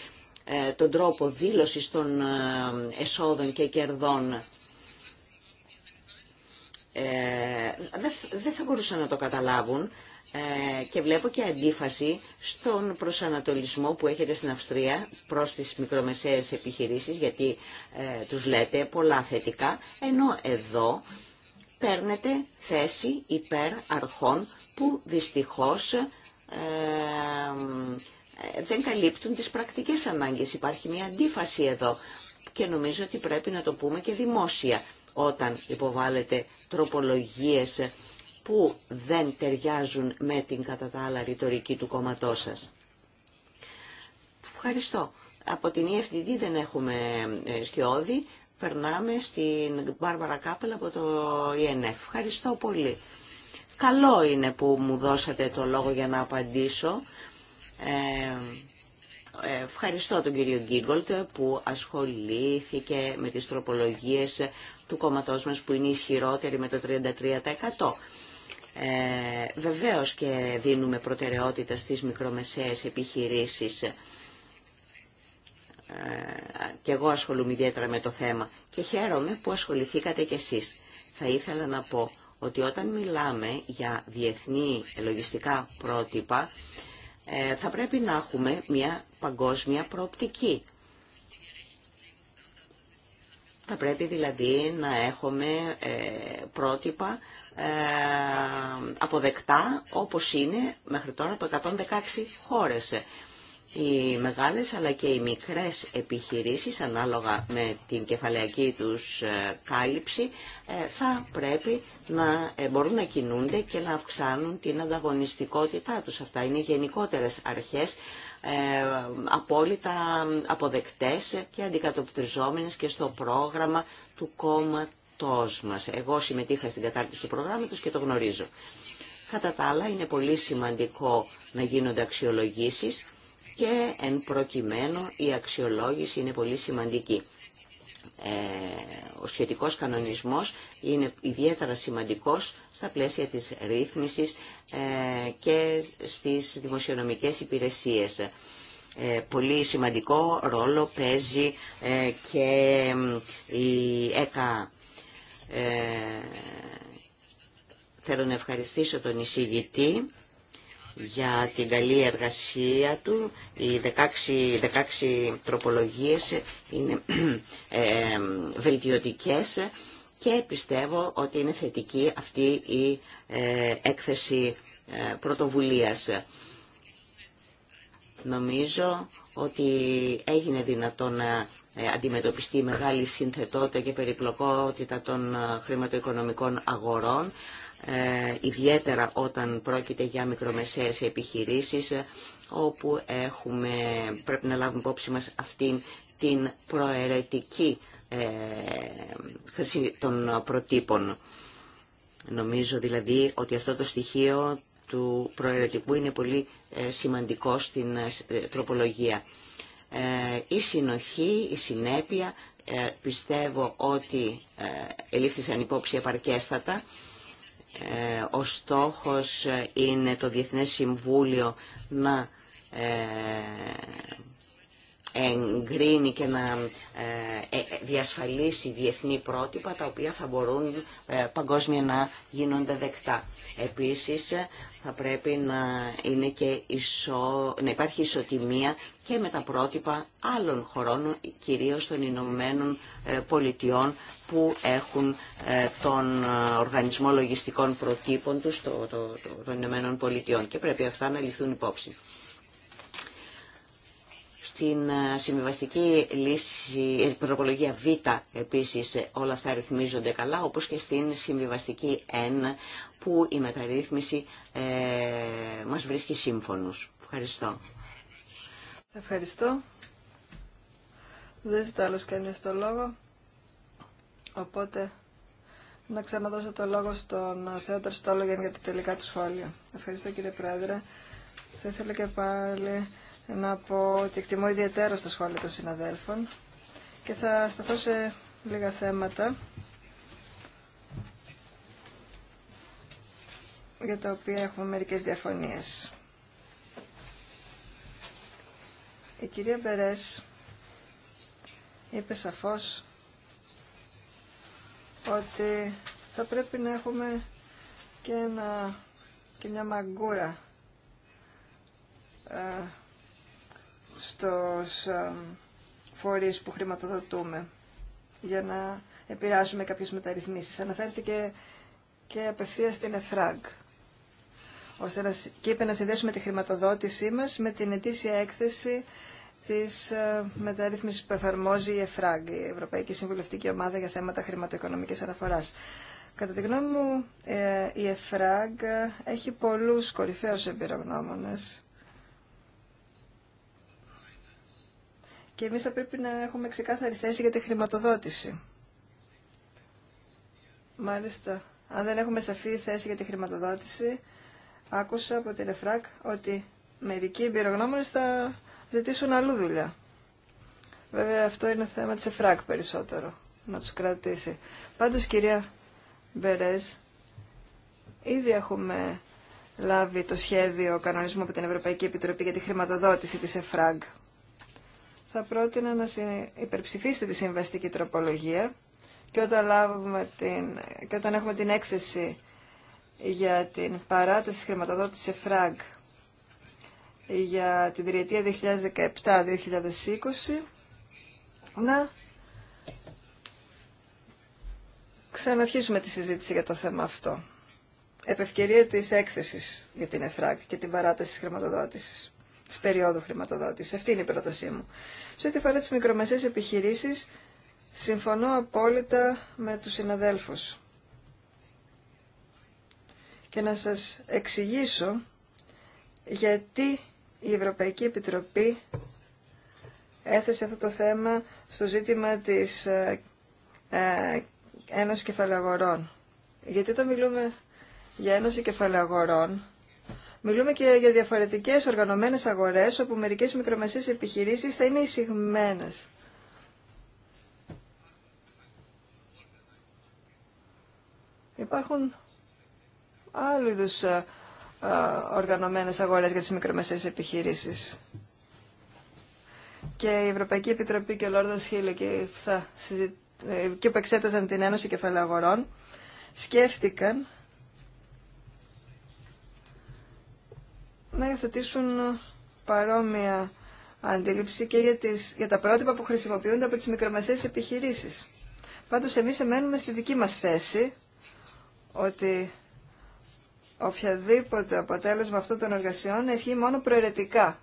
τον τρόπο δήλωσης των εσόδων και κερδών ε, δεν θα μπορούσαν να το καταλάβουν ε, και βλέπω και αντίφαση στον προσανατολισμό που έχετε στην Αυστρία προς τις μικρομεσαίες επιχειρήσεις γιατί ε, τους λέτε πολλά θετικά ενώ εδώ παίρνετε θέση υπέρ αρχών που δυστυχώς ε, δεν καλύπτουν τις πρακτικές ανάγκες. Υπάρχει μια αντίφαση εδώ και νομίζω ότι πρέπει να το πούμε και δημόσια όταν υποβάλετε τροπολογίες που δεν ταιριάζουν με την κατά τα άλλα ρητορική του κόμματός σας. Ευχαριστώ. Από την EFTD δεν έχουμε ε, σκιώδη. Περνάμε στην Μπάρμπαρα Κάπελ από το ΙΕΝΕΦ. E ευχαριστώ πολύ. Καλό είναι που μου δώσατε το λόγο για να απαντήσω. Ε, ε, ευχαριστώ τον κύριο Γκίγκολτ που ασχολήθηκε με τις τροπολογίες του κόμματός μας που είναι ισχυρότερη με το 33%. Ε, βεβαίως και δίνουμε προτεραιότητα στις μικρομεσαίες επιχειρήσεις ε, και εγώ ασχολούμαι ιδιαίτερα με το θέμα και χαίρομαι που ασχοληθήκατε κι εσείς. Θα ήθελα να πω ότι όταν μιλάμε για διεθνή λογιστικά πρότυπα ε, θα πρέπει να έχουμε μια παγκόσμια προοπτική. Θα πρέπει δηλαδή να έχουμε ε, πρότυπα ε, αποδεκτά όπως είναι μέχρι τώρα από 116 χώρες. Οι μεγάλες αλλά και οι μικρές επιχειρήσεις ανάλογα με την κεφαλαιακή τους ε, κάλυψη ε, θα πρέπει να μπορούν να κινούνται και να αυξάνουν την ανταγωνιστικότητά τους. Αυτά είναι γενικότερες αρχές απόλυτα αποδεκτές και αντικατοπτριζόμενες και στο πρόγραμμα του κόμματος εαυτός Εγώ συμμετείχα στην κατάρτιση του προγράμματος και το γνωρίζω. Κατά τα άλλα είναι πολύ σημαντικό να γίνονται αξιολογήσεις και εν προκειμένου η αξιολόγηση είναι πολύ σημαντική. Ε, ο σχετικός κανονισμός είναι ιδιαίτερα σημαντικός στα πλαίσια της ρύθμισης ε, και στις δημοσιονομικές υπηρεσίες. Ε, πολύ σημαντικό ρόλο παίζει και η ΕΚΑ ε, θέλω να ευχαριστήσω τον εισηγητή για την καλή εργασία του. Οι 16, 16 τροπολογίες είναι ε, βελτιωτικές και πιστεύω ότι είναι θετική αυτή η ε, έκθεση ε, πρωτοβουλίας. Νομίζω ότι έγινε δυνατόν να ε, αντιμετωπιστεί η μεγάλη συνθετότητα και περιπλοκότητα των ε, χρηματοοικονομικών αγορών, ε, ιδιαίτερα όταν πρόκειται για μικρομεσαίες επιχειρήσεις, όπου έχουμε, πρέπει να λάβουμε υπόψη μας αυτήν την προαιρετική χρήση των προτύπων. Νομίζω δηλαδή ότι αυτό το στοιχείο του προαιρετικού είναι πολύ σημαντικό στην τροπολογία. Ε, η συνοχή, η συνέπεια, ε, πιστεύω ότι ε, ελήφθησαν υπόψη επαρκέστατα. Ο στόχος είναι το Διεθνές Συμβούλιο να εγκρίνει και να ε, ε, διασφαλίσει διεθνή πρότυπα τα οποία θα μπορούν ε, παγκόσμια να γίνονται δεκτά. Επίσης θα πρέπει να, είναι και ισο... να υπάρχει ισοτιμία και με τα πρότυπα άλλων χωρών, κυρίως των Ηνωμένων Πολιτειών που έχουν τον Οργανισμό Λογιστικών Προτύπων τους των Ηνωμένων Πολιτειών και πρέπει αυτά να λυθούν υπόψη στην ε, συμβιβαστική λύση, προπολογία ε, Β επίσης ε, όλα αυτά ρυθμίζονται καλά, όπως και στην συμβιβαστική N που η μεταρρύθμιση ε, μας βρίσκει σύμφωνους. Ευχαριστώ. Ευχαριστώ. Δεν ζητά άλλος κανείς το λόγο. Οπότε να ξαναδώσω το λόγο στον Θεότρο Στόλογεν για τα τελικά του σχόλια. Ευχαριστώ κύριε Πρόεδρε. Θα ήθελα και πάλι να πω ότι εκτιμώ ιδιαίτερα στα σχόλια των συναδέλφων και θα σταθώ σε λίγα θέματα για τα οποία έχουμε μερικές διαφωνίες. Η κυρία Μπερές είπε σαφώς ότι θα πρέπει να έχουμε και, και μια μαγκούρα ε, στους φορείς που χρηματοδοτούμε για να επηρεάσουμε κάποιες μεταρρυθμίσεις. Αναφέρθηκε και απευθεία στην ΕΦΡΑΓ, ώστε να, και είπε να συνδέσουμε τη χρηματοδότησή μας με την ετήσια έκθεση της ε, μεταρρύθμισης που εφαρμόζει η ΕΦΡΑΓ, η Ευρωπαϊκή Συμβουλευτική Ομάδα για θέματα χρηματοοικονομικής αναφοράς. Κατά τη γνώμη μου, ε, η ΕΦΡΑΓ έχει πολλούς κορυφαίους εμπειρογνώμονες Και εμείς θα πρέπει να έχουμε ξεκάθαρη θέση για τη χρηματοδότηση. Μάλιστα, αν δεν έχουμε σαφή θέση για τη χρηματοδότηση, άκουσα από την ΕΦΡΑΚ ότι μερικοί εμπειρογνώμονες θα ζητήσουν αλλού δουλειά. Βέβαια αυτό είναι θέμα της ΕΦΡΑΚ περισσότερο, να τους κρατήσει. Πάντως κυρία Μπερές, ήδη έχουμε λάβει το σχέδιο κανονισμού από την Ευρωπαϊκή Επιτροπή για τη χρηματοδότηση της ΕΦΡΑΚ θα πρότεινα να υπερψηφίσετε τη συμβαστική τροπολογία και όταν, λάβουμε την, και όταν έχουμε την έκθεση για την παράταση της χρηματοδότησης ΕΦΡΑΓ για την τριετία 2017-2020 να ξαναρχίσουμε τη συζήτηση για το θέμα αυτό. Επευκαιρία της έκθεσης για την ΕΦΡΑΚ και την παράταση της χρηματοδότησης. Τη περίοδου χρηματοδότηση. Αυτή είναι η πρότασή μου. Σε ό,τι αφορά τι μικρομεσαίες επιχειρήσεις, συμφωνώ απόλυτα με του συναδέλφου. Και να σας εξηγήσω γιατί η Ευρωπαϊκή Επιτροπή έθεσε αυτό το θέμα στο ζήτημα της ε, ε, Ένωσης Κεφαλαγορών. Γιατί όταν μιλούμε για Ένωση Κεφαλαγορών, Μιλούμε και για διαφορετικές οργανωμένες αγορές, όπου μερικέ μικρομεσαίες επιχειρήσει θα είναι εισηγμένε. Υπάρχουν άλλου είδου ε, ε, οργανωμένες αγορές για τις μικρομεσαίες επιχειρήσει. Και η Ευρωπαϊκή Επιτροπή και ο Λόρδο Χίλε και, θα συζη... Ε, που εξέταζαν την Ένωση Αγορών σκέφτηκαν να υιοθετήσουν παρόμοια αντίληψη και για, τις, για τα πρότυπα που χρησιμοποιούνται από τις μικρομεσαίες επιχειρήσεις. Πάντως εμείς εμένουμε στη δική μας θέση ότι οποιαδήποτε αποτέλεσμα αυτών των εργασιών ισχύει μόνο προαιρετικά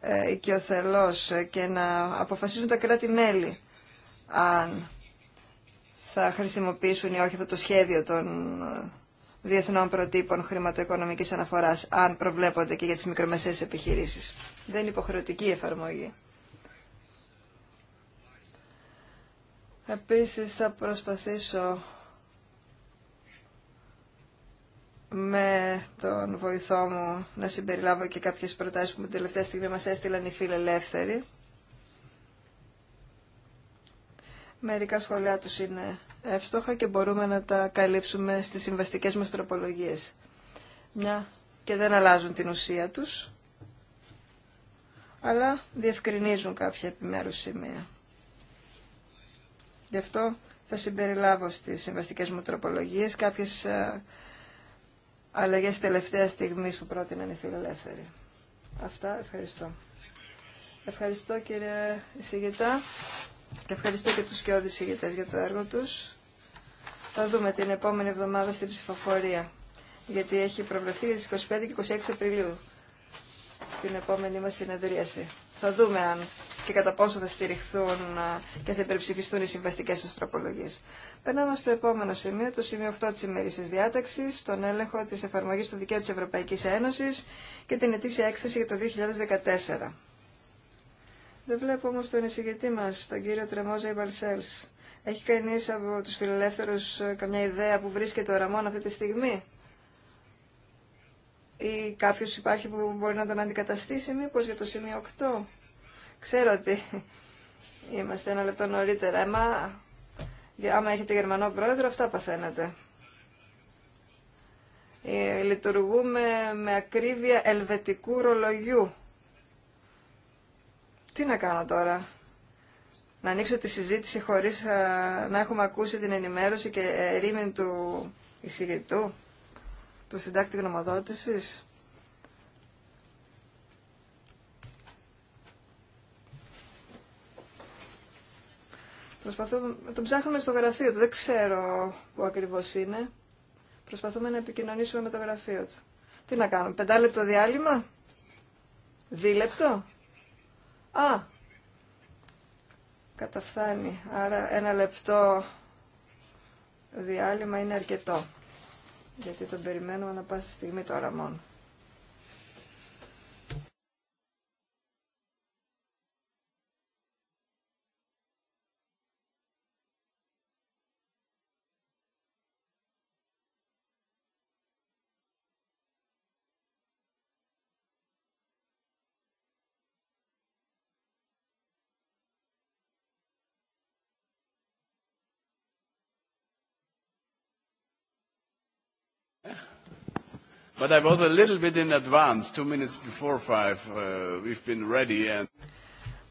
ε, οικειοθελώς ε, και να αποφασίζουν τα κράτη-μέλη αν θα χρησιμοποιήσουν ή όχι αυτό το σχέδιο των διεθνών προτύπων χρηματοοικονομικής αναφοράς, αν προβλέπονται και για τις μικρομεσαίες επιχειρήσεις. Δεν είναι υποχρεωτική εφαρμογή. Επίσης θα προσπαθήσω με τον βοηθό μου να συμπεριλάβω και κάποιες προτάσεις που την τελευταία στιγμή μας έστειλαν οι φίλοι ελεύθεροι. Μερικά σχολεία τους είναι εύστοχα και μπορούμε να τα καλύψουμε στις συμβαστικές μας τροπολογίες. Μια και δεν αλλάζουν την ουσία τους, αλλά διευκρινίζουν κάποια επιμέρους σημεία. Γι' αυτό θα συμπεριλάβω στις συμβαστικές μου τροπολογίες κάποιες ε, αλλαγές τελευταία στιγμή που πρότειναν οι φιλελεύθεροι. Αυτά, ευχαριστώ. Ευχαριστώ κύριε Ισηγητά. Και ευχαριστώ και τους και ηγετές για το έργο τους. Θα δούμε την επόμενη εβδομάδα στην ψηφοφορία, γιατί έχει προβλεφθεί για τις 25 και 26 Απριλίου την επόμενη μας συνεδρίαση. Θα δούμε αν και κατά πόσο θα στηριχθούν και θα υπερψηφιστούν οι συμβαστικές τους τροπολογίες. Περνάμε στο επόμενο σημείο, το σημείο 8 της ημερήσης διάταξης, τον έλεγχο της εφαρμογής του δικαίου της Ευρωπαϊκής Ένωσης και την ετήσια έκθεση για το 2014. Δεν βλέπω όμως τον εισηγητή μας, τον κύριο Τρεμόζα Ιμπαλσέλς. Έχει κανείς από τους φιλελεύθερους ε, καμιά ιδέα που βρίσκεται ο Ραμόν αυτή τη στιγμή ή κάποιος υπάρχει που μπορεί να τον αντικαταστήσει μήπως για το σημείο 8. Ξέρω ότι *laughs* είμαστε ένα λεπτό νωρίτερα, μα άμα έχετε Γερμανό πρόεδρο αυτά παθαίνετε. Ε, λειτουργούμε με ακρίβεια ελβετικού ρολογιού τι να κάνω τώρα, να ανοίξω τη συζήτηση χωρίς ε, να έχουμε ακούσει την ενημέρωση και ερήμην του εισηγητού, του συντάκτη γνωμοδότησης. Προσπαθούμε, τον ψάχνουμε στο γραφείο του, δεν ξέρω που ακριβώς είναι. Προσπαθούμε να επικοινωνήσουμε με το γραφείο του. Τι να κάνουμε, πεντάλεπτο διάλειμμα, δίλεπτο. Α, καταφθάνει. Άρα ένα λεπτό διάλειμμα είναι αρκετό. Γιατί τον περιμένουμε να στη στιγμή τώρα μόνο. But I was a little bit in advance, two minutes before five. Uh, we've been ready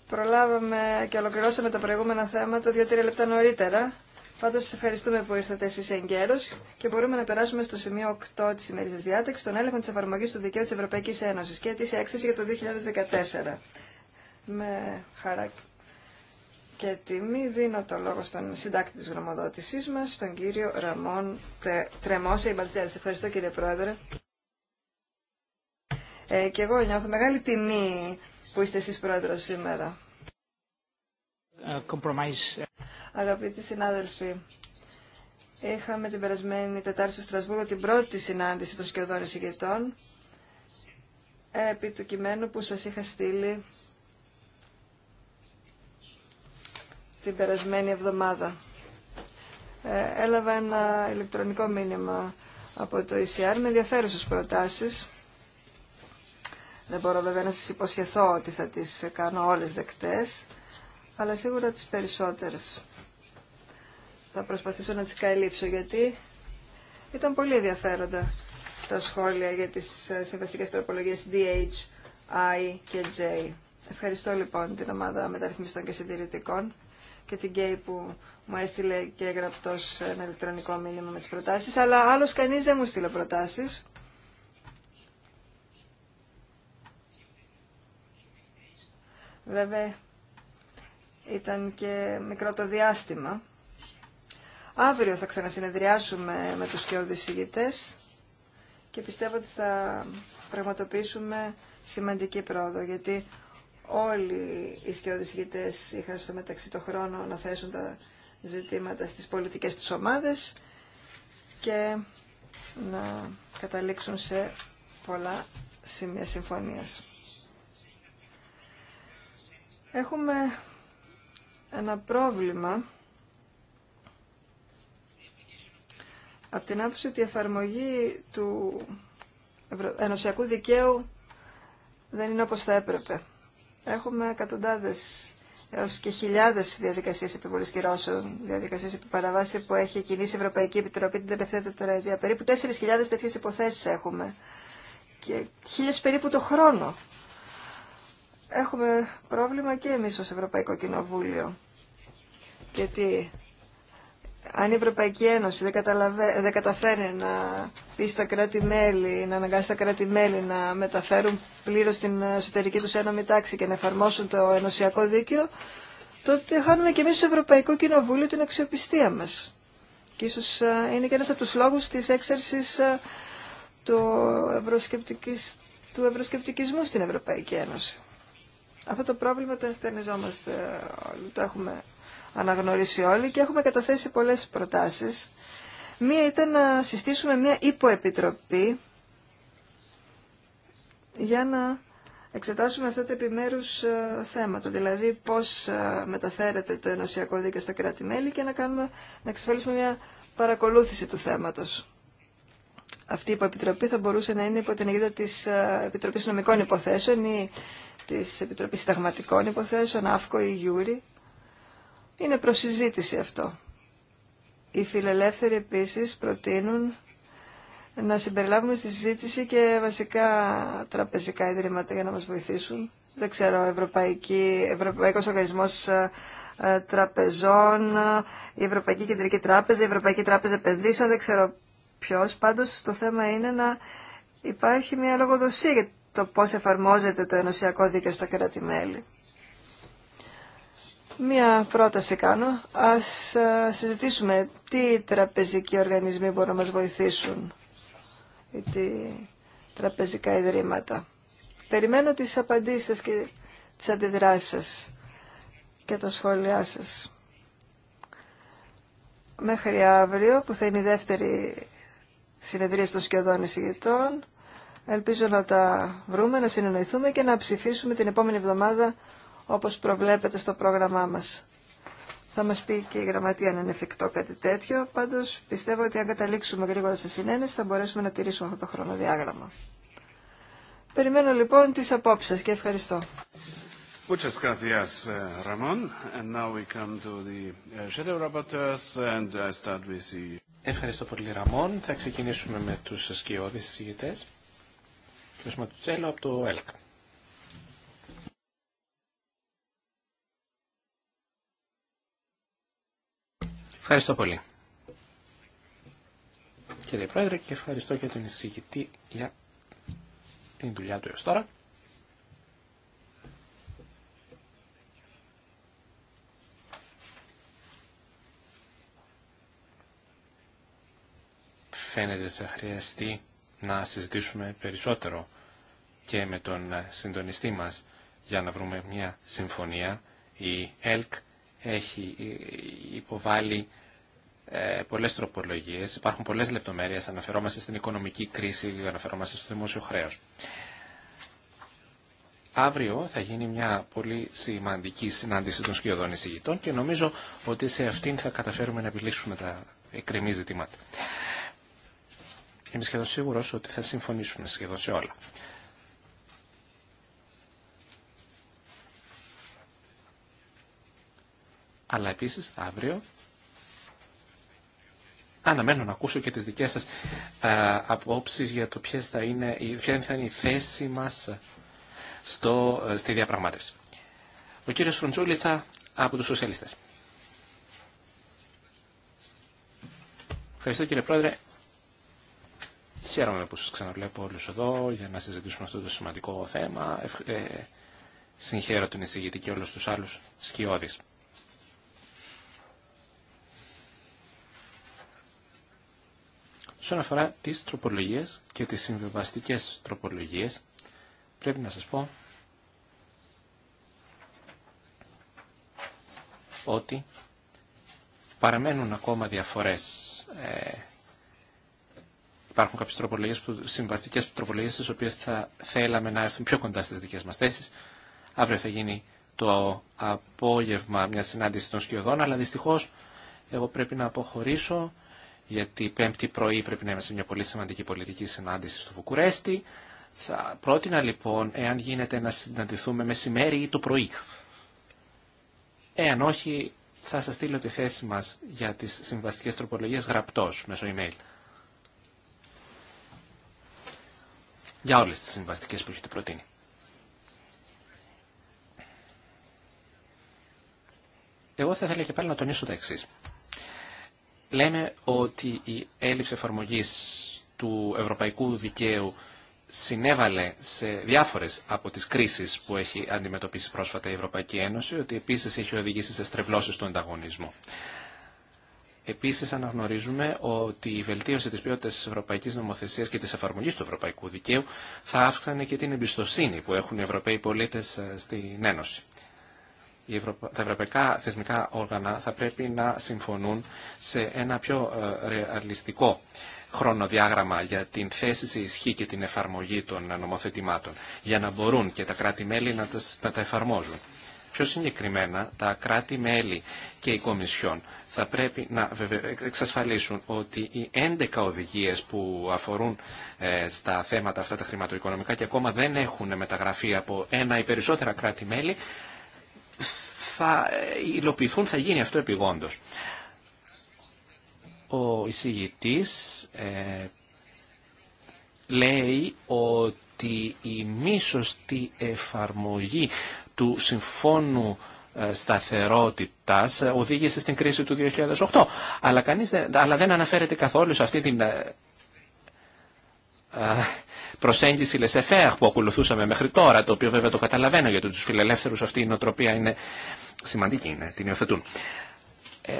Προλάβαμε και ολοκληρώσαμε τα προηγούμενα θέματα δύο-τρία λεπτά νωρίτερα. Πάντω, ευχαριστούμε που ήρθατε εσεί καιρό και μπορούμε να περάσουμε στο σημείο 8 τη ημερήσια διάταξη, τον έλεγχο τη εφαρμογή του δικαίου τη Ευρωπαϊκή Ένωση και τη έκθεση για το 2014. Με χαρά και τιμή δίνω το λόγο στον συντάκτη της γνωμοδότησής μας, τον κύριο Ραμόν Τε... Τρεμόσα Ιμπαλτζέλη. Ευχαριστώ κύριε Πρόεδρε. Ε, και εγώ νιώθω μεγάλη τιμή που είστε εσείς πρόεδρος σήμερα. Ε, Αγαπητοί συνάδελφοι, είχαμε την περασμένη Τετάρτη στο Στρασβούργο την πρώτη συνάντηση των σχεδόν εισηγητών επί του κειμένου που σας είχα στείλει την περασμένη εβδομάδα. Ε, έλαβα ένα ηλεκτρονικό μήνυμα από το ECR με ενδιαφέρουσες προτάσεις. Δεν μπορώ βέβαια να σας υποσχεθώ ότι θα τις κάνω όλες δεκτές, αλλά σίγουρα τις περισσότερες. Θα προσπαθήσω να τις καλύψω γιατί ήταν πολύ ενδιαφέροντα τα σχόλια για τις ε, συμβαστικές τροπολογίες DH, I και J. Ευχαριστώ λοιπόν την ομάδα μεταρρυθμιστών και συντηρητικών και την Κέι που μου έστειλε και γραπτός ένα ε, ηλεκτρονικό μήνυμα με τις προτάσεις, αλλά άλλο κανεί δεν μου στείλε προτάσεις. Βέβαια, ήταν και μικρό το διάστημα. Αύριο θα ξανασυνεδριάσουμε με τους σκιώδεις ηγητές και πιστεύω ότι θα πραγματοποιήσουμε σημαντική πρόοδο, γιατί όλοι οι σκιώδεις είχαν στο μεταξύ το χρόνο να θέσουν τα ζητήματα στις πολιτικές τους ομάδες και να καταλήξουν σε πολλά σημεία συμφωνίας. Έχουμε ένα πρόβλημα από την άποψη ότι η εφαρμογή του ενωσιακού δικαίου δεν είναι όπως θα έπρεπε. Έχουμε εκατοντάδες έως και χιλιάδες διαδικασίες επιβολής κυρώσεων, διαδικασίες επιπαραβάση που έχει κινήσει η Ευρωπαϊκή Επιτροπή την τελευταία τετραετία. Περίπου 4.000 τέτοιες υποθέσεις έχουμε και χίλιες περίπου το χρόνο. Έχουμε πρόβλημα και εμείς ως Ευρωπαϊκό Κοινοβούλιο. Γιατί αν η Ευρωπαϊκή Ένωση δεν, καταλαβα... δεν καταφέρει να πει στα κράτη-μέλη, να αναγκάσει τα κράτη-μέλη να μεταφέρουν πλήρως την εσωτερική τους ένωμη τάξη και να εφαρμόσουν το ενωσιακό δίκαιο, τότε χάνουμε και εμείς στο Ευρωπαϊκό Κοινοβούλιο την αξιοπιστία μας. Και ίσως ε, είναι και ένας από τους λόγους της έξαρσης ε, του, ευρωσκεπτικισ... ευρωσκεπτικισμού στην Ευρωπαϊκή Ένωση. Αυτό το πρόβλημα το αισθανιζόμαστε όλοι, το έχουμε αναγνωρίσει όλοι και έχουμε καταθέσει πολλές προτάσεις. Μία ήταν να συστήσουμε μία υποεπιτροπή για να εξετάσουμε αυτά τα επιμέρους ε, θέματα, δηλαδή πώς ε, μεταφέρεται το ενωσιακό δίκαιο στα κράτη-μέλη και να, κάνουμε, να εξασφαλίσουμε μια παρακολούθηση του θέματος. Αυτή η υποεπιτροπή θα μπορούσε να είναι υπό την αιγύδα της ε, Επιτροπής Νομικών Υποθέσεων ή της Επιτροπής Συνταγματικών Υποθέσεων, ΑΦΚΟ ή Γιούρι είναι προσυζήτηση αυτό. Οι φιλελεύθεροι επίσης προτείνουν να συμπεριλάβουμε στη συζήτηση και βασικά τραπεζικά ιδρύματα για να μας βοηθήσουν. Δεν ξέρω, Ευρωπαϊκή, Ευρωπαϊκός Οργανισμός ε, ε, Τραπεζών, ε, η Ευρωπαϊκή Κεντρική Τράπεζα, η Ευρωπαϊκή Τράπεζα Επενδύσεων, δεν ξέρω ποιος. Πάντως το θέμα είναι να υπάρχει μια λογοδοσία για το πώς εφαρμόζεται το ενωσιακό δίκαιο στα κράτη-μέλη. Μία πρόταση κάνω. Ας ε, συζητήσουμε τι τραπεζικοί οργανισμοί μπορούν να μας βοηθήσουν ή τι τραπεζικά ιδρύματα. Περιμένω τις απαντήσεις σας και τις αντιδράσεις σας και τα σχόλιά σας. Μέχρι αύριο, που θα είναι η δεύτερη συνεδρία των σχεδόν εισηγητών, ελπίζω να τα βρούμε, να συνεννοηθούμε και να ψηφίσουμε την επόμενη εβδομάδα όπως προβλέπεται στο πρόγραμμά μας. Θα μας πει και η γραμματεία αν είναι εφικτό κάτι τέτοιο. Πάντως πιστεύω ότι αν καταλήξουμε γρήγορα σε συνένεση θα μπορέσουμε να τηρήσουμε αυτό το χρονοδιάγραμμα. Περιμένω λοιπόν τις απόψεις και ευχαριστώ. Ευχαριστώ πολύ, Ραμόν. Θα ξεκινήσουμε με τους σκιώδεις συζητητές. Κύριος από το ΕΛΚΑ. Ευχαριστώ πολύ. Κύριε Πρόεδρε και ευχαριστώ και τον εισηγητή για την δουλειά του έως τώρα. Φαίνεται ότι θα χρειαστεί να συζητήσουμε περισσότερο και με τον συντονιστή μας για να βρούμε μια συμφωνία. Η ΕΛΚ έχει ε, υποβάλει ε, πολλές τροπολογίες, υπάρχουν πολλές λεπτομέρειες, αναφερόμαστε στην οικονομική κρίση, αναφερόμαστε στο δημόσιο χρέος. Αύριο θα γίνει μια πολύ σημαντική συνάντηση των σκιωδών εισηγητών και νομίζω ότι σε αυτήν θα καταφέρουμε να επιλύσουμε τα εκκρεμή ζητήματα. Είμαι σχεδόν σίγουρος ότι θα συμφωνήσουμε σχεδόν σε όλα. αλλά επίσης αύριο αναμένω να ακούσω και τις δικές σας α, ε, απόψεις για το ποιες θα είναι, ποια θα είναι η θέση μας στο, ε, στη διαπραγμάτευση. Ο κύριος Φρουντσούλητσα από τους Σοσιαλιστές. Ευχαριστώ κύριε Πρόεδρε. Χαίρομαι που σας ξαναβλέπω όλους εδώ για να συζητήσουμε αυτό το σημαντικό θέμα. Ε, συγχαίρω τον εισηγητή και όλους τους άλλους σκιώδεις. Όσον αφορά τις τροπολογίες και τις συμβιβαστικές τροπολογίες, πρέπει να σας πω ότι παραμένουν ακόμα διαφορές. Ε, υπάρχουν κάποιες τροπολογίες, που, συμβαστικές τροπολογίες, τις οποίες θα θέλαμε να έρθουν πιο κοντά στις δικές μας θέσεις. Αύριο θα γίνει το απόγευμα μια συνάντηση των σκιωδών, αλλά δυστυχώς εγώ πρέπει να αποχωρήσω γιατί πέμπτη πρωί πρέπει να είμαστε μια πολύ σημαντική πολιτική συνάντηση στο Βουκουρέστι. Θα πρότεινα λοιπόν, εάν γίνεται, να συναντηθούμε μεσημέρι ή το πρωί. Εάν όχι, θα σας στείλω τη θέση μας για τις συμβαστικές τροπολογίες γραπτός μέσω email. Για όλες τις συμβαστικές που έχετε προτείνει. Εγώ θα ήθελα και πάλι να τονίσω τα εξή λέμε ότι η έλλειψη εφαρμογής του ευρωπαϊκού δικαίου συνέβαλε σε διάφορες από τις κρίσεις που έχει αντιμετωπίσει πρόσφατα η Ευρωπαϊκή Ένωση, ότι επίσης έχει οδηγήσει σε στρεβλώσεις του ανταγωνισμού. Επίσης αναγνωρίζουμε ότι η βελτίωση της ποιότητας της ευρωπαϊκής νομοθεσίας και της εφαρμογής του ευρωπαϊκού δικαίου θα αύξανε και την εμπιστοσύνη που έχουν οι Ευρωπαίοι πολίτες ε, στην Ένωση τα ευρωπαϊκά θεσμικά όργανα θα πρέπει να συμφωνούν σε ένα πιο ε, ρεαλιστικό χρονοδιάγραμμα για την θέση σε ισχύ και την εφαρμογή των νομοθετημάτων, για να μπορούν και τα κράτη-μέλη να, τα εφαρμόζουν. Πιο συγκεκριμένα, τα κράτη-μέλη και η Κομισιόν θα πρέπει να ε, εξασφαλίσουν ότι οι 11 οδηγίες που αφορούν ε, στα θέματα αυτά τα χρηματοοικονομικά και ακόμα δεν έχουν μεταγραφεί από ένα ή περισσότερα κράτη-μέλη θα υλοποιηθούν, θα γίνει αυτό επιγόντως. Ο εισηγητής ε, λέει ότι η μη σωστή εφαρμογή του συμφώνου ε, σταθερότητας ε, οδήγησε στην κρίση του 2008. Αλλά, κανείς δεν, αλλά δεν αναφέρεται καθόλου σε αυτή την προσέγγιση λεσεφέρ που ακολουθούσαμε μέχρι τώρα, το οποίο βέβαια το καταλαβαίνω γιατί τους φιλελεύθερους αυτή η νοοτροπία είναι σημαντική είναι, την υιοθετούν. Ε,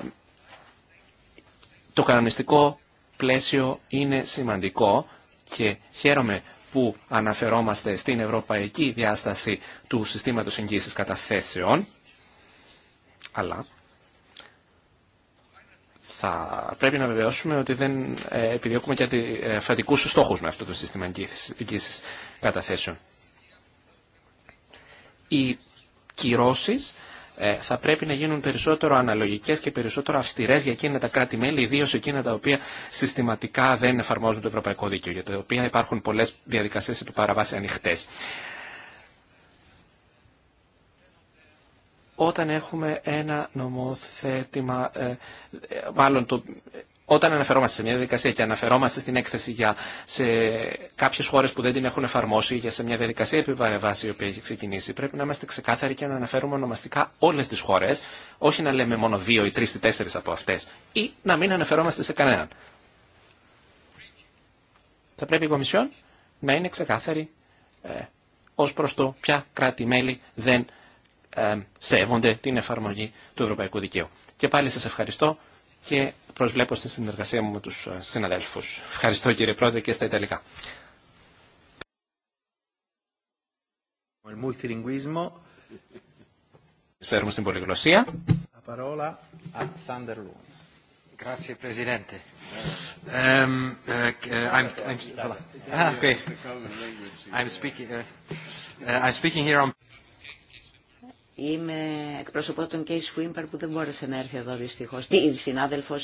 το κανονιστικό πλαίσιο είναι σημαντικό και χαίρομαι που αναφερόμαστε στην ευρωπαϊκή διάσταση του συστήματος εγγύησης καταθέσεων, αλλά θα πρέπει να βεβαιώσουμε ότι δεν ε, επιδιώκουμε και αντιφατικούς στόχους με αυτό το σύστημα εγγύησης καταθέσεων. Οι κυρώσεις ε, θα πρέπει να γίνουν περισσότερο αναλογικές και περισσότερο αυστηρές για εκείνα τα κράτη-μέλη, ιδίω εκείνα τα οποία συστηματικά δεν εφαρμόζουν το ευρωπαϊκό δίκαιο, για τα οποία υπάρχουν πολλές διαδικασίες επί παραβάση ανοιχτές. όταν έχουμε ένα νομοθέτημα, ε, ε, μάλλον το όταν αναφερόμαστε σε μια διαδικασία και αναφερόμαστε στην έκθεση για σε κάποιε χώρε που δεν την έχουν εφαρμόσει για σε μια διαδικασία επιβαρεβάση η οποία έχει ξεκινήσει, πρέπει να είμαστε ξεκάθαροι και να αναφέρουμε ονομαστικά όλε τι χώρε, όχι να λέμε μόνο δύο ή τρει ή τέσσερι από αυτέ, ή να μην αναφερόμαστε σε κανέναν. Θα πρέπει η Κομισιόν να είναι ξεκάθαρη ε, ως προς το ποια κράτη-μέλη δεν ε, σέβονται την εφαρμογή του ευρωπαϊκού δικαίου. Και πάλι σα ευχαριστώ και προσβλέπω στη συνεργασία μου με τους ε, συναδέλφους. Ευχαριστώ κύριε Πρόεδρε και στα Ιταλικά. Φέρουμε στην πολυγλωσία. Grazie Presidente. Um, uh, I'm, I'm, ah, okay. I'm speaking. Uh, I'm speaking here on. Είμαι εκπροσωπό των Κέι Φούιμπερ που δεν μπόρεσε να έρθει εδώ δυστυχώς. Τι συνάδελφο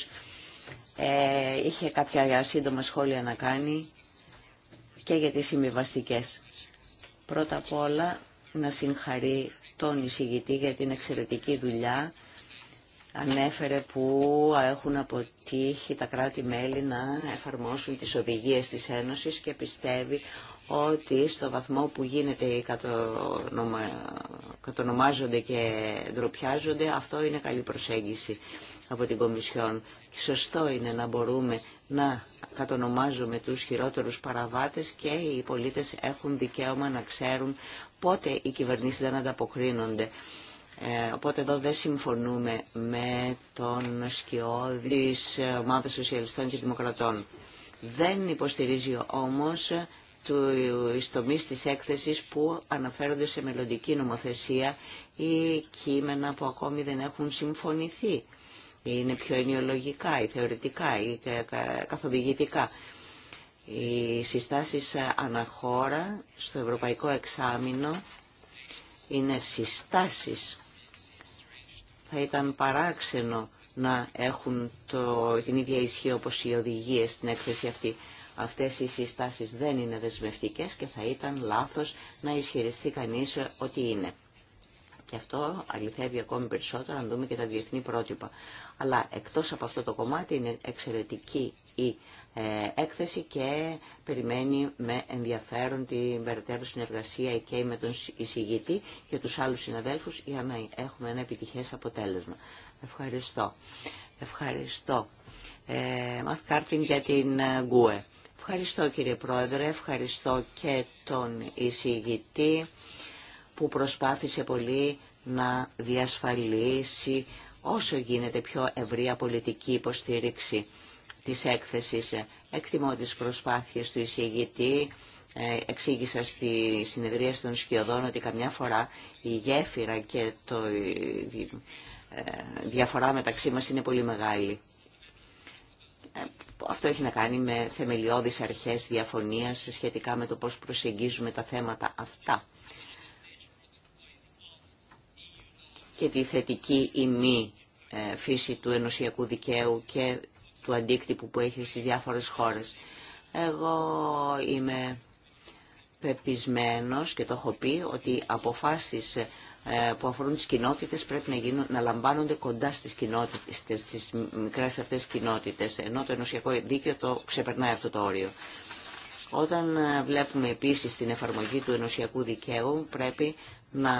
ε, είχε κάποια σύντομα σχόλια να κάνει και για τι συμβιβαστικέ. Πρώτα απ' όλα να συγχαρεί τον εισηγητή για την εξαιρετική δουλειά ανέφερε που έχουν αποτύχει τα κράτη-μέλη να εφαρμόσουν τις οδηγίες της Ένωσης και πιστεύει ότι στο βαθμό που γίνεται κατονομάζονται και ντροπιάζονται, αυτό είναι καλή προσέγγιση από την Κομισιόν. Σωστό είναι να μπορούμε να κατονομάζουμε τους χειρότερους παραβάτες και οι πολίτες έχουν δικαίωμα να ξέρουν πότε οι κυβερνήσεις δεν ανταποκρίνονται. Ε, οπότε εδώ δεν συμφωνούμε με τον σκιώδη της Ομάδας Σοσιαλιστών και Δημοκρατών. Δεν υποστηρίζει όμως του τομεί της έκθεσης που αναφέρονται σε μελλοντική νομοθεσία ή κείμενα που ακόμη δεν έχουν συμφωνηθεί. Είναι πιο ενοιολογικά ή θεωρητικά ή καθοδηγητικά. Οι συστάσεις αναχώρα στο Ευρωπαϊκό Εξάμεινο είναι συστάσεις. Θα ήταν παράξενο να έχουν το, την ίδια ισχύ όπως οι οδηγίες στην έκθεση αυτή. Αυτές οι συστάσεις δεν είναι δεσμευτικές και θα ήταν λάθος να ισχυριστεί κανείς ότι είναι. Και αυτό αληθεύει ακόμη περισσότερο αν δούμε και τα διεθνή πρότυπα. Αλλά εκτός από αυτό το κομμάτι είναι εξαιρετική η ε, έκθεση και περιμένει με ενδιαφέρον την περαιτέρω συνεργασία και με τον εισηγητή και τους άλλους συναδέλφους για να έχουμε ένα επιτυχές αποτέλεσμα. Ευχαριστώ. Ευχαριστώ. Ε, Μαθ Κάρτιν για την Γκουε. Ευχαριστώ κύριε Πρόεδρε, ευχαριστώ και τον εισηγητή που προσπάθησε πολύ να διασφαλίσει όσο γίνεται πιο ευρεία πολιτική υποστήριξη της έκθεσης. Εκτιμώ τις προσπάθειες του εισηγητή. Ε, εξήγησα στη συνεδρία των Σκιωδών ότι καμιά φορά η γέφυρα και το... η ε, διαφορά μεταξύ μας είναι πολύ μεγάλη. Αυτό έχει να κάνει με θεμελιώδεις αρχές διαφωνίας σχετικά με το πώς προσεγγίζουμε τα θέματα αυτά και τη θετική ή μη ε, φύση του ενωσιακού δικαίου και του αντίκτυπου που έχει στις διάφορες χώρες. Εγώ είμαι πεπισμένος και το έχω πει ότι αποφάσεις ε, που αφορούν τις κοινότητες πρέπει να, γίνουν, να λαμβάνονται κοντά στις, κοινότητες, στις μικρές αυτές κοινότητες, ενώ το ενωσιακό δίκαιο το ξεπερνάει αυτό το όριο. Όταν ε, βλέπουμε επίσης την εφαρμογή του ενωσιακού δικαίου πρέπει να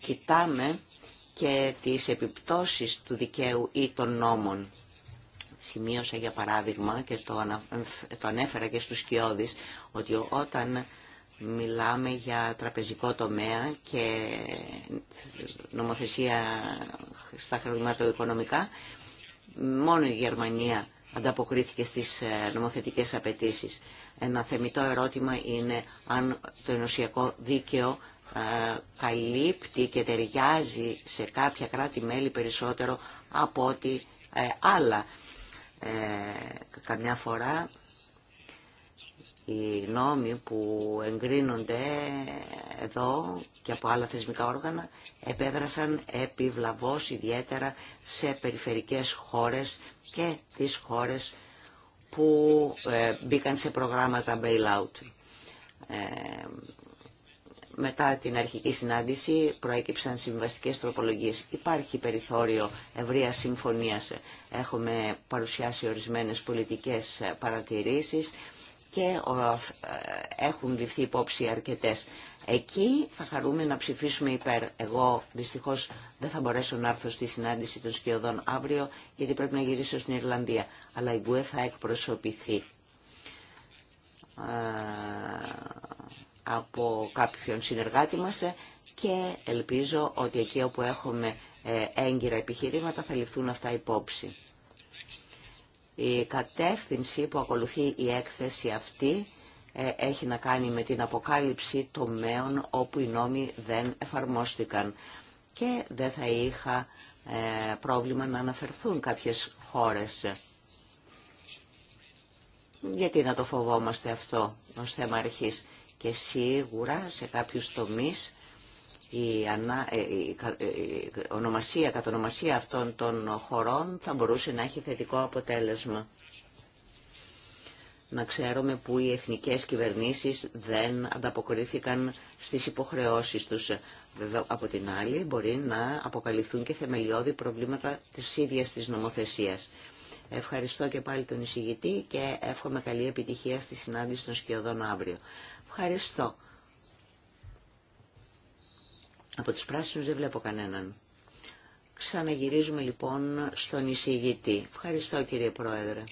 κοιτάμε και τις επιπτώσεις του δικαίου ή των νόμων. Σημείωσα για παράδειγμα και το, ε, ανέφερα και στους κοιόδης, ότι όταν Μιλάμε για τραπεζικό τομέα και νομοθεσία στα χρηματοοικονομικά. Μόνο η Γερμανία ανταποκρίθηκε στις ε, νομοθετικές απαιτήσεις. Ένα θεμητό ερώτημα είναι αν το ενωσιακό δίκαιο ε, καλύπτει και ταιριάζει σε κάποια κράτη-μέλη περισσότερο από ό,τι ε, άλλα. Καμιά φορά οι νόμοι που εγκρίνονται εδώ και από άλλα θεσμικά όργανα επέδρασαν επιβλαβώς ιδιαίτερα σε περιφερικές χώρες και τις χώρες που ε, μπήκαν σε προγράμματα bailout. Ε, μετά την αρχική συνάντηση προέκυψαν συμβαστικές τροπολογίες. Υπάρχει περιθώριο ευρεία συμφωνίας. Έχουμε παρουσιάσει ορισμένες πολιτικές παρατηρήσεις και ε, έχουν ληφθεί υπόψη αρκετές. Εκεί θα χαρούμε να ψηφίσουμε υπέρ. Εγώ δυστυχώς δεν θα μπορέσω να έρθω στη συνάντηση των σκιωδών αύριο γιατί πρέπει να γυρίσω στην Ιρλανδία. Αλλά η Γκουέ θα εκπροσωπηθεί ε, από κάποιον συνεργάτη μας ε, και ελπίζω ότι εκεί όπου έχουμε έγκυρα επιχειρήματα θα ληφθούν αυτά υπόψη. Η κατεύθυνση που ακολουθεί η έκθεση αυτή ε, έχει να κάνει με την αποκάλυψη τομέων όπου οι νόμοι δεν εφαρμόστηκαν και δεν θα είχα ε, πρόβλημα να αναφερθούν κάποιες χώρες. Γιατί να το φοβόμαστε αυτό ως θέμα αρχής. Και σίγουρα σε κάποιους τομείς η, ανα, ε, ε, ονομασία, κατονομασία αυτών των χωρών θα μπορούσε να έχει θετικό αποτέλεσμα. Να ξέρουμε που οι εθνικές κυβερνήσεις δεν ανταποκρίθηκαν στις υποχρεώσεις τους. Βέβαια, από την άλλη, μπορεί να αποκαλυφθούν και θεμελιώδη προβλήματα της ίδιας της νομοθεσίας. Ευχαριστώ και πάλι τον εισηγητή και εύχομαι καλή επιτυχία στη συνάντηση των σκιωδών αύριο. Ευχαριστώ. Από τους πράσινους δεν βλέπω κανέναν. Ξαναγυρίζουμε λοιπόν στον εισηγητή. Ευχαριστώ κύριε Πρόεδρε.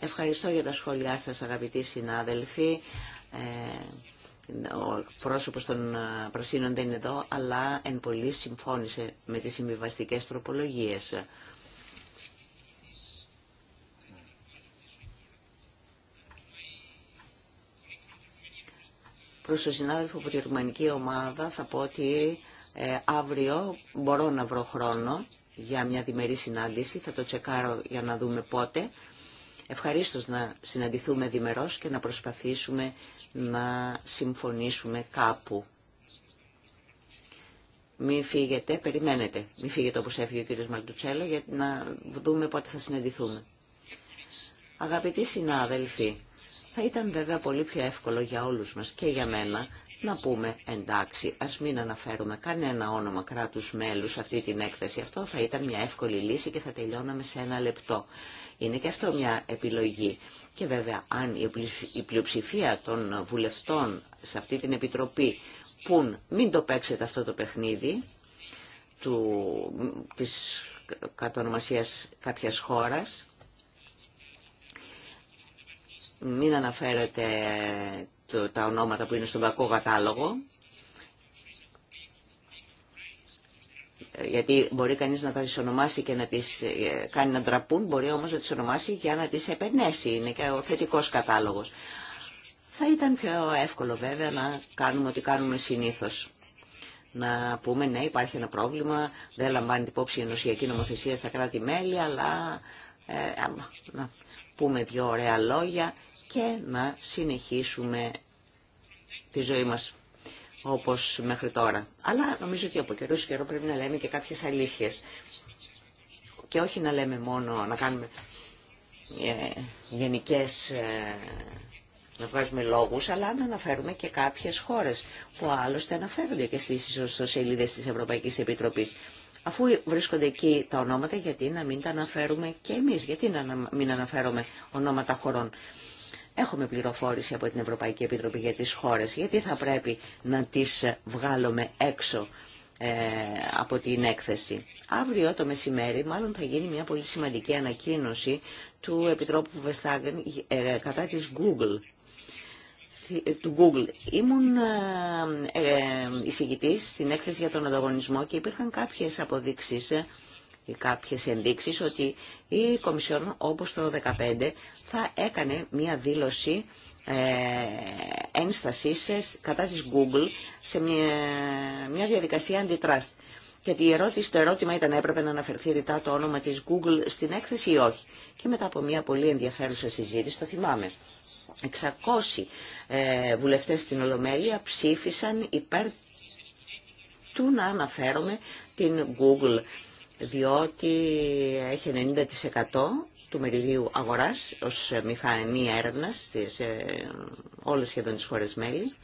Ευχαριστώ για τα σχόλιά σας αγαπητοί συνάδελφοι. Ε, ο πρόσωπος των ε, προσύνων δεν είναι εδώ, αλλά εν πολύ συμφώνησε με τις συμβιβαστικές τροπολογίες. Προς τον συνάδελφο από τη ρουμανική ομάδα θα πω ότι ε, αύριο μπορώ να βρω χρόνο για μια διμερή συνάντηση. Θα το τσεκάρω για να δούμε πότε. Ευχαρίστως να συναντηθούμε διμερώς και να προσπαθήσουμε να συμφωνήσουμε κάπου. Μην φύγετε, περιμένετε. Μην φύγετε όπως έφυγε ο κ. Μαλτουτσέλο για να δούμε πότε θα συναντηθούμε. Αγαπητοί συνάδελφοι, θα ήταν βέβαια πολύ πιο εύκολο για όλους μας και για μένα να πούμε εντάξει, ας μην αναφέρουμε κανένα όνομα κράτους μέλους σε αυτή την έκθεση. Αυτό θα ήταν μια εύκολη λύση και θα τελειώναμε σε ένα λεπτό. Είναι και αυτό μια επιλογή. Και βέβαια, αν η πλειοψηφία των βουλευτών σε αυτή την επιτροπή πουν μην το παίξετε αυτό το παιχνίδι του, της κατονομασίας κάποιας χώρας, μην αναφέρετε το, τα ονόματα που είναι στον κακό κατάλογο, γιατί μπορεί κανείς να τα ονομάσει και να τις ε, κάνει να ντραπούν, μπορεί όμως να τις ονομάσει για να τις επενέσει, είναι και ο θετικός κατάλογος. Θα ήταν πιο εύκολο βέβαια να κάνουμε ό,τι κάνουμε συνήθως. Να πούμε ναι υπάρχει ένα πρόβλημα, δεν λαμβάνει υπόψη η ενωσιακή νομοθεσία στα κράτη-μέλη, αλλά ε, να πούμε δύο ωραία λόγια και να συνεχίσουμε τη ζωή μας όπως μέχρι τώρα. Αλλά νομίζω ότι από καιρούς καιρό πρέπει να λέμε και κάποιες αλήθειες. Και όχι να λέμε μόνο, να κάνουμε ε, γενικές, ε, να βγάζουμε λόγους, αλλά να αναφέρουμε και κάποιες χώρες που άλλωστε αναφέρονται και στις ιστοσελίδες της Ευρωπαϊκής Επιτροπής. Αφού βρίσκονται εκεί τα ονόματα, γιατί να μην τα αναφέρουμε και εμείς, γιατί να μην αναφέρουμε ονόματα χωρών. Έχουμε πληροφόρηση από την Ευρωπαϊκή Επιτροπή για τις χώρες, γιατί θα πρέπει να τις βγάλουμε έξω ε, από την έκθεση. Αύριο το μεσημέρι μάλλον θα γίνει μια πολύ σημαντική ανακοίνωση του Επιτρόπου Βεστάγκεν ε, κατά της Google του Google. Ήμουν ε, ε, εισηγητής στην έκθεση για τον ανταγωνισμό και υπήρχαν κάποιες αποδείξεις ε, ή κάποιες ενδείξεις ότι η Κομισιόν όπως το 2015 θα έκανε μία δήλωση ε, ένστασης κατά της Google σε μια, μια διαδικασία αντιτράστ. Και το ερώτηση, το ερώτημα ήταν έπρεπε να αναφερθεί ρητά το όνομα της Google στην έκθεση ή όχι. Και μετά από μια πολύ ενδιαφέρουσα συζήτηση, το θυμάμαι, 600 ε, βουλευτές στην Ολομέλεια ψήφισαν υπέρ του να αναφέρομαι την Google, διότι έχει 90% του μεριδίου αγοράς ως ε, μηχανή έρευνας στις ε, όλες σχεδόν τις χώρες μέλη.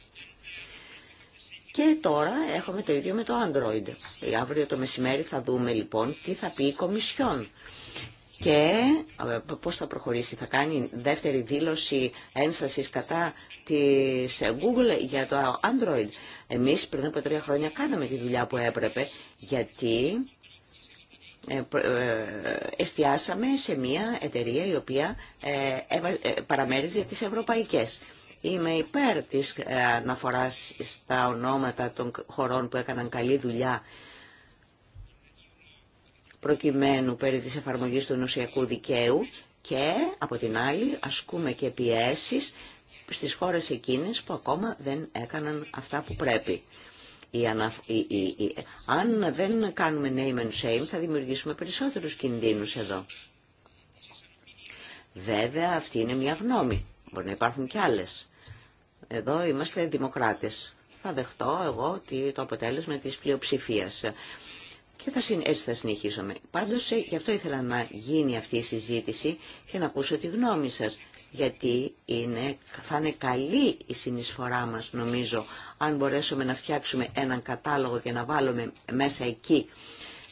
Και τώρα έχουμε το ίδιο με το Android. Ε, αύριο το μεσημέρι θα δούμε λοιπόν τι θα πει η Κομισιόν και ε, πώς θα προχωρήσει, θα κάνει δεύτερη δήλωση ένστασης κατά της ε, Google για το Android. Εμείς πριν από τρία χρόνια κάναμε τη δουλειά που έπρεπε γιατί ε, εστιάσαμε σε μια εταιρεία η οποία παραμέριζε τις ευρωπαϊκές. Είμαι υπέρ της αναφοράς στα ονόματα των χωρών που έκαναν καλή δουλειά προκειμένου περί της εφαρμογής του νοσιακού δικαίου και από την άλλη ασκούμε και πιέσεις στις χώρες εκείνες που ακόμα δεν έκαναν αυτά που πρέπει. Η ανα... Αν δεν κάνουμε name and shame θα δημιουργήσουμε περισσότερους κινδύνους εδώ. Βέβαια αυτή είναι μια γνώμη. Μπορεί να υπάρχουν και άλλες. Εδώ είμαστε δημοκράτες. Θα δεχτώ εγώ το αποτέλεσμα της πλειοψηφίας και θα, έτσι θα συνεχίσουμε. Πάντως ε, γι' αυτό ήθελα να γίνει αυτή η συζήτηση και να ακούσω τη γνώμη σας γιατί είναι, θα είναι καλή η συνεισφορά μας νομίζω αν μπορέσουμε να φτιάξουμε έναν κατάλογο και να βάλουμε μέσα εκεί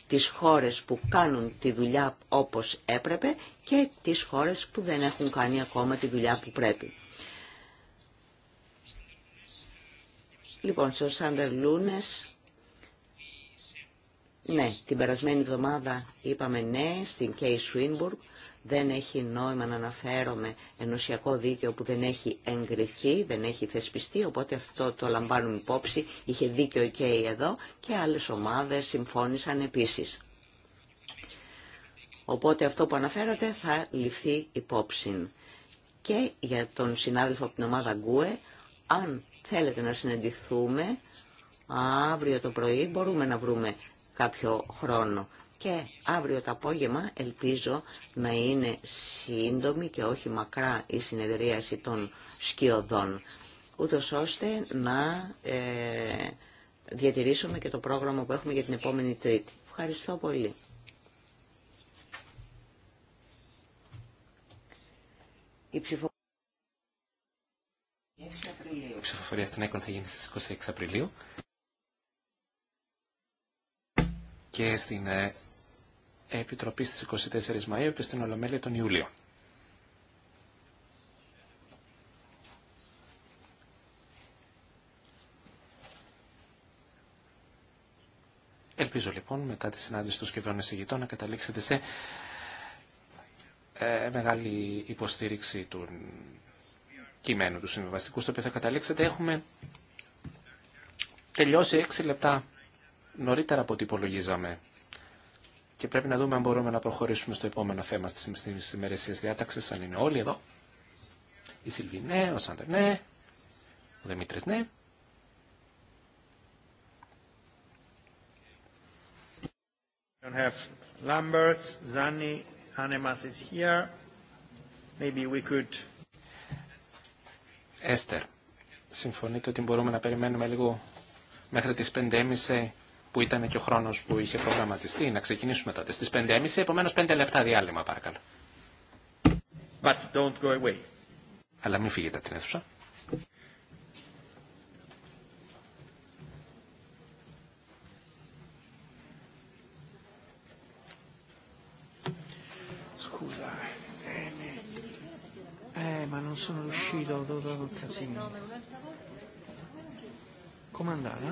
τις χώρες που κάνουν τη δουλειά όπως έπρεπε και τις χώρες που δεν έχουν κάνει ακόμα τη δουλειά που πρέπει. Λοιπόν, στο Σάντερ Λούνες ναι, την περασμένη εβδομάδα είπαμε ναι στην Κέι Σουίνμπουργκ. Δεν έχει νόημα να αναφέρομαι ενωσιακό δίκαιο που δεν έχει εγκριθεί, δεν έχει θεσπιστεί, οπότε αυτό το λαμβάνουμε υπόψη. Είχε δίκαιο η Κέι εδώ και άλλες ομάδες συμφώνησαν επίσης. Οπότε αυτό που αναφέρατε θα ληφθεί υπόψη. Και για τον συνάδελφο από την ομάδα Γκουε, αν θέλετε να συναντηθούμε, αύριο το πρωί μπορούμε να βρούμε κάποιο χρόνο. Και αύριο το απόγευμα ελπίζω να είναι σύντομη και όχι μακρά η συνεδρίαση των σκιωδών, ούτως ώστε να ε, διατηρήσουμε και το πρόγραμμα που έχουμε για την επόμενη Τρίτη. Ευχαριστώ πολύ. Η ψηφοφορία... η ψηφοφορία στην ΕΚΟΝ θα γίνει στις 26 Απριλίου. και στην ε, Επιτροπή στις 24 Μαΐου και στην Ολομέλεια τον Ιούλιο. Ελπίζω λοιπόν μετά τη συνάντηση των σχεδόν εισηγητών να καταλήξετε σε ε, μεγάλη υποστήριξη του κειμένου του συμβιβαστικού στο οποίο θα καταλήξετε. Έχουμε τελειώσει 6 λεπτά νωρίτερα από ό,τι υπολογίζαμε. Και πρέπει να δούμε αν μπορούμε να προχωρήσουμε στο επόμενο θέμα τη ημερησία διάταξη, αν είναι όλοι εδώ. Η Σιλβή ναι, ο Σάντερ ναι, ο Δημήτρη ναι. Έστερ, συμφωνείτε ότι μπορούμε να περιμένουμε λίγο μέχρι τις 5.30 που ήταν και ο χρόνος που είχε προγραμματιστεί. Να ξεκινήσουμε τότε στις 5.30, επομένως 5 λεπτά διάλειμμα παρακαλώ. But don't go away. Αλλά μην φύγετε από την αίθουσα. Eh, eh sono riuscito, ho dovuto un casino. Com'è andata?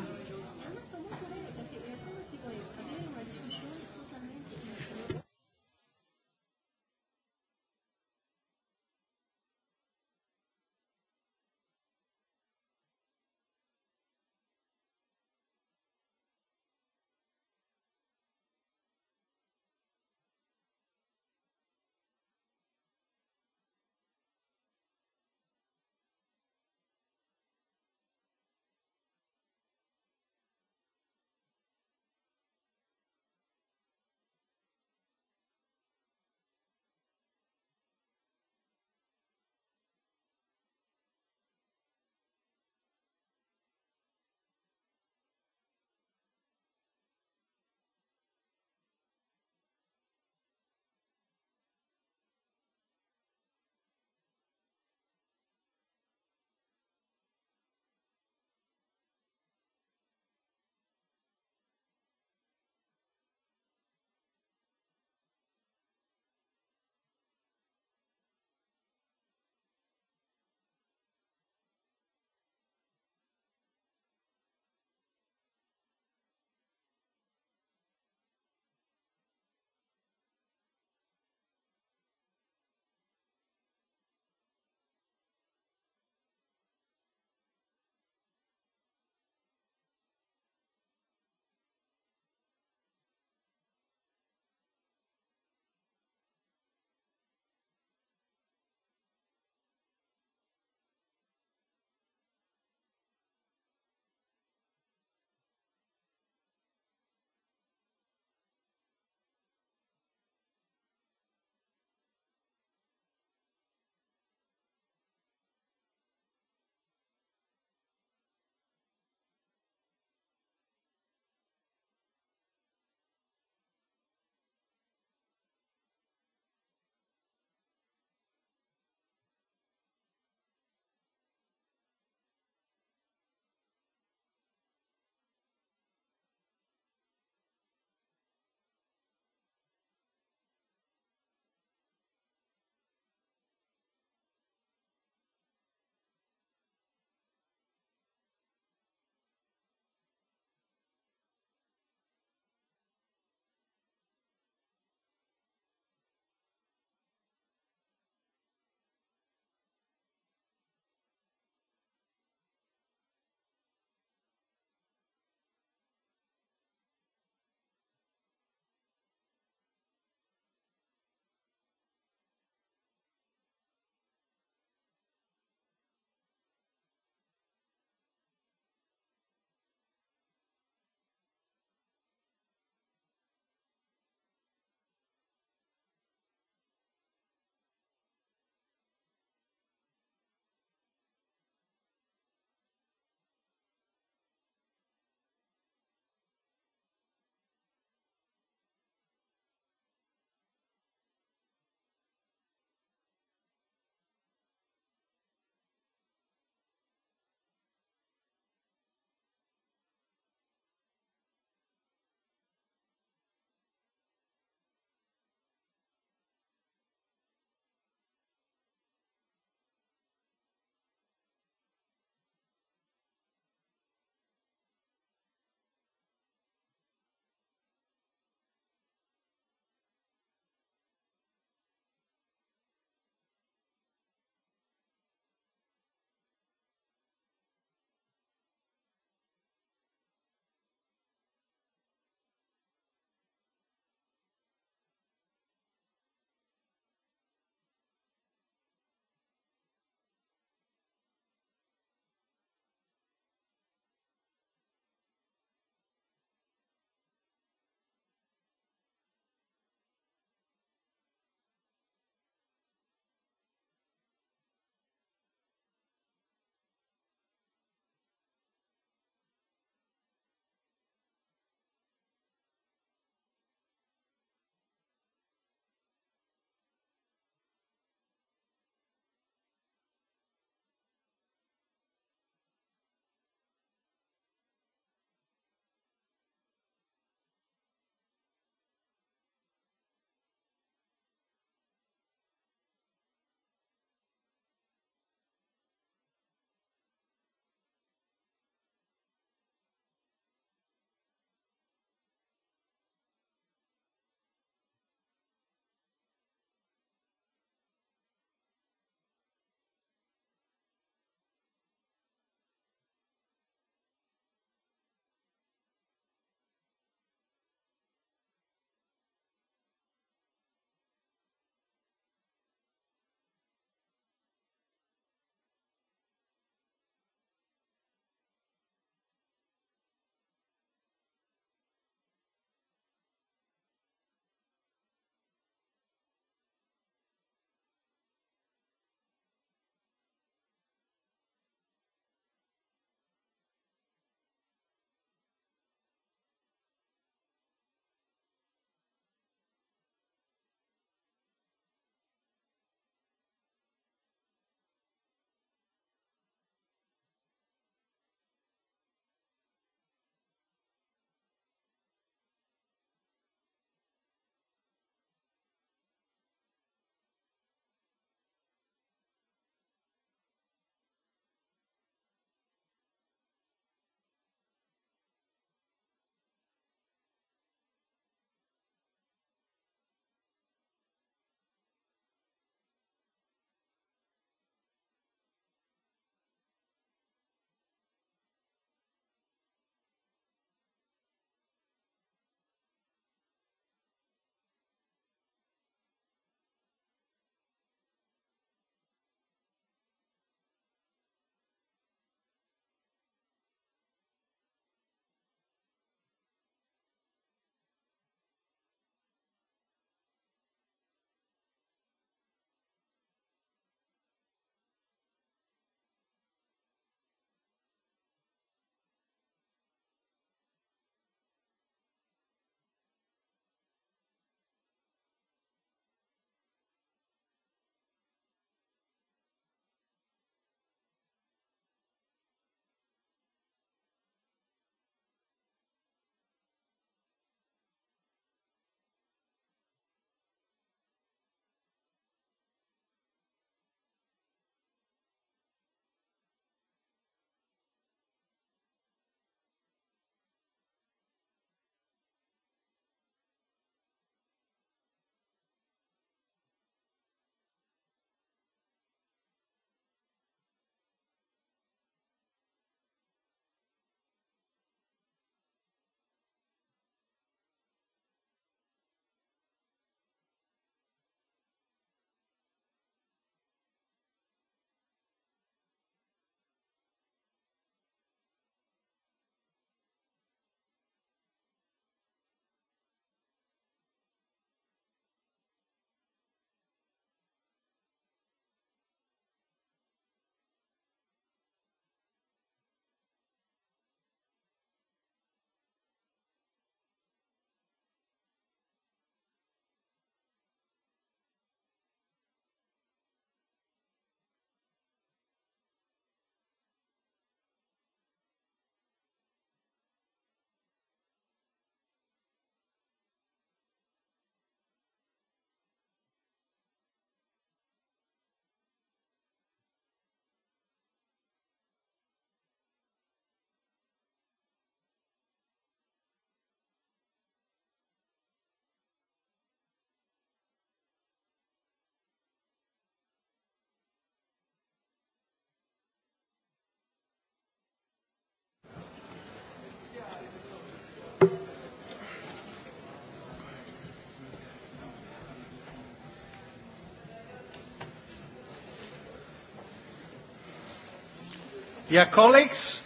Dear colleagues,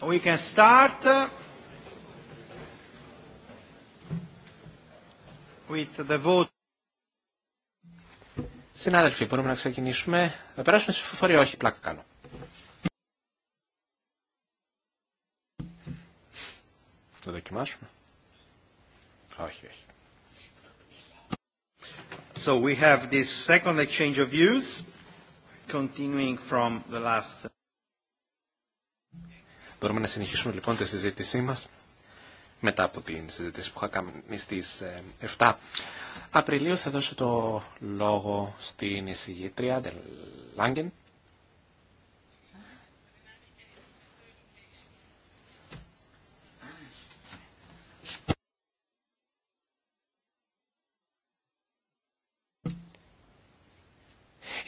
we can start uh, with the vote. Συνάδελφοι, μπορούμε να ξεκινήσουμε. Να περάσουμε στη ψηφοφορία. Όχι, πλάκα κάνω. Θα δοκιμάσουμε. Όχι, όχι. So we have this second exchange of views. Continuing from the last... Μπορούμε να συνεχίσουμε λοιπόν τη συζήτησή μας μετά από την συζήτηση που είχα κάνει στις 7 ε, Απριλίου θα δώσω το λόγο στην εισηγήτρια Λάγκεν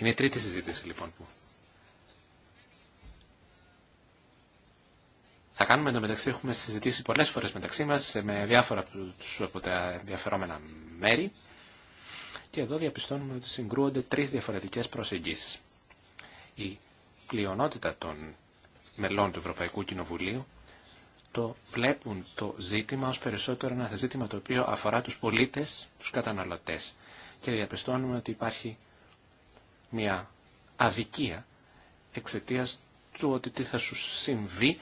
Είναι η τρίτη συζήτηση λοιπόν που... Θα κάνουμε μεταξύ έχουμε συζητήσει πολλές φορές μεταξύ μας με διάφορα από τα ενδιαφερόμενα μέρη και εδώ διαπιστώνουμε ότι συγκρούονται τρεις διαφορετικές προσεγγίσεις. Η πλειονότητα των μελών του Ευρωπαϊκού Κοινοβουλίου το βλέπουν το ζήτημα ως περισσότερο ένα ζήτημα το οποίο αφορά τους πολίτες, τους καταναλωτές. Και διαπιστώνουμε ότι υπάρχει μια αδικία εξαιτίας του ότι τι θα σου συμβεί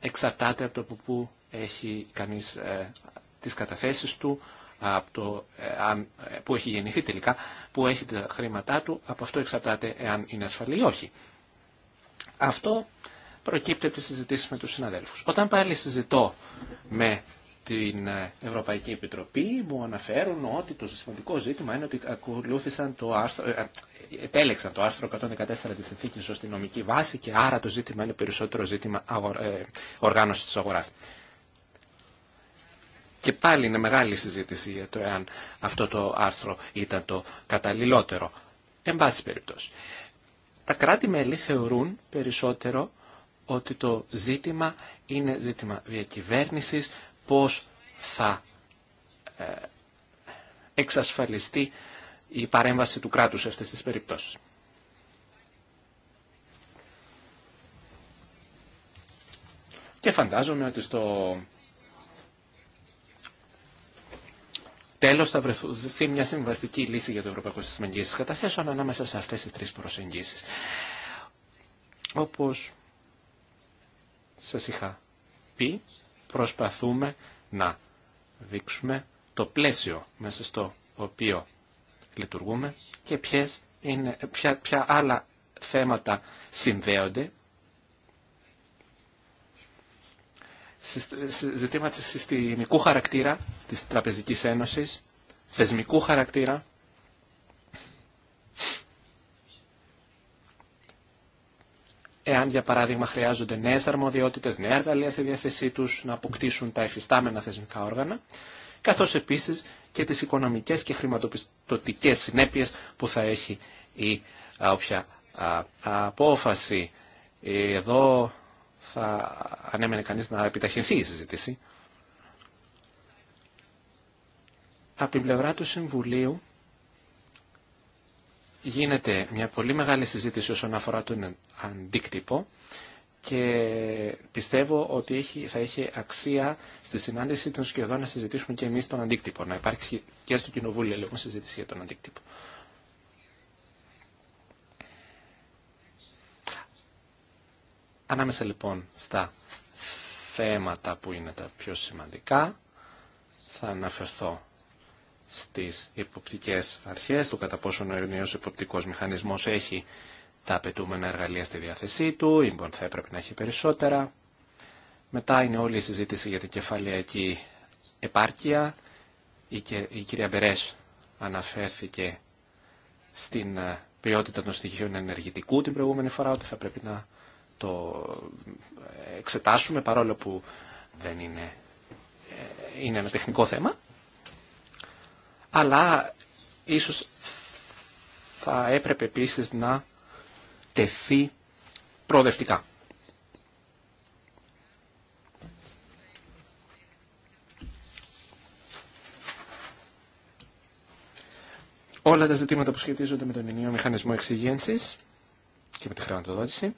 εξαρτάται από το που, έχει κανείς ε, τις καταθέσεις του, από το ε, ε, που έχει γεννηθεί τελικά, που έχει τα χρήματά του, από αυτό εξαρτάται εάν είναι ασφαλή ή όχι. Αυτό προκύπτει από τις συζητήσεις με τους συναδέλφους. Όταν πάλι συζητώ με την ε, Ευρωπαϊκή Επιτροπή μου αναφέρουν ότι το σημαντικό ζήτημα είναι ότι ακολούθησαν το άρθρο, ε, ε, επέλεξαν το άρθρο 114 της συνθήκης ως την νομική βάση και άρα το ζήτημα είναι περισσότερο ζήτημα οργάνωσης της αγοράς. Και πάλι είναι μεγάλη συζήτηση για το εάν αυτό το άρθρο ήταν το καταλληλότερο. Εν πάση περιπτώσει. Τα κράτη-μέλη θεωρούν περισσότερο ότι το ζήτημα είναι ζήτημα διακυβέρνησης πώς θα ε, εξασφαλιστεί η παρέμβαση του κράτους σε αυτές τις περιπτώσεις. Και φαντάζομαι ότι στο τέλος θα βρεθεί μια συμβαστική λύση για το Ευρωπαϊκό Σύστημα Εγγύησης ανάμεσα σε αυτές τις τρεις προσεγγίσεις. Όπως σας είχα πει, προσπαθούμε να δείξουμε το πλαίσιο μέσα στο οποίο λειτουργούμε και ποιες είναι, ποια, άλλα θέματα συνδέονται ζητήματα συστημικού χαρακτήρα της Τραπεζικής Ένωσης, θεσμικού χαρακτήρα εάν για παράδειγμα χρειάζονται νέε αρμοδιότητε, νέα εργαλεία στη διάθεσή του να αποκτήσουν τα εφιστάμενα θεσμικά όργανα, καθώ επίση και τι οικονομικέ και χρηματοπιστωτικέ συνέπειε που θα έχει η όποια απόφαση. Εδώ θα ανέμενε κανείς να επιταχυνθεί η συζήτηση. Από την πλευρά του Συμβουλίου γίνεται μια πολύ μεγάλη συζήτηση όσον αφορά τον αντίκτυπο και πιστεύω ότι έχει, θα έχει αξία στη συνάντηση των σχεδόν να συζητήσουμε και εμείς τον αντίκτυπο. Να υπάρξει και στο Κοινοβούλιο λοιπόν συζήτηση για τον αντίκτυπο. Ανάμεσα λοιπόν στα θέματα που είναι τα πιο σημαντικά θα αναφερθώ στις υποπτικές αρχές, το κατά πόσο ο νέο υποπτικός μηχανισμός έχει τα απαιτούμενα εργαλεία στη διάθεσή του, ή θα έπρεπε να έχει περισσότερα. Μετά είναι όλη η συζήτηση για την κεφαλαιακή επάρκεια. Η, η κυρία Μπερές αναφέρθηκε στην ε, ποιότητα των στοιχείων ενεργητικού την προηγούμενη φορά, ότι θα πρέπει να το ε, εξετάσουμε, παρόλο που δεν είναι, ε, είναι ένα τεχνικό θέμα αλλά ίσως θα έπρεπε επίσης να τεθεί προοδευτικά. όλα τα ζητήματα που σχετίζονται με τον ενιαίο μηχανισμό εξυγένσης και με τη χρηματοδότηση.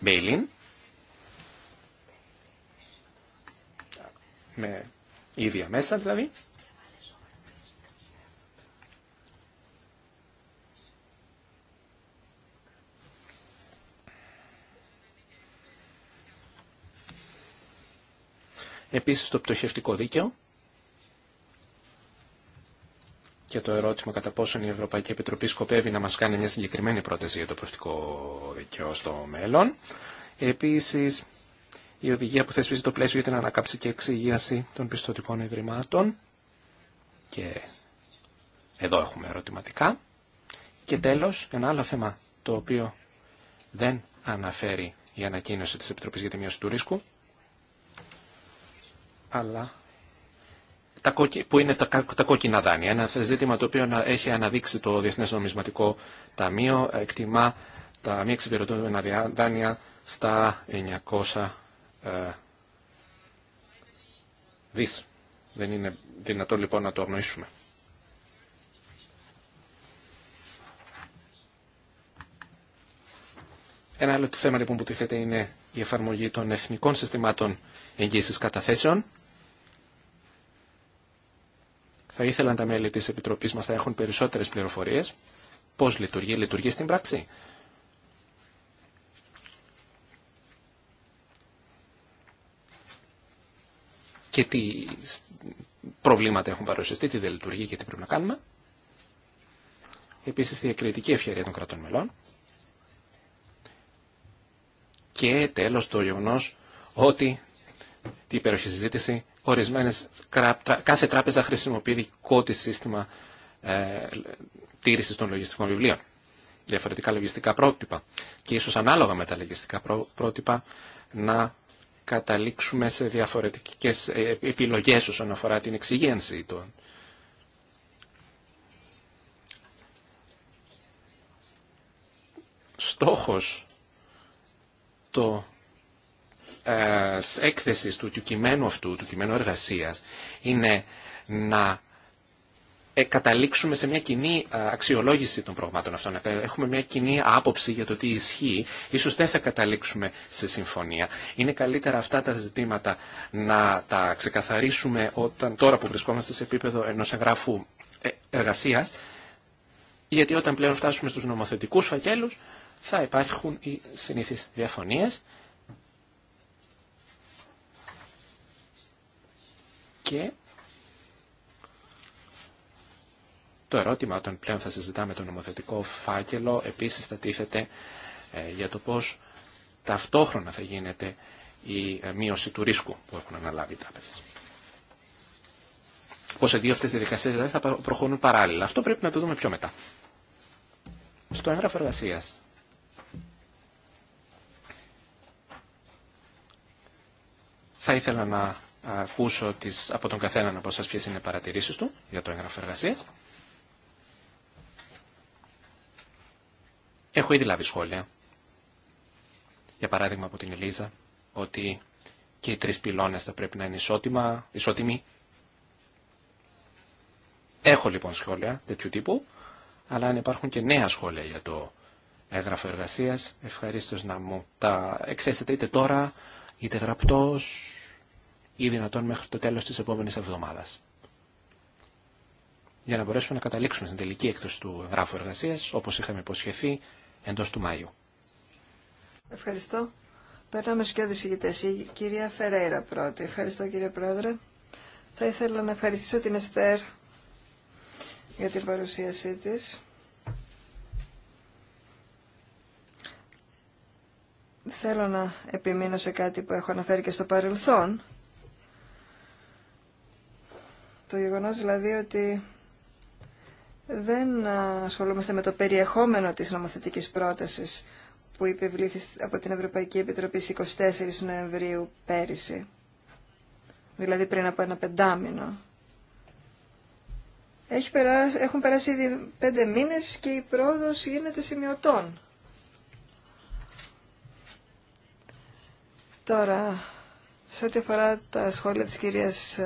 Μπέιλιν. Με ίδια μέσα δηλαδή. Επίσης το πτωχευτικό δίκαιο και το ερώτημα κατά πόσον η Ευρωπαϊκή Επιτροπή σκοπεύει να μας κάνει μια συγκεκριμένη πρόταση για το πτωχευτικό δίκαιο στο μέλλον. Επίσης η οδηγία που θεσπίζει το πλαίσιο για την ανακάψη και εξηγίαση των πιστοτικών ιδρυμάτων και εδώ έχουμε ερωτηματικά. Και τέλος, ένα άλλο θέμα το οποίο δεν αναφέρει η ανακοίνωση της Επιτροπής για τη Μείωση του Ρίσκου αλλά που είναι τα κόκκινα δάνεια. Ένα ζήτημα το οποίο έχει αναδείξει το Διεθνές Νομισματικό Ταμείο εκτιμά τα μη εξυπηρετούμενα δάνεια στα 900 ε, δις. Δεν είναι δυνατό λοιπόν να το αγνοήσουμε. Ένα άλλο θέμα λοιπόν που τίθεται είναι η εφαρμογή των εθνικών συστημάτων εγγύησης καταθέσεων θα ήθελαν τα μέλη τη Επιτροπής μας να έχουν περισσότερες πληροφορίες. Πώς λειτουργεί, λειτουργεί στην πράξη. Και τι προβλήματα έχουν παρουσιαστεί, τι δεν λειτουργεί και τι πρέπει να κάνουμε. Επίσης, διακριτική ευκαιρία των κρατών μελών. Και τέλος το γεγονό ότι την υπέροχη συζήτηση Ορισμένες, κάθε τράπεζα χρησιμοποιεί δικό της σύστημα ε, τήρησης των λογιστικών βιβλίων. Διαφορετικά λογιστικά πρότυπα και ίσως ανάλογα με τα λογιστικά πρότυπα να καταλήξουμε σε διαφορετικές ε, επιλογές όσον αφορά την εξυγένση των στόχος το ε, έκθεσης του, του κειμένου αυτού, του κειμένου εργασίας, είναι να ε, καταλήξουμε σε μια κοινή ε, αξιολόγηση των προγράμματων αυτών, να έχουμε μια κοινή άποψη για το τι ισχύει, ίσως δεν θα καταλήξουμε σε συμφωνία. Είναι καλύτερα αυτά τα ζητήματα να τα ξεκαθαρίσουμε όταν, τώρα που βρισκόμαστε σε επίπεδο ενός εγγράφου εργασίας, γιατί όταν πλέον φτάσουμε στους νομοθετικούς φακέλους θα υπάρχουν οι συνήθεις διαφωνίες Και το ερώτημα όταν πλέον θα συζητάμε το νομοθετικό φάκελο επίσης θα τίθεται ε, για το πώς ταυτόχρονα θα γίνεται η ε, μείωση του ρίσκου που έχουν αναλάβει οι τράπεζες. Πώς οι δύο αυτές διαδικασίες δηλαδή θα προχωρούν παράλληλα. Αυτό πρέπει να το δούμε πιο μετά. Στο έγγραφο εργασία. Θα ήθελα να ακούσω τις, από τον καθέναν από σας ποιες είναι οι παρατηρήσεις του για το έγγραφο εργασία. Έχω ήδη λάβει σχόλια. Για παράδειγμα από την Ελίζα, ότι και οι τρεις πυλώνες θα πρέπει να είναι ισότιμα, ισότιμοι. Έχω λοιπόν σχόλια τέτοιου τύπου, αλλά αν υπάρχουν και νέα σχόλια για το έγγραφο εργασίας, ευχαρίστως να μου τα εκθέσετε είτε τώρα, είτε γραπτός, ή δυνατόν μέχρι το τέλος της επόμενης εβδομάδας. Για να μπορέσουμε να καταλήξουμε στην τελική έκδοση του γράφου εργασίας, όπως είχαμε υποσχεθεί, εντός του Μάιου. Ευχαριστώ. Περνάμε στους κοιόδους Η κυρία Φερέρα. πρώτη. Ευχαριστώ κύριε Πρόεδρε. Θα ήθελα να ευχαριστήσω την Εστέρ για την παρουσίασή της. Θέλω να επιμείνω σε κάτι που έχω αναφέρει και στο παρελθόν το γεγονός δηλαδή ότι δεν ασχολούμαστε με το περιεχόμενο της νομοθετικής πρότασης που υπευλήθη από την Ευρωπαϊκή Επιτροπή στις 24 Νοεμβρίου πέρυσι, δηλαδή πριν από ένα πεντάμινο. έχουν περάσει ήδη πέντε μήνες και η πρόοδος γίνεται σημειωτών. Τώρα, σε ό,τι αφορά τα σχόλια της κυρίας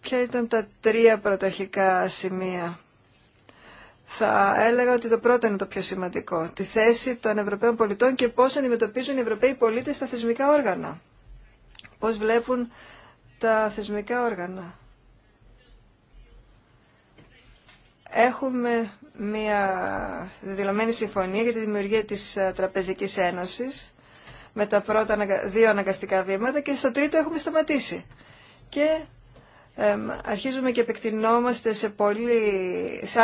Ποια ήταν τα τρία πρωταρχικά σημεία. Θα έλεγα ότι το πρώτο είναι το πιο σημαντικό. Τη θέση των Ευρωπαίων πολιτών και πώς αντιμετωπίζουν οι Ευρωπαίοι πολίτες τα θεσμικά όργανα. Πώς βλέπουν τα θεσμικά όργανα. έχουμε μια δηλωμένη συμφωνία για τη δημιουργία της ε, Τραπεζικής Ένωσης με τα πρώτα δύο αναγκαστικά βήματα και στο τρίτο έχουμε σταματήσει. Και αρχίζουμε και επεκτηνόμαστε σε, πολύ,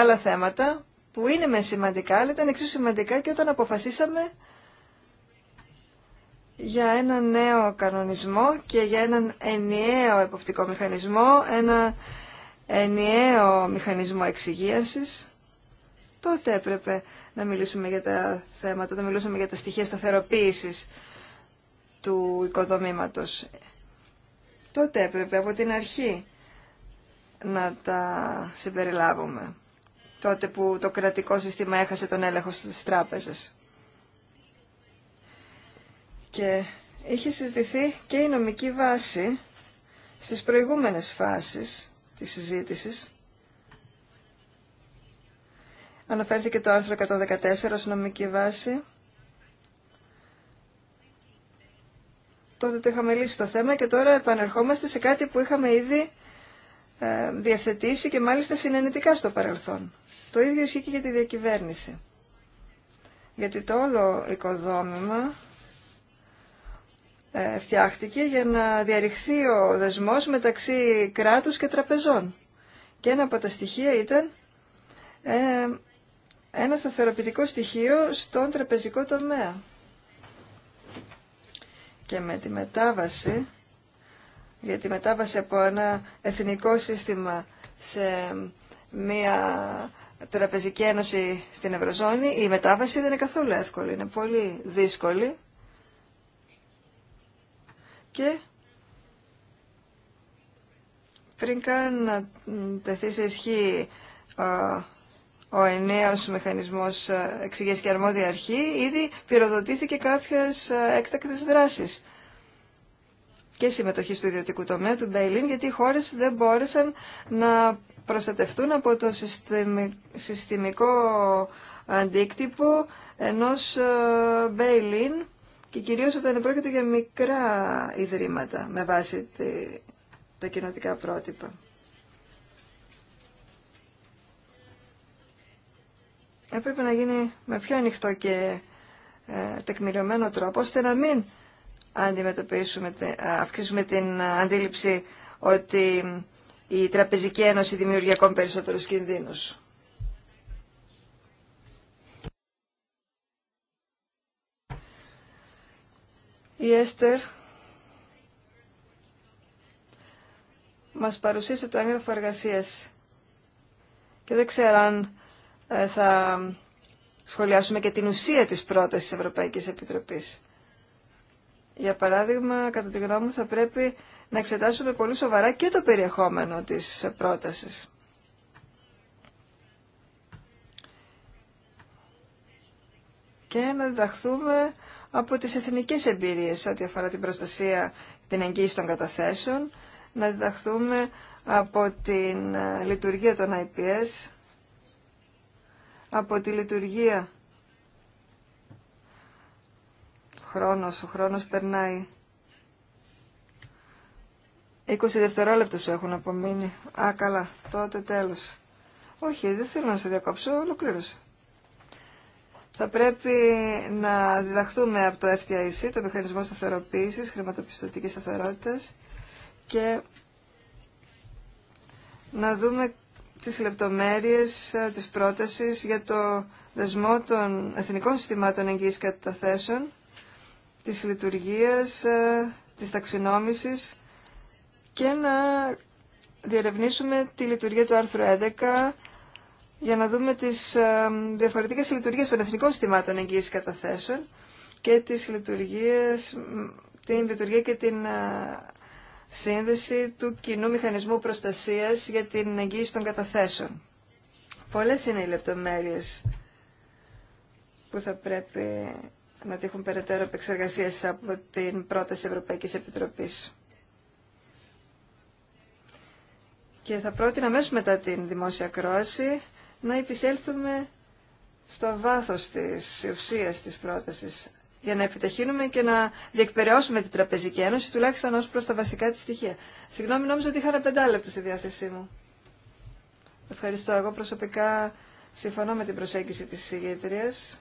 άλλα θέματα που είναι με σημαντικά, αλλά ήταν εξίσου σημαντικά και όταν αποφασίσαμε για ένα νέο κανονισμό και για έναν ενιαίο εποπτικό μηχανισμό, ένα ενιαίο μηχανισμό εξυγίασης, τότε έπρεπε να μιλήσουμε για τα θέματα, να μιλούσαμε για τα στοιχεία σταθεροποίησης του οικοδομήματος. Τότε έπρεπε από την αρχή να τα συμπεριλάβουμε. Τότε που το κρατικό σύστημα έχασε τον έλεγχο στις τράπεζες. Και είχε συζητηθεί και η νομική βάση στις προηγούμενες φάσεις της συζήτηση. Αναφέρθηκε το άρθρο 114 ως νομική βάση. Τότε το είχαμε λύσει το θέμα και τώρα επανερχόμαστε σε κάτι που είχαμε ήδη ε, διαθετήσει και μάλιστα συνενετικά στο παρελθόν. Το ίδιο ισχύει και για τη διακυβέρνηση. Γιατί το όλο οικοδόμημα ε, φτιάχτηκε για να διαρριχθεί ο δεσμός μεταξύ κράτους και τραπεζών. Και ένα από τα στοιχεία ήταν ε, ένα σταθεροποιητικό στοιχείο στον τραπεζικό τομέα. Και με τη μετάβαση, για τη μετάβαση από ένα εθνικό σύστημα σε μία τραπεζική ένωση στην Ευρωζώνη, η μετάβαση δεν είναι καθόλου εύκολη, είναι πολύ δύσκολη και πριν καν να τεθεί σε ισχύ ε, ο νέος μηχανισμός ε, εξηγή και αρμόδια αρχή, ήδη πυροδοτήθηκε κάποιες ε, έκτακτες δράσεις και συμμετοχή του ιδιωτικού τομέα του Μπέιλιν, γιατί οι χώρες δεν μπόρεσαν να προστατευτούν από το συστημικό αντίκτυπο ενός Μπέιλιν και κυρίως όταν πρόκειται για μικρά ιδρύματα με βάση τα κοινωτικά πρότυπα. Έπρεπε να γίνει με πιο ανοιχτό και ε, τεκμηριωμένο τρόπο, ώστε να μην αντιμετωπίσουμε, αυξήσουμε την αντίληψη ότι η Τραπεζική Ένωση δημιουργεί ακόμη περισσότερους κινδύνους. Η Έστερ μας παρουσίασε το έγγραφο εργασίας και δεν ξέρω αν ε, θα σχολιάσουμε και την ουσία της πρότασης της Ευρωπαϊκής Επιτροπής. Για παράδειγμα, κατά τη γνώμη μου, θα πρέπει να εξετάσουμε πολύ σοβαρά και το περιεχόμενο της πρότασης. Και να διδαχθούμε από τις εθνικές εμπειρίες ό,τι αφορά την προστασία, την εγγύηση των καταθέσεων, να διδαχθούμε από την ε, λειτουργία των IPS, από τη λειτουργία χρόνος, ο χρόνος περνάει. 20 δευτερόλεπτα σου έχουν απομείνει. Α, καλά, τότε τέλος. Όχι, δεν θέλω να σε διακόψω, ολοκλήρωσα. Θα πρέπει να διδαχθούμε από το FTIC, το Μηχανισμό Σταθεροποίησης, Χρηματοπιστωτικής Σταθερότητας και να δούμε τις λεπτομέρειες ε, της πρότασης για το δεσμό των εθνικών συστημάτων εγγύης καταθέσεων, της λειτουργίας, ε, της ταξινόμησης και να διερευνήσουμε τη λειτουργία του άρθρου 11 για να δούμε τις ε, διαφορετικές λειτουργίες των εθνικών συστημάτων εγγύησης καταθέσεων και τις λειτουργίες, την λειτουργία και την ε, σύνδεση του κοινού μηχανισμού προστασίας για την εγγύηση των καταθέσεων. Πολλές είναι οι λεπτομέρειες που θα πρέπει να τύχουν περαιτέρω επεξεργασίες από την πρόταση Ευρωπαϊκή Επιτροπή. Και θα πρότεινα αμέσως μετά την δημόσια κρόαση να επισέλθουμε στο βάθος της ουσίας της πρότασης για να επιταχύνουμε και να διεκπαιρεώσουμε την Τραπεζική Ένωση, τουλάχιστον ως προς τα βασικά της στοιχεία. Συγγνώμη, νόμιζα ότι είχα ένα πεντάλεπτο στη διάθεσή μου. Ευχαριστώ. Εγώ προσωπικά συμφωνώ με την προσέγγιση της συγγετρίας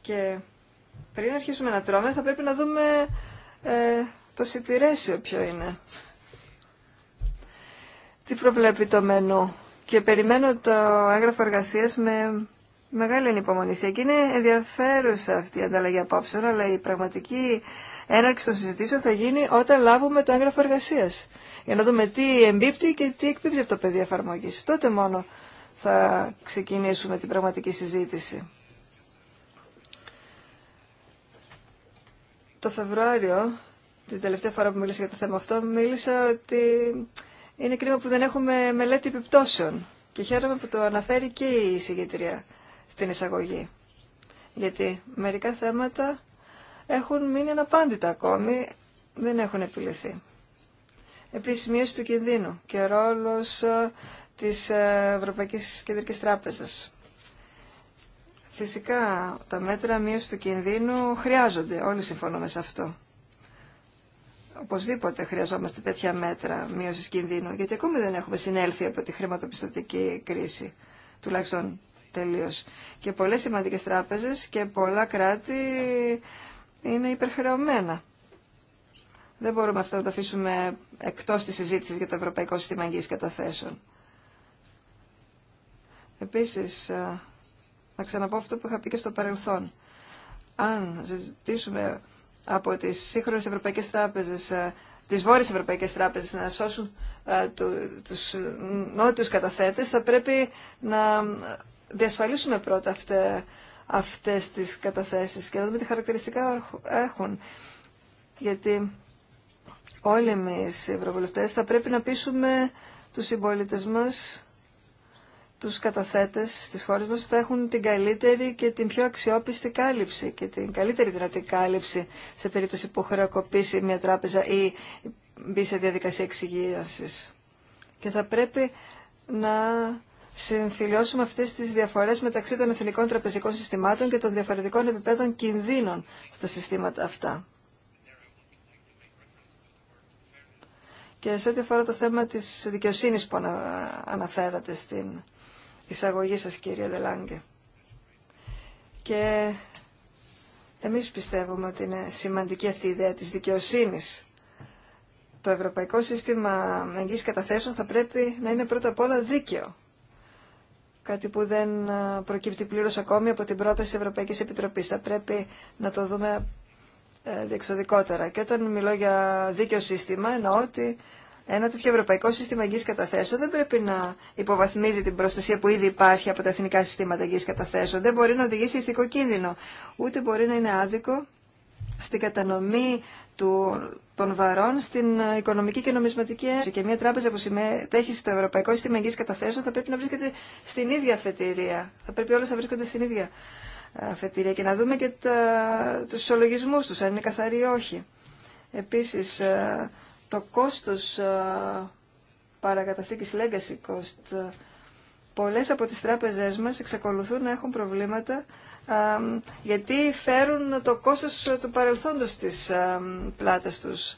και πριν αρχίσουμε να τρώμε θα πρέπει να δούμε ε, το σιτηρέσιο ποιο είναι. Τι προβλέπει το μενού και περιμένω το έγγραφο εργασία με μεγάλη ανυπομονησία. Και είναι ενδιαφέρουσα αυτή η ανταλλαγή απόψεων, αλλά η πραγματική έναρξη των συζητήσεων θα γίνει όταν λάβουμε το έγγραφο εργασία. Για να δούμε τι εμπίπτει και τι εκπίπτει από το πεδίο εφαρμογή. Τότε μόνο θα ξεκινήσουμε την πραγματική συζήτηση. Το Φεβρουάριο, την τελευταία φορά που μίλησα για το θέμα αυτό, μίλησα ότι είναι κρίμα που δεν έχουμε μελέτη επιπτώσεων και χαίρομαι που το αναφέρει και η συγκεντρία στην εισαγωγή. Γιατί μερικά θέματα έχουν μείνει αναπάντητα ακόμη, δεν έχουν επιληθεί. Επίσης, μείωση του κινδύνου και ρόλος ε, της ε, Ευρωπαϊκής Κεντρικής Τράπεζας. Φυσικά, τα μέτρα μείωση του κινδύνου χρειάζονται, όλοι συμφωνούμε σε αυτό. Οπωσδήποτε χρειαζόμαστε τέτοια μέτρα μείωση κινδύνου, γιατί ακόμη δεν έχουμε συνέλθει από τη χρηματοπιστωτική κρίση, τουλάχιστον τελείω. Και πολλές σημαντικές τράπεζε και πολλά κράτη είναι υπερχρεωμένα. Δεν μπορούμε αυτό να το αφήσουμε εκτός της συζήτηση για το Ευρωπαϊκό Σύστημα Αγγλική Καταθέσεων. Επίση, να ξαναπώ αυτό που είχα πει και στο παρελθόν. Αν ζητήσουμε από τις σύγχρονες ευρωπαϊκές τράπεζες, ε, τις βόρειες ευρωπαϊκές τράπεζες να σώσουν ε, τους νότιους καταθέτες, θα πρέπει να διασφαλίσουμε πρώτα αυτές, αυτές τις καταθέσεις και να δούμε τι χαρακτηριστικά έχουν. Γιατί όλοι εμείς οι ευρωβουλευτές θα πρέπει να πείσουμε τους συμπολίτε μας τους καταθέτες στις χώρες μας θα έχουν την καλύτερη και την πιο αξιόπιστη κάλυψη και την καλύτερη δυνατή κάλυψη σε περίπτωση που χρεοκοπήσει μια τράπεζα ή μπει σε διαδικασία εξυγίασης. Και θα πρέπει να συμφιλιώσουμε αυτές τις διαφορές μεταξύ των εθνικών τραπεζικών συστημάτων και των διαφορετικών επιπέδων κινδύνων στα συστήματα αυτά. Και σε ό,τι αφορά το θέμα της δικαιοσύνης που αναφέρατε στην εισαγωγή σας κύριε Και εμείς πιστεύουμε ότι είναι σημαντική αυτή η ιδέα της δικαιοσύνης. Το Ευρωπαϊκό Σύστημα Αγγής Καταθέσεων θα πρέπει να είναι πρώτα απ' όλα δίκαιο. Κάτι που δεν ε, προκύπτει πλήρως ακόμη από την πρόταση της Ευρωπαϊκής Επιτροπής. Θα πρέπει να το δούμε ε, διεξοδικότερα. Και όταν μιλώ για δίκαιο σύστημα εννοώ ότι ένα τέτοιο ευρωπαϊκό σύστημα εγγύης καταθέσεων δεν πρέπει να υποβαθμίζει την προστασία που ήδη υπάρχει από τα εθνικά συστήματα εγγύης καταθέσεων. Δεν μπορεί να οδηγήσει ηθικό κίνδυνο, ούτε μπορεί να είναι άδικο στην κατανομή του, των βαρών στην Οικονομική και Νομισματική Ένωση. Και μια τράπεζα που συμμετέχει στο Ευρωπαϊκό Σύστημα Εγγύης Καταθέσεων θα πρέπει να βρίσκεται στην ίδια αφετηρία. Θα πρέπει όλα να βρίσκονται στην ίδια αφετηρία και να δούμε και τα, τους του. αν είναι καθαροί όχι. Επίσης, ε, το κόστος ε, παρακαταθήκης legacy cost. Ε, πολλές από τις τράπεζές μας εξακολουθούν να έχουν προβλήματα ε, γιατί φέρουν το κόστος του παρελθόντος της πλάτες τους.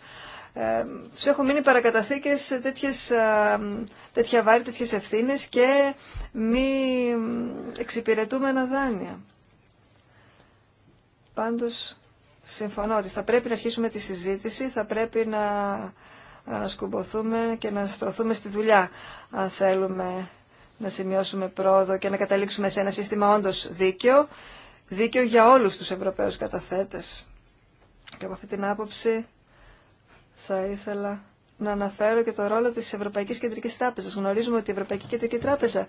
Τους έχουν μείνει παρακαταθήκες τέτοιες, τέτοια βάρη, τέτοιες ευθύνες και μη εξυπηρετούμενα δάνεια. Πάντως συμφωνώ ότι θα πρέπει να αρχίσουμε τη συζήτηση, θα πρέπει να ανασκουμποθούμε και να στρωθούμε στη δουλειά, αν θέλουμε να σημειώσουμε πρόοδο και να καταλήξουμε σε ένα σύστημα όντως δίκαιο, δίκαιο για όλους τους Ευρωπαίους καταθέτες. Και από αυτή την άποψη θα ήθελα να αναφέρω και το ρόλο της Ευρωπαϊκής Κεντρικής Τράπεζας. Γνωρίζουμε ότι η Ευρωπαϊκή Κεντρική Τράπεζα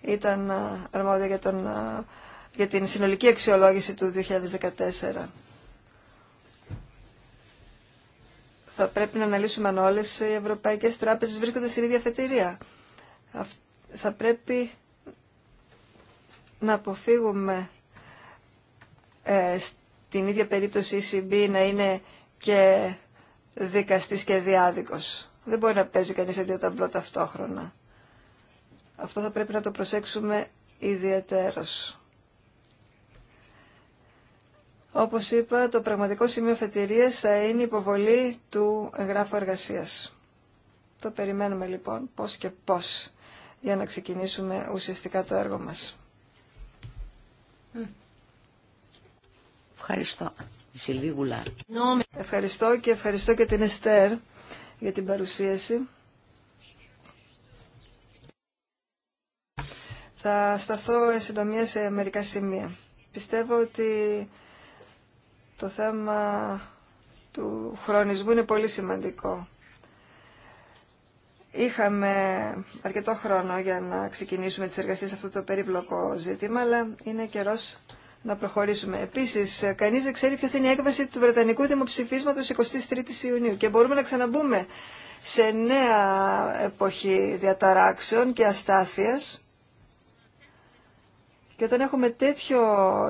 ήταν αρμόδια για, τον, για την συνολική αξιολόγηση του 2014. θα πρέπει να αναλύσουμε αν όλες οι ευρωπαϊκές τράπεζες βρίσκονται στην ίδια αφετηρία. Θα πρέπει να αποφύγουμε ε, στην ίδια περίπτωση η ECB να είναι και δικαστής και διάδικος. Δεν μπορεί να παίζει κανείς σε δύο ταμπλό ταυτόχρονα. Αυτό θα πρέπει να το προσέξουμε ιδιαίτερος. Όπως είπα, το πραγματικό σημείο φετηρίας θα είναι η υποβολή του γράφου εργασίας. Το περιμένουμε λοιπόν πώς και πώς για να ξεκινήσουμε ουσιαστικά το έργο μας. Ευχαριστώ. Ευχαριστώ και ευχαριστώ και την Εστέρ για την παρουσίαση. Θα σταθώ σε συντομία σε μερικά σημεία. Πιστεύω ότι το θέμα του χρονισμού είναι πολύ σημαντικό. Είχαμε αρκετό χρόνο για να ξεκινήσουμε τις εργασίες σε αυτό το περίπλοκο ζήτημα, αλλά είναι καιρός να προχωρήσουμε. Επίσης, κανείς δεν ξέρει ποια θα είναι η έκβαση του Βρετανικού Δημοψηφίσματος 23 Ιουνίου και μπορούμε να ξαναμπούμε σε νέα εποχή διαταράξεων και αστάθειας και όταν έχουμε τέτοιο,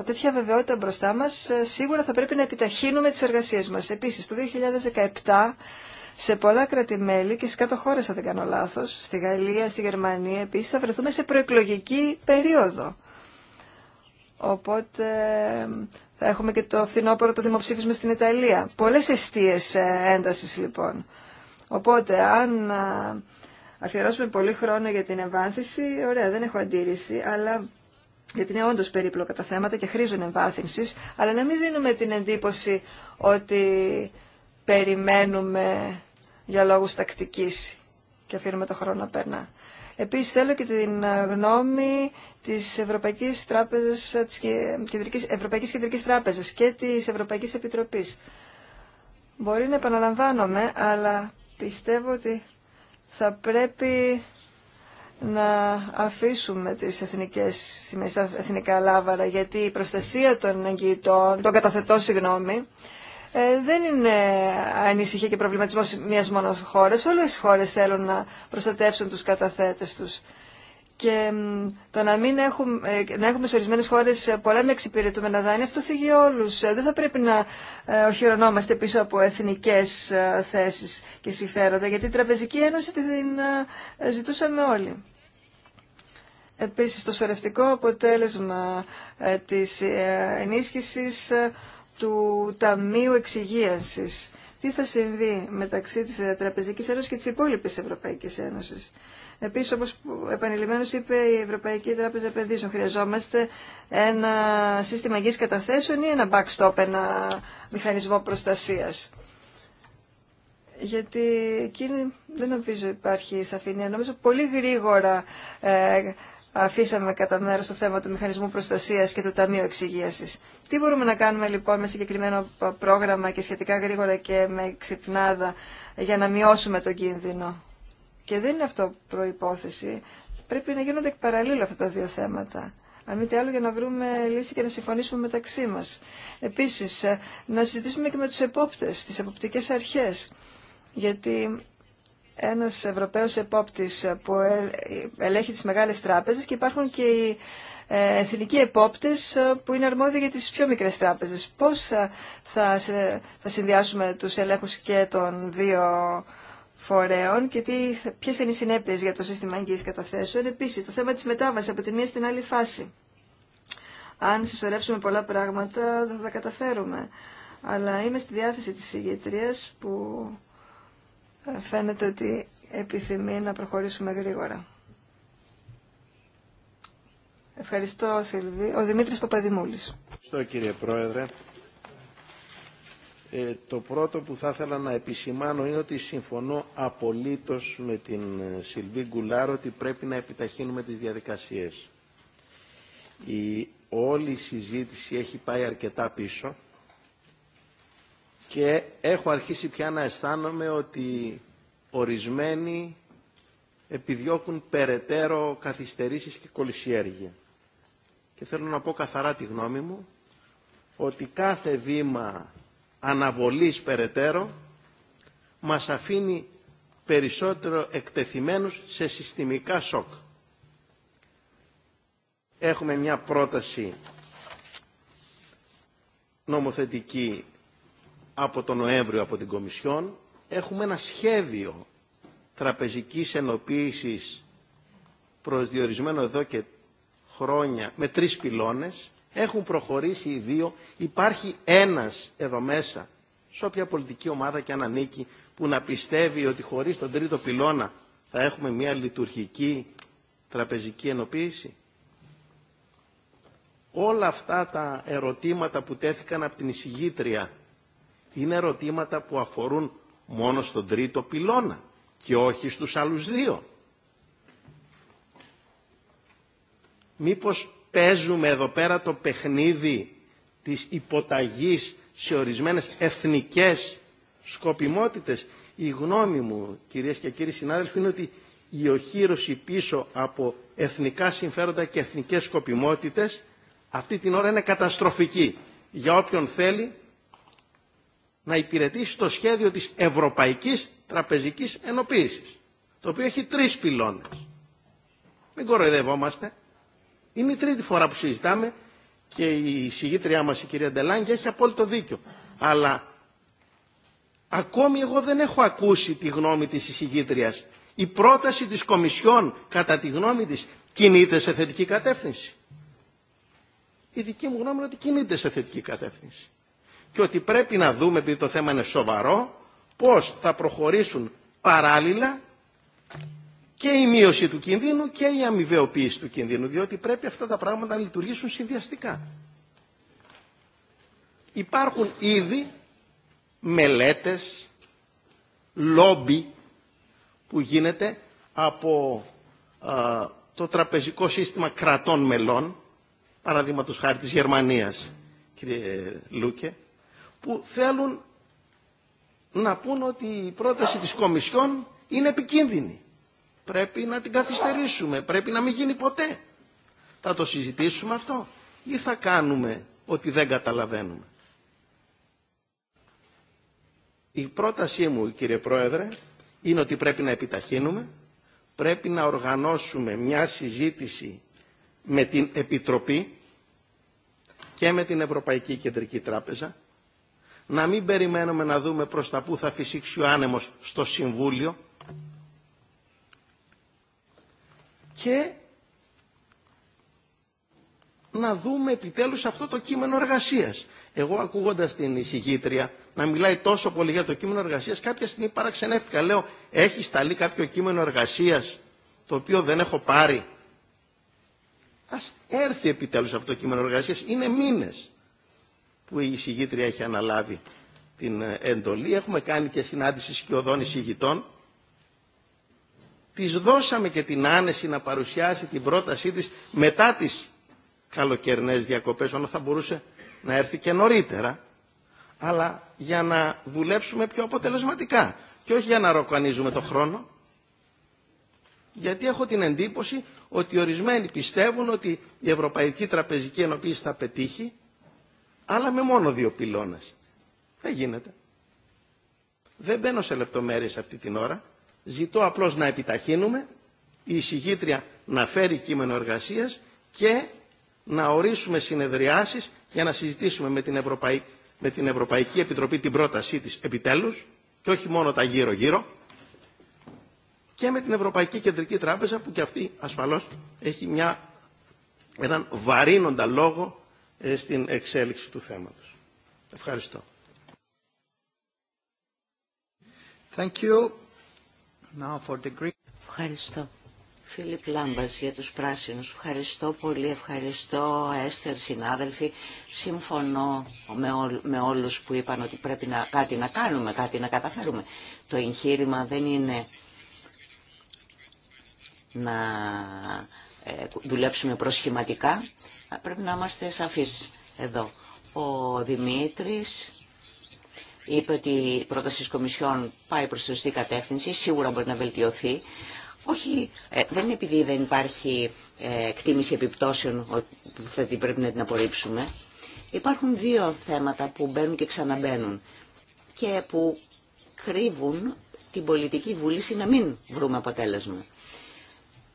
τέτοια βεβαιότητα μπροστά μας, ε, σίγουρα θα πρέπει να επιταχύνουμε τις εργασίες μας. Επίσης, το 2017, σε πολλά κράτη-μέλη και στις κάτω χώρες, αν δεν κάνω λάθος, στη Γαλλία, στη Γερμανία, επίσης, θα βρεθούμε σε προεκλογική περίοδο. Οπότε θα έχουμε και το φθινόπωρο το δημοψήφισμα στην Ιταλία. Πολλές αιστείες ε, έντασης, λοιπόν. Οπότε, αν ε, αφιερώσουμε πολύ χρόνο για την εμβάνθηση, ωραία, δεν έχω αντίρρηση, αλλά γιατί είναι όντω περίπλοκα τα θέματα και χρήζουν εμβάθυνση, αλλά να μην δίνουμε την εντύπωση ότι περιμένουμε για λόγου τακτικής και αφήνουμε το χρόνο να περνά. Επίσης θέλω και την γνώμη της Ευρωπαϊκής, Κεντρική της Ευρωπαϊκής Κεντρικής Τράπεζας και της Ευρωπαϊκής Επιτροπής. Μπορεί να επαναλαμβάνομαι, αλλά πιστεύω ότι θα πρέπει να αφήσουμε τις εθνικές σημαίες, τα εθνικά λάβαρα, γιατί η προστασία των εγγυητών, των καταθετών, συγγνώμη, ε, δεν είναι ανησυχία και προβληματισμός μιας μόνο χώρας. Όλες οι χώρες θέλουν να προστατεύσουν τους καταθέτες τους. Και το να μην έχουμε, να έχουμε σε ορισμένες χώρε πολλά με εξυπηρετούμενα δάνεια, αυτό θίγει όλου. Ε, δεν θα πρέπει να ε, οχυρωνόμαστε πίσω από εθνικέ θέσεις και συμφέροντα, γιατί η Τραπεζική Ένωση την ζητούσαμε όλοι. Επίσης, το σωρευτικό αποτέλεσμα ε, της ε, ενίσχυσης ε, του Ταμείου Εξυγίασης. Τι θα συμβεί μεταξύ της Τραπεζικής Ένωσης και της υπόλοιπης Ευρωπαϊκής Ένωσης. Επίσης, όπως επανειλημμένως είπε η Ευρωπαϊκή Τράπεζα Επενδύσεων, χρειαζόμαστε ένα σύστημα υγιής καταθέσεων ή ένα backstop, ένα μηχανισμό προστασίας. Γιατί εκεί δεν νομίζω υπάρχει σαφήνεια. Νομίζω πολύ γρήγορα αφήσαμε κατά μέρο το θέμα του μηχανισμού προστασία και του Ταμείου Εξυγίαση. Τι μπορούμε να κάνουμε λοιπόν με συγκεκριμένο πρόγραμμα και σχετικά γρήγορα και με ξυπνάδα για να μειώσουμε τον κίνδυνο. Και δεν είναι αυτό προϋπόθεση. Πρέπει να γίνονται εκ αυτά τα δύο θέματα. Αν μη τι άλλο για να βρούμε λύση και να συμφωνήσουμε μεταξύ μα. Επίση, να συζητήσουμε και με του επόπτε, τι εποπτικέ αρχέ. Γιατί ένας Ευρωπαίος επόπτης που ε, ελέγχει τις μεγάλες τράπεζες και υπάρχουν και οι ε, εθνικοί επόπτες ε, που είναι αρμόδιοι για τις πιο μικρές τράπεζες. Πώς θα, συνδυάσουμε τους ελέγχους και των δύο φορέων και τι, ποιες είναι οι συνέπειες για το σύστημα εγγύησης καταθέσεων. Επίσης, το θέμα της μετάβασης από τη μία στην άλλη φάση. Αν συσσωρεύσουμε πολλά πράγματα, θα τα καταφέρουμε. Αλλά είμαι στη διάθεση της ηγετρίας που φαίνεται ότι επιθυμεί να προχωρήσουμε γρήγορα. Ευχαριστώ, Σιλβί. Ο Δημήτρης Παπαδημούλης. Ευχαριστώ, κύριε Πρόεδρε. Ε, το πρώτο που θα ήθελα να επισημάνω είναι ότι συμφωνώ απολύτως με την ε, Σιλβί Γκουλάρ ότι πρέπει να επιταχύνουμε τις διαδικασίες. Η όλη η συζήτηση έχει πάει αρκετά πίσω και έχω αρχίσει πια να αισθάνομαι ότι ορισμένοι επιδιώκουν περαιτέρω καθυστερήσεις και κολυσιέργεια. Και θέλω να πω καθαρά τη γνώμη μου ότι κάθε βήμα αναβολής περαιτέρω μας αφήνει περισσότερο εκτεθειμένους σε συστημικά σοκ. Έχουμε μια πρόταση νομοθετική από τον Νοέμβριο από την Κομισιόν έχουμε ένα σχέδιο τραπεζικής ενοποίησης προσδιορισμένο εδώ και χρόνια με τρεις πυλώνες. Έχουν προχωρήσει οι δύο. Υπάρχει ένας εδώ μέσα σε όποια πολιτική ομάδα και αν ανήκει που να πιστεύει ότι χωρίς τον τρίτο πυλώνα θα έχουμε μια λειτουργική τραπεζική ενοποίηση. Όλα αυτά τα ερωτήματα που τέθηκαν από την εισηγήτρια είναι ερωτήματα που αφορούν μόνο στον τρίτο πυλώνα και όχι στους άλλους δύο. Μήπως παίζουμε εδώ πέρα το παιχνίδι της υποταγής σε ορισμένες εθνικές σκοπιμότητες. Η γνώμη μου, κυρίες και κύριοι συνάδελφοι, είναι ότι η οχύρωση πίσω από εθνικά συμφέροντα και εθνικές σκοπιμότητες αυτή την ώρα είναι καταστροφική για όποιον θέλει να υπηρετήσει το σχέδιο της Ευρωπαϊκής Τραπεζικής Ενοποίησης, το οποίο έχει τρεις πυλώνες. Μην κοροϊδευόμαστε. Είναι η τρίτη φορά που συζητάμε και η συγγήτριά μας η κυρία Ντελάνγκη έχει απόλυτο δίκιο. Αλλά ακόμη εγώ δεν έχω ακούσει τη γνώμη της συγγήτριας. Η πρόταση της Κομισιόν κατά τη γνώμη της κινείται σε θετική κατεύθυνση. Η δική μου γνώμη είναι ότι κινείται σε θετική κατεύθυνση και ότι πρέπει να δούμε, επειδή το θέμα είναι σοβαρό, πώς θα προχωρήσουν παράλληλα και η μείωση του κινδύνου και η αμοιβαιοποίηση του κινδύνου, διότι πρέπει αυτά τα πράγματα να λειτουργήσουν συνδυαστικά. Υπάρχουν ήδη μελέτες, λόμπι που γίνεται από το τραπεζικό σύστημα κρατών μελών, παραδείγματος χάρη της Γερμανίας, κύριε Λούκε, που θέλουν να πούν ότι η πρόταση της Κομισιόν είναι επικίνδυνη. Πρέπει να την καθυστερήσουμε, πρέπει να μην γίνει ποτέ. Θα το συζητήσουμε αυτό ή θα κάνουμε ότι δεν καταλαβαίνουμε. Η πρότασή μου, κύριε Πρόεδρε, είναι ότι πρέπει να επιταχύνουμε, πρέπει να οργανώσουμε μια συζήτηση με την Επιτροπή και με την Ευρωπαϊκή Κεντρική Τράπεζα να μην περιμένουμε να δούμε προς τα που θα φυσήξει ο άνεμος στο Συμβούλιο και να δούμε επιτέλους αυτό το κείμενο εργασίας. Εγώ ακούγοντας την εισηγήτρια να μιλάει τόσο πολύ για το κείμενο εργασίας, κάποια στιγμή παραξενεύτηκα. Λέω, έχει σταλεί κάποιο κείμενο εργασίας το οποίο δεν έχω πάρει. Ας έρθει επιτέλους αυτό το κείμενο εργασίας. Είναι μήνες που η εισηγήτρια έχει αναλάβει την ε, εντολή. Έχουμε κάνει και συνάντηση σκιωδών εισηγητών. Της δώσαμε και την άνεση να παρουσιάσει την πρότασή της μετά τις καλοκαιρινές διακοπές, όταν θα μπορούσε να έρθει και νωρίτερα, αλλά για να δουλέψουμε πιο αποτελεσματικά και όχι για να ροκανίζουμε το χρόνο. Γιατί έχω την εντύπωση ότι ορισμένοι πιστεύουν ότι η Ευρωπαϊκή Τραπεζική Ενοποίηση θα πετύχει αλλά με μόνο δύο πυλώνες. Δεν γίνεται. Δεν μπαίνω σε λεπτομέρειες αυτή την ώρα. Ζητώ απλώς να επιταχύνουμε, η εισηγήτρια να φέρει κείμενο εργασίας και να ορίσουμε συνεδριάσεις για να συζητήσουμε με την, με την Ευρωπαϊκή Επιτροπή την πρότασή της επιτέλους και όχι μόνο τα γύρω-γύρω και με την Ευρωπαϊκή Κεντρική Τράπεζα που και αυτή ασφαλώς έχει μια, έναν βαρύνοντα λόγο ε, στην εξέλιξη του θέματος. Ευχαριστώ. Thank you. Now for the Ευχαριστώ. Φίλιπ Λάμπας για τους πράσινους. Ευχαριστώ πολύ, ευχαριστώ Έστερ συνάδελφοι. Συμφωνώ με, ό, όλους που είπαν ότι πρέπει να, κάτι να κάνουμε, κάτι να καταφέρουμε. Το εγχείρημα δεν είναι να ε, δουλέψουμε προσχηματικά, Πρέπει να είμαστε σαφείς εδώ. Ο Δημήτρης είπε ότι η πρόταση της Κομισιόν πάει προς τη σωστή κατεύθυνση, σίγουρα μπορεί να βελτιωθεί. Όχι, ε, δεν είναι επειδή δεν υπάρχει ε, εκτίμηση επιπτώσεων που θα την πρέπει να την απορρίψουμε. Υπάρχουν δύο θέματα που μπαίνουν και ξαναμπαίνουν και που κρύβουν την πολιτική βούληση να μην βρούμε αποτέλεσμα.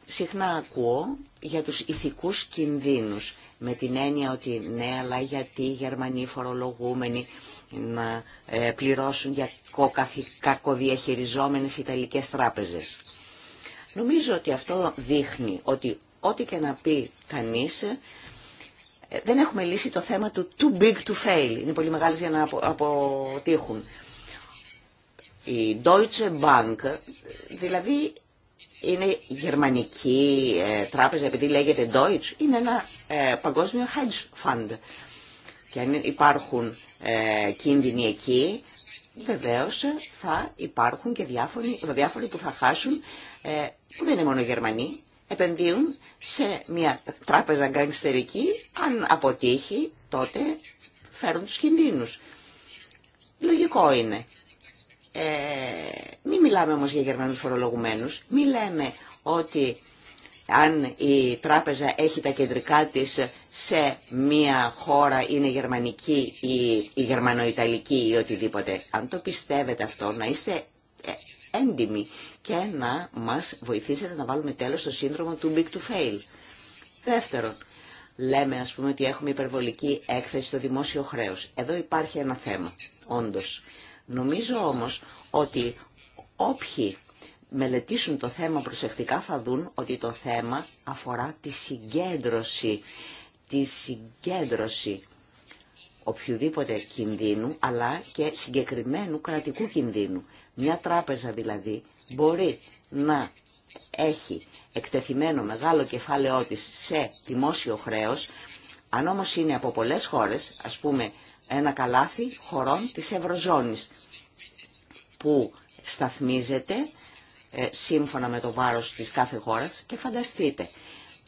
Συχνά ακούω για τους ηθικούς κινδύνους, με την έννοια ότι ναι, αλλά γιατί οι Γερμανοί φορολογούμενοι να ε, πληρώσουν για κακοδιαχειριζόμενες Ιταλικές τράπεζες. Νομίζω ότι αυτό δείχνει ότι ό,τι και να πει κανείς, ε, δεν έχουμε λύσει το θέμα του too big to fail. Είναι πολύ μεγάλες για να αποτύχουν. Η Deutsche Bank, ε, δηλαδή είναι γερμανική ε, τράπεζα επειδή λέγεται Deutsch, είναι ένα ε, παγκόσμιο hedge fund. Και αν υπάρχουν ε, κίνδυνοι εκεί, βεβαίως θα υπάρχουν και διάφοροι, διάφοροι που θα χάσουν, που δεν είναι μόνο Γερμανοί, επενδύουν σε μια τράπεζα γκανιστερική, αν αποτύχει τότε φέρουν τους κινδύνους. Λογικό είναι. Ε, μην μιλάμε όμως για Γερμανούς φορολογουμένους. Μην λέμε ότι αν η τράπεζα έχει τα κεντρικά της σε μία χώρα, είναι γερμανική ή, ή γερμανοϊταλική ή οτιδήποτε. Αν το πιστεύετε αυτό, να είστε ε, έντιμοι και να μας βοηθήσετε να βάλουμε τέλος στο σύνδρομο του big to fail. Δεύτερον, λέμε ας πούμε ότι έχουμε υπερβολική έκθεση στο δημόσιο χρέος. Εδώ υπάρχει ένα θέμα, όντως. Νομίζω όμως ότι όποιοι μελετήσουν το θέμα προσεκτικά θα δουν ότι το θέμα αφορά τη συγκέντρωση, τη συγκέντρωση οποιοδήποτε κινδύνου αλλά και συγκεκριμένου κρατικού κινδύνου. Μια τράπεζα δηλαδή μπορεί να έχει εκτεθειμένο μεγάλο κεφάλαιό της σε δημόσιο χρέος, αν όμως είναι από πολλές χώρες, ας πούμε ένα καλάθι χωρών της Ευρωζώνης που σταθμίζεται ε, σύμφωνα με το βάρος της κάθε χώρας και φανταστείτε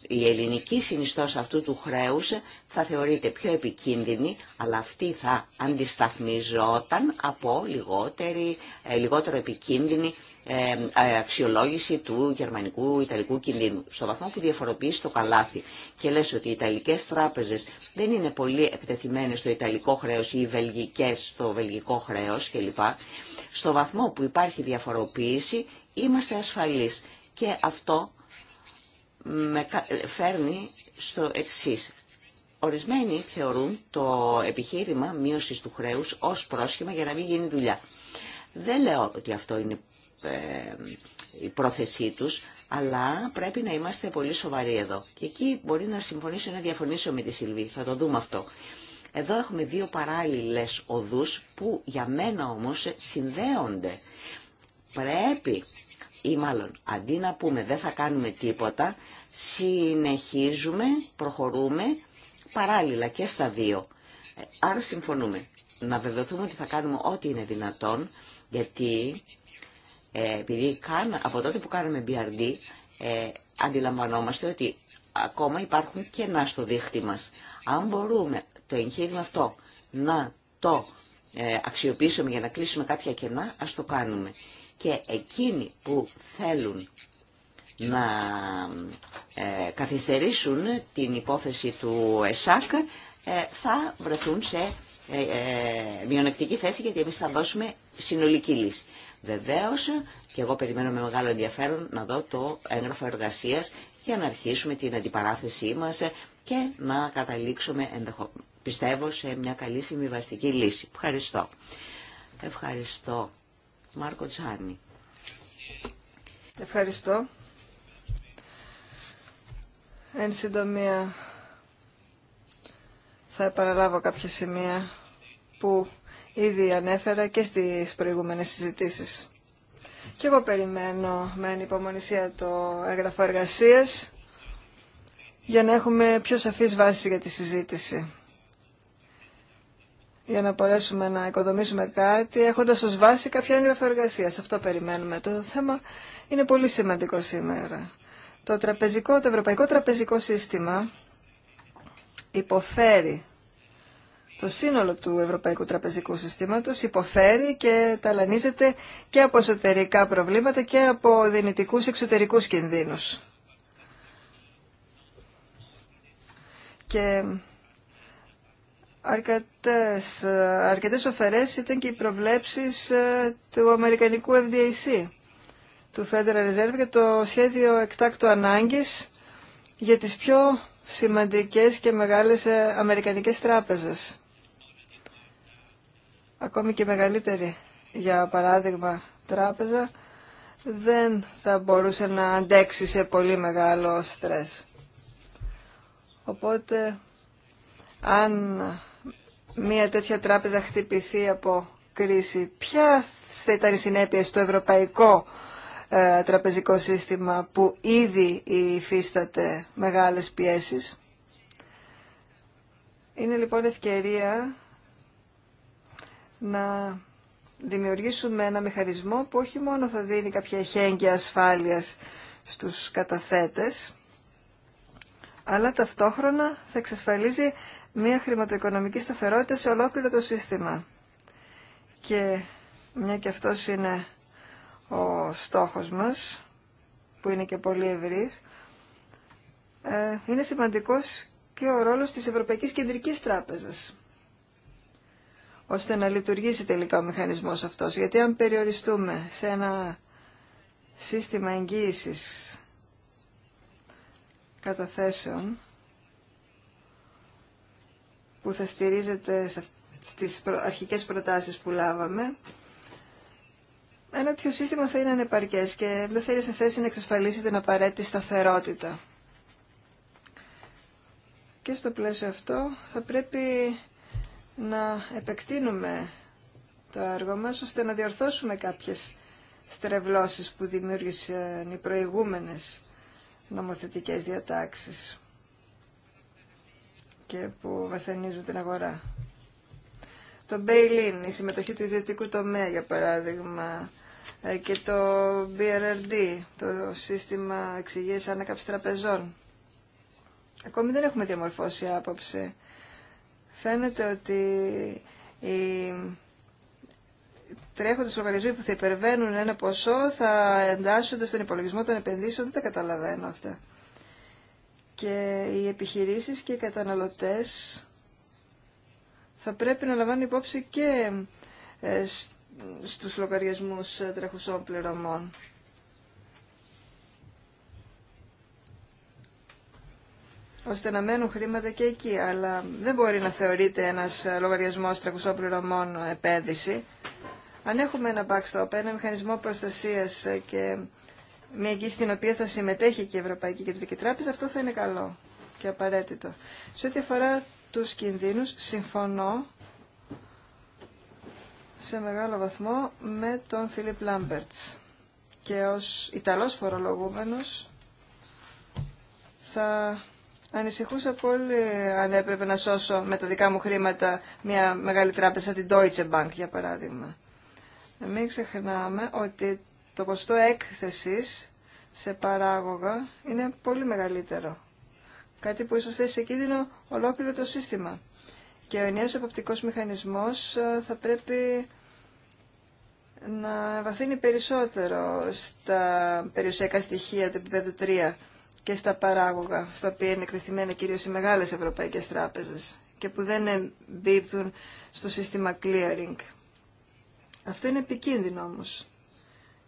η ελληνική συνιστός αυτού του χρέους θα θεωρείται πιο επικίνδυνη, αλλά αυτή θα αντισταθμιζόταν από λιγότερη, ε, λιγότερο επικίνδυνη ε, ε, αξιολόγηση του γερμανικού ιταλικού κινδύνου. Στο βαθμό που διαφοροποιείς το καλάθι και λες ότι οι ιταλικές τράπεζες δεν είναι πολύ εκτεθειμένες στο ιταλικό χρέος ή οι βελγικές στο βελγικό χρέος κλπ. Στο βαθμό που υπάρχει διαφοροποίηση είμαστε ασφαλείς. Και αυτό με ε, φέρνει στο εξής. Ορισμένοι θεωρούν το επιχείρημα μείωση του χρέους ως πρόσχημα για να μην γίνει δουλειά. Δεν λέω ότι αυτό είναι ε, η πρόθεσή τους, αλλά πρέπει να είμαστε πολύ σοβαροί εδώ. Και εκεί μπορεί να συμφωνήσω ή να διαφωνήσω με τη Σιλβή, θα το δούμε αυτό. Εδώ έχουμε δύο παράλληλες οδούς που για μένα όμως συνδέονται. Πρέπει ή μάλλον αντί να πούμε δεν θα κάνουμε τίποτα, συνεχίζουμε, προχωρούμε παράλληλα και στα δύο. Άρα συμφωνούμε να βεβαιωθούμε ότι θα κάνουμε ό,τι είναι δυνατόν, γιατί ε, επειδή από τότε που κάναμε BRD ε, αντιλαμβανόμαστε ότι ακόμα υπάρχουν κενά στο δίχτυ μας. Αν μπορούμε το εγχείρημα αυτό να το ε, αξιοποιήσουμε για να κλείσουμε κάποια κενά, ας το κάνουμε και εκείνοι που θέλουν να ε, καθυστερήσουν την υπόθεση του ΕΣΑΚ ε, θα βρεθούν σε ε, μειονεκτική θέση γιατί εμείς θα δώσουμε συνολική λύση. Βεβαίως και εγώ περιμένω με μεγάλο ενδιαφέρον να δω το έγγραφο εργασίας για να αρχίσουμε την αντιπαράθεσή μας και να καταλήξουμε πιστεύω σε μια καλή συμβιβαστική λύση. Ευχαριστώ. Ευχαριστώ Μάρκο Ευχαριστώ. Εν συντομία θα επαναλάβω κάποια σημεία που ήδη ανέφερα και στις προηγούμενες συζητήσεις. Και εγώ περιμένω με ανυπομονησία το έγγραφο εργασίας για να έχουμε πιο σαφείς βάσεις για τη συζήτηση για να μπορέσουμε να οικοδομήσουμε κάτι έχοντας ως βάση κάποια έγγραφα εργασίας. Αυτό περιμένουμε. Το θέμα είναι πολύ σημαντικό σήμερα. Το, τραπεζικό, το ευρωπαϊκό τραπεζικό σύστημα υποφέρει το σύνολο του Ευρωπαϊκού Τραπεζικού Συστήματος υποφέρει και ταλανίζεται και από εσωτερικά προβλήματα και από δυνητικούς εξωτερικούς κινδύνους. Και αρκετές, αρκετές οφερές ήταν και οι προβλέψεις ε, του Αμερικανικού FDIC, του Federal Reserve και το σχέδιο εκτάκτου ανάγκης για τις πιο σημαντικές και μεγάλες ε, αμερικανικές τράπεζες. Ακόμη και μεγαλύτερη, για παράδειγμα, τράπεζα δεν θα μπορούσε να αντέξει σε πολύ μεγάλο στρες. Οπότε, αν μια τέτοια τράπεζα χτυπηθεί από κρίση, ποια θα ήταν η συνέπεια στο ευρωπαϊκό ε, τραπεζικό σύστημα που ήδη υφίσταται μεγάλες πιέσεις. Είναι λοιπόν ευκαιρία να δημιουργήσουμε ένα μηχανισμό που όχι μόνο θα δίνει κάποια εχέγγυα ασφάλειας στους καταθέτες, αλλά ταυτόχρονα θα εξασφαλίζει μια χρηματοοικονομική σταθερότητα σε ολόκληρο το σύστημα. Και μια και αυτός είναι ο στόχος μας, που είναι και πολύ ευρύς, ε, είναι σημαντικός και ο ρόλος της Ευρωπαϊκής Κεντρικής Τράπεζας ώστε να λειτουργήσει τελικά ο μηχανισμός αυτός. Γιατί αν περιοριστούμε σε ένα σύστημα εγγύησης καταθέσεων, που θα στηρίζεται στις αρχικές προτάσεις που λάβαμε, ένα τέτοιο σύστημα θα είναι ανεπαρκές και δεν θα είναι σε θέση να εξασφαλίσει την απαραίτητη σταθερότητα. Και στο πλαίσιο αυτό θα πρέπει να επεκτείνουμε το έργο μας ώστε να διορθώσουμε κάποιες στρεβλώσεις που δημιούργησαν οι προηγούμενες νομοθετικές διατάξεις και που βασανίζουν την αγορά. Το bail-in, η συμμετοχή του ιδιωτικού τομέα για παράδειγμα ε, και το BRRD, το σύστημα εξηγής ανάκαψης τραπεζών. Ακόμη δεν έχουμε διαμορφώσει άποψη. Φαίνεται ότι οι τρέχοντες οργανισμοί που θα υπερβαίνουν ένα ποσό θα εντάσσονται στον υπολογισμό των επενδύσεων. Δεν τα καταλαβαίνω αυτά και οι επιχειρήσεις και οι καταναλωτές θα πρέπει να λαμβάνουν υπόψη και ε, στους λογαριασμούς ε, τρεχουσών πληρωμών. ώστε να μένουν χρήματα και εκεί. Αλλά δεν μπορεί να θεωρείται ένας ε, λογαριασμός τρεχουσών πληρωμών επένδυση. Αν έχουμε ένα backstop, ένα μηχανισμό προστασίας και μια εγγύηση στην οποία θα συμμετέχει και η Ευρωπαϊκή Κεντρική Τράπεζα, αυτό θα είναι καλό και απαραίτητο. Σε ό,τι αφορά τους κινδύνους, συμφωνώ σε μεγάλο βαθμό με τον Φίλιπ Λάμπερτς και ως Ιταλός φορολογούμενος θα ανησυχούσα πολύ αν έπρεπε να σώσω με τα δικά μου χρήματα μια μεγάλη τράπεζα, την Deutsche Bank για παράδειγμα. Μην ξεχνάμε ότι το ποστο έκθεσης σε παράγωγα είναι πολύ μεγαλύτερο. Κάτι που ίσως θέσει σε κίνδυνο ολόκληρο το σύστημα. Και ο ενιαίος εποπτικός μηχανισμός ε, θα πρέπει να βαθύνει περισσότερο στα περιουσιακά στοιχεία του επίπεδου 3 και στα παράγωγα, στα οποία είναι εκτεθειμένα κυρίως οι μεγάλες ευρωπαϊκές τράπεζες και που δεν εμπίπτουν στο σύστημα clearing. Αυτό είναι επικίνδυνο όμως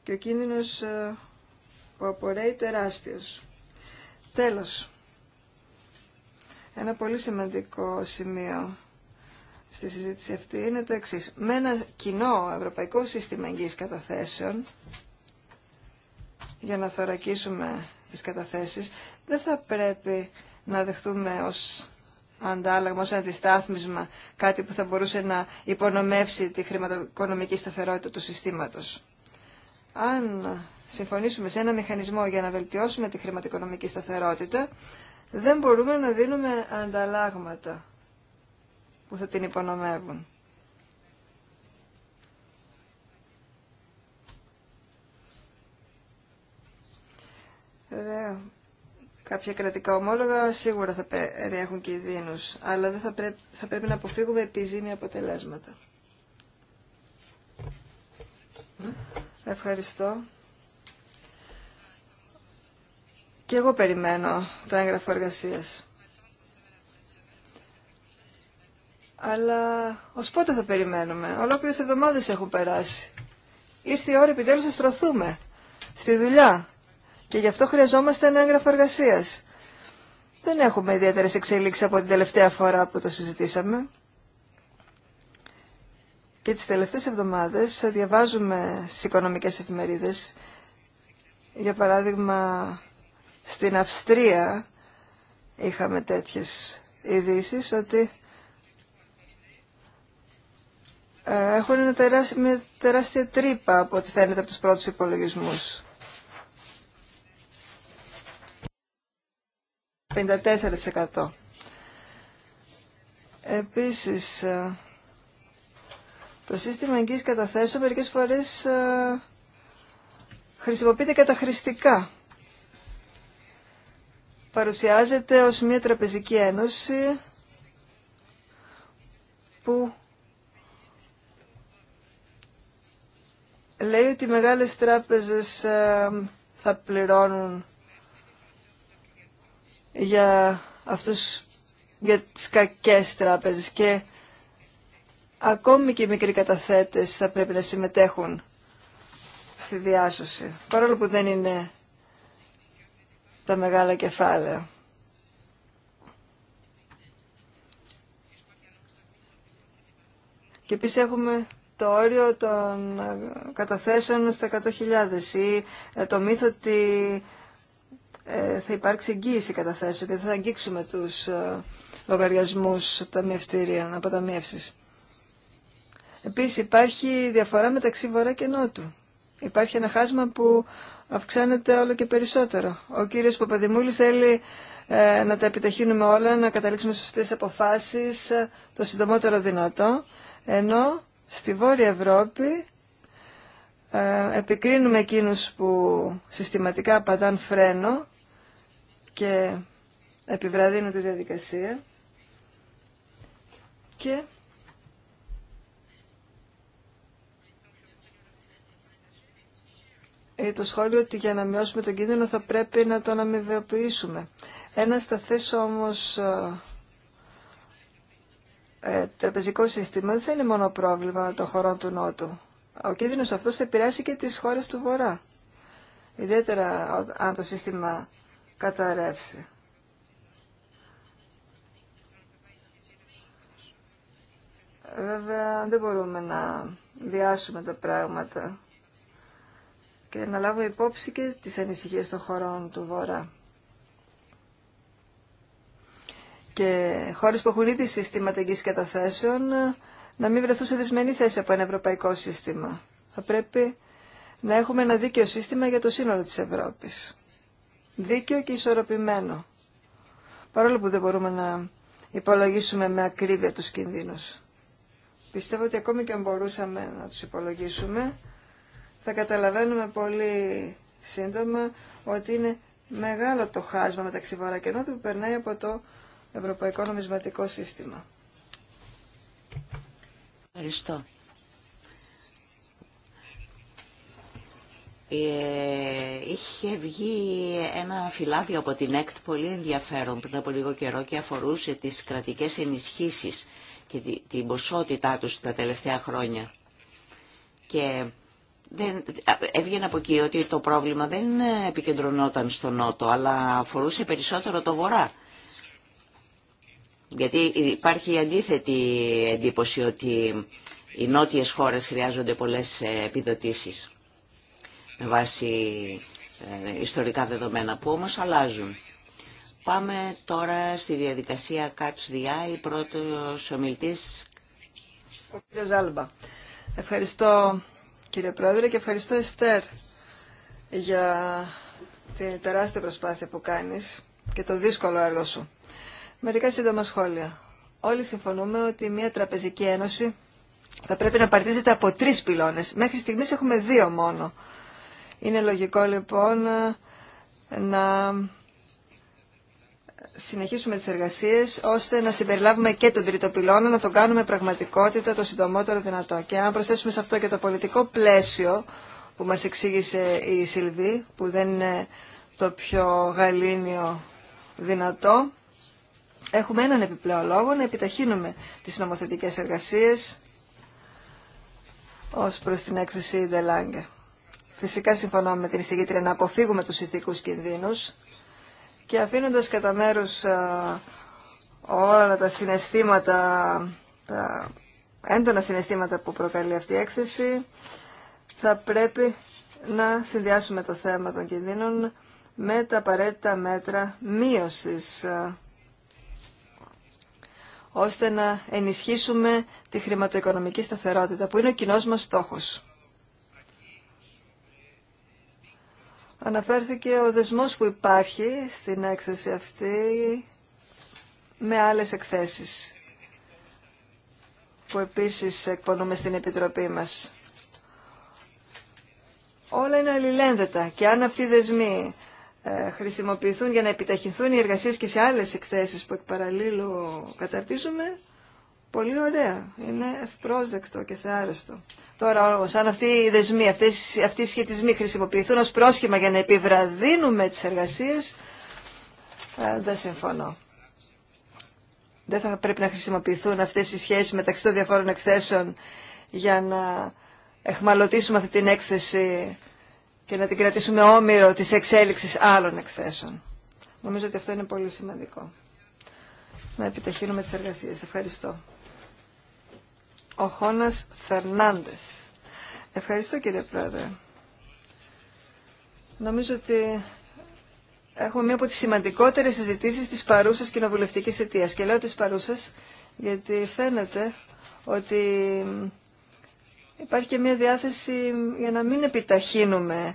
και ο κίνδυνος ε, που απορρέει τεράστιος. Τέλος, ένα πολύ σημαντικό σημείο στη συζήτηση αυτή είναι το εξής. Με ένα κοινό ευρωπαϊκό σύστημα εγγύης καταθέσεων, για να θωρακίσουμε τις καταθέσεις, δεν θα πρέπει να δεχτούμε ως αντάλλαγμα, ως αντιστάθμισμα, κάτι που θα μπορούσε να υπονομεύσει τη χρηματοοικονομική σταθερότητα του συστήματος αν συμφωνήσουμε σε ένα μηχανισμό για να βελτιώσουμε τη χρηματοοικονομική σταθερότητα, δεν μπορούμε να δίνουμε ανταλλάγματα που θα την υπονομεύουν. Βέβαια, κάποια κρατικά ομόλογα σίγουρα θα περιέχουν κινδύνους, αλλά δεν θα, θα πρέπει να αποφύγουμε επιζήμια αποτελέσματα. Ευχαριστώ. Και εγώ περιμένω το έγγραφο εργασίας. Αλλά ως πότε θα περιμένουμε. Ολόκληρες εβδομάδες έχουν περάσει. Ήρθε η ώρα επιτέλους να στρωθούμε στη δουλειά. Και γι' αυτό χρειαζόμαστε ένα έγγραφο εργασίας. Δεν έχουμε ιδιαίτερες εξελίξεις από την τελευταία φορά που το συζητήσαμε. Και τις τελευταίες εβδομάδες διαβάζουμε στις οικονομικές εφημερίδες, για παράδειγμα στην Αυστρία είχαμε τέτοιες ειδήσει ότι ε, έχουν μια τεράστια τρύπα από ό,τι φαίνεται από τους πρώτους υπολογισμούς. 54%. Επίσης, ε, το σύστημα εγγύης καταθέσεων μερικές φορές ε, χρησιμοποιείται καταχρηστικά. Παρουσιάζεται ως μια τραπεζική ένωση που λέει ότι οι μεγάλες τράπεζες ε, θα πληρώνουν για αυτούς για τις κακές τράπεζες και ακόμη και οι μικροί καταθέτες θα πρέπει να συμμετέχουν στη διάσωση, παρόλο που δεν είναι τα μεγάλα κεφάλαια. Και επίση έχουμε το όριο των καταθέσεων στα 100.000 ή ε, το μύθο ότι ε, θα υπάρξει εγγύηση καταθέσεων και θα αγγίξουμε τους ε, λογαριασμούς ταμιευτήριων, αποταμιεύσεις. Επίσης υπάρχει διαφορά μεταξύ βορρά και νότου. Υπάρχει ένα χάσμα που αυξάνεται όλο και περισσότερο. Ο κύριος Παπαδημούλης θέλει ε, να τα επιταχύνουμε όλα, να καταλήξουμε σωστές αποφάσεις ε, το συντομότερο δυνατό, ενώ στη Βόρεια Ευρώπη ε, επικρίνουμε εκείνους που συστηματικά πατάν φρένο και επιβραδύνουν τη διαδικασία και Ε, το σχόλιο ότι για να μειώσουμε τον κίνδυνο θα πρέπει να τον αμοιβαιοποιήσουμε. Ένα σταθές όμως ε, ε τραπεζικό σύστημα δεν θα είναι μόνο πρόβλημα των χωρών του Νότου. Ο κίνδυνος αυτός θα επηρεάσει και τις χώρες του Βορρά. Ιδιαίτερα αν το σύστημα καταρρεύσει. Βέβαια δεν μπορούμε να βιάσουμε τα πράγματα και να λάβουμε υπόψη και τις ανησυχίες των χωρών του Βορρά. Και χώρες που έχουν ήδη συστήματα καταθέσεων να μην βρεθούν σε δυσμενή θέση από ένα ευρωπαϊκό σύστημα. Θα πρέπει να έχουμε ένα δίκαιο σύστημα για το σύνολο της Ευρώπης. Δίκαιο και ισορροπημένο. Παρόλο που δεν μπορούμε να υπολογίσουμε με ακρίβεια τους κινδύνους. Πιστεύω ότι ακόμη και αν μπορούσαμε να τους υπολογίσουμε, θα καταλαβαίνουμε πολύ σύντομα ότι είναι μεγάλο το χάσμα μεταξύ Βορρά και Νότου που περνάει από το Ευρωπαϊκό Νομισματικό Σύστημα. Ευχαριστώ. Ε, είχε βγει ένα φυλάδιο από την ΕΚΤ πολύ ενδιαφέρον πριν από λίγο καιρό και αφορούσε τις κρατικές ενισχύσεις και την ποσότητά τους τα τελευταία χρόνια. Και δεν, έβγαινε από εκεί ότι το πρόβλημα δεν επικεντρωνόταν στο Νότο, αλλά αφορούσε περισσότερο το Βορρά. Γιατί υπάρχει η αντίθετη εντύπωση ότι οι νότιες χώρες χρειάζονται πολλές ε, επιδοτήσεις με βάση ε, ιστορικά δεδομένα που όμως αλλάζουν. Πάμε τώρα στη διαδικασία Catch the Eye, πρώτος ομιλητής. Ο κ. Ζάλμπα Ευχαριστώ κύριε Πρόεδρε και ευχαριστώ Εστέρ για την τεράστια προσπάθεια που κάνεις και το δύσκολο έργο σου. Μερικά σύντομα σχόλια. Όλοι συμφωνούμε ότι μια τραπεζική ένωση θα πρέπει να παρτίζεται από τρεις πυλώνες. Μέχρι στιγμής έχουμε δύο μόνο. Είναι λογικό λοιπόν να συνεχίσουμε τις εργασίες ώστε να συμπεριλάβουμε και τον τρίτο πυλώνα, να τον κάνουμε πραγματικότητα το συντομότερο δυνατό. Και αν προσθέσουμε σε αυτό και το πολιτικό πλαίσιο που μας εξήγησε η Σιλβή, που δεν είναι το πιο γαλήνιο δυνατό, έχουμε έναν επιπλέον λόγο να επιταχύνουμε τις νομοθετικές εργασίες ως προς την έκθεση Ντελάγκε. Φυσικά συμφωνώ με την εισηγήτρια να αποφύγουμε τους ηθικούς κινδύνους, και αφήνοντας κατά μέρους ε, όλα τα συναισθήματα, τα έντονα συναισθήματα που προκαλεί αυτή η έκθεση, θα πρέπει να συνδυάσουμε το θέμα των κινδύνων με τα απαραίτητα μέτρα μείωσης ε, ώστε να ενισχύσουμε τη χρηματοοικονομική σταθερότητα, που είναι ο κοινό μας στόχος. Αναφέρθηκε ο δεσμός που υπάρχει στην έκθεση αυτή με άλλες εκθέσεις που επίσης εκπονούμε στην Επιτροπή μας. Όλα είναι αλληλένδετα και αν αυτοί οι δεσμοί ε, χρησιμοποιηθούν για να επιταχυνθούν οι εργασίες και σε άλλες εκθέσεις που εκ παραλλήλου καταρτίζουμε, Πολύ ωραία. Είναι ευπρόσδεκτο και θεάρεστο. Τώρα όμω, αν αυτοί οι δεσμοί, αυτές, αυτοί οι σχετισμοί χρησιμοποιηθούν ω πρόσχημα για να επιβραδύνουμε τι εργασίε, ε, δεν συμφωνώ. Δεν θα πρέπει να χρησιμοποιηθούν αυτέ οι σχέσει μεταξύ των διαφόρων εκθέσεων για να εχμαλωτήσουμε αυτή την έκθεση και να την κρατήσουμε όμοιρο της εξέλιξης άλλων εκθέσεων. Νομίζω ότι αυτό είναι πολύ σημαντικό. Να επιταχύνουμε τις εργασίες. Ευχαριστώ ο Χώνας Φερνάντες. Ευχαριστώ κύριε Πρόεδρε. Νομίζω ότι έχουμε μία από τις σημαντικότερες συζητήσεις της παρούσας κοινοβουλευτικής θητείας. Και λέω της παρούσας γιατί φαίνεται ότι υπάρχει και μία διάθεση για να μην επιταχύνουμε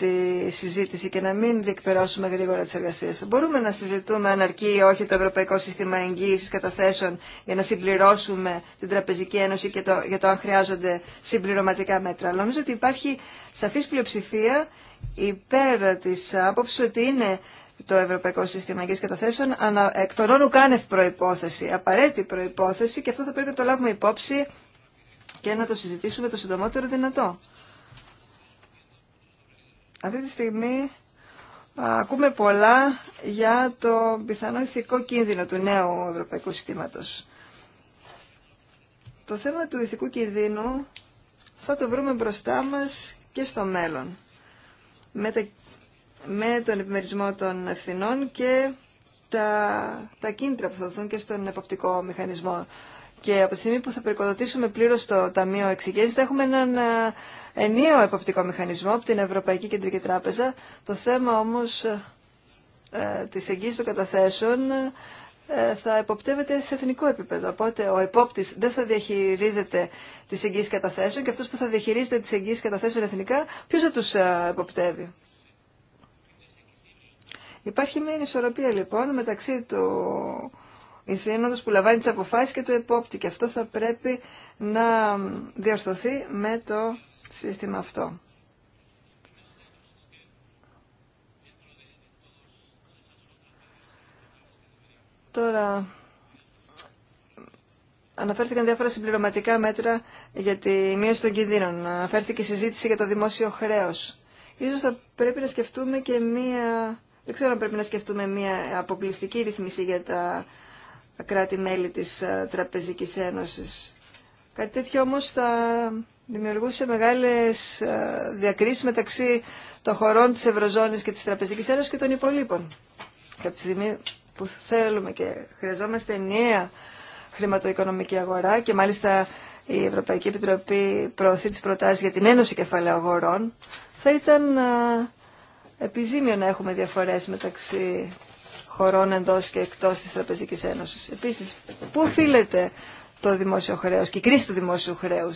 τη συζήτηση και να μην διεκπαιρώσουμε γρήγορα τι εργασίε. Μπορούμε να συζητούμε αν αρκεί ή όχι το Ευρωπαϊκό Σύστημα Εγγύηση Καταθέσεων για να συμπληρώσουμε την Τραπεζική Ένωση και το, για το αν χρειάζονται συμπληρωματικά μέτρα. Αλλά νομίζω ότι υπάρχει σαφής πλειοψηφία υπέρ της άποψη ότι είναι το Ευρωπαϊκό Σύστημα Εγγύηση Καταθέσεων εκ των όνων ουκάνευ προπόθεση, απαραίτητη προπόθεση και αυτό θα πρέπει να το λάβουμε υπόψη και να το συζητήσουμε το συντομότερο δυνατό. Αυτή τη στιγμή ακούμε πολλά για το πιθανό ηθικό κίνδυνο του νέου ευρωπαϊκού συστήματος. Το θέμα του ηθικού κινδύνου θα το βρούμε μπροστά μας και στο μέλλον. Με, τον επιμερισμό των ευθυνών και τα, τα κίνητρα που θα δοθούν και στον εποπτικό μηχανισμό. Και από τη στιγμή που θα περικοδοτήσουμε πλήρως το Ταμείο Εξηγήσει, θα έχουμε έναν ενίο εποπτικό μηχανισμό από την Ευρωπαϊκή Κεντρική Τράπεζα. Το θέμα όμως ε, ε της εγγύησης των καταθέσεων ε, θα εποπτεύεται σε εθνικό επίπεδο. Οπότε ο επόπτης δεν θα διαχειρίζεται τις εγγύησεις καταθέσεων και αυτός που θα διαχειρίζεται τις εγγύησεις καταθέσεων εθνικά, ποιος θα τους ε, εποπτεύει. Υπάρχει μια ισορροπία λοιπόν μεταξύ του ηθήνοντος που λαμβάνει τις αποφάσεις και του επόπτη και αυτό θα πρέπει να διορθωθεί με το σύστημα αυτό. Τώρα, αναφέρθηκαν διάφορα συμπληρωματικά μέτρα για τη μείωση των κινδύνων. Αναφέρθηκε η συζήτηση για το δημόσιο χρέος. Ίσως θα πρέπει να σκεφτούμε και μία, δεν ξέρω αν πρέπει να σκεφτούμε μία αποκλειστική ρυθμίση για τα κράτη-μέλη της ε, Τραπεζικής Ένωσης. Κάτι τέτοιο όμως θα δημιουργούσε μεγάλες ε, διακρίσεις μεταξύ των χωρών της Ευρωζώνης και της Τραπεζικής Ένωσης και των υπολείπων. Και από τη στιγμή που θέλουμε και χρειαζόμαστε ενιαία χρηματοοικονομική αγορά και μάλιστα η Ευρωπαϊκή Επιτροπή προωθεί τις προτάσεις για την Ένωση Κεφαλαίου Αγορών, θα ήταν ε, επιζήμιο να έχουμε διαφορές μεταξύ χωρών εντός και εκτός της Τραπεζικής Ένωσης. Επίσης, πού οφείλεται το δημόσιο χρέο και η κρίση του δημόσιου χρέου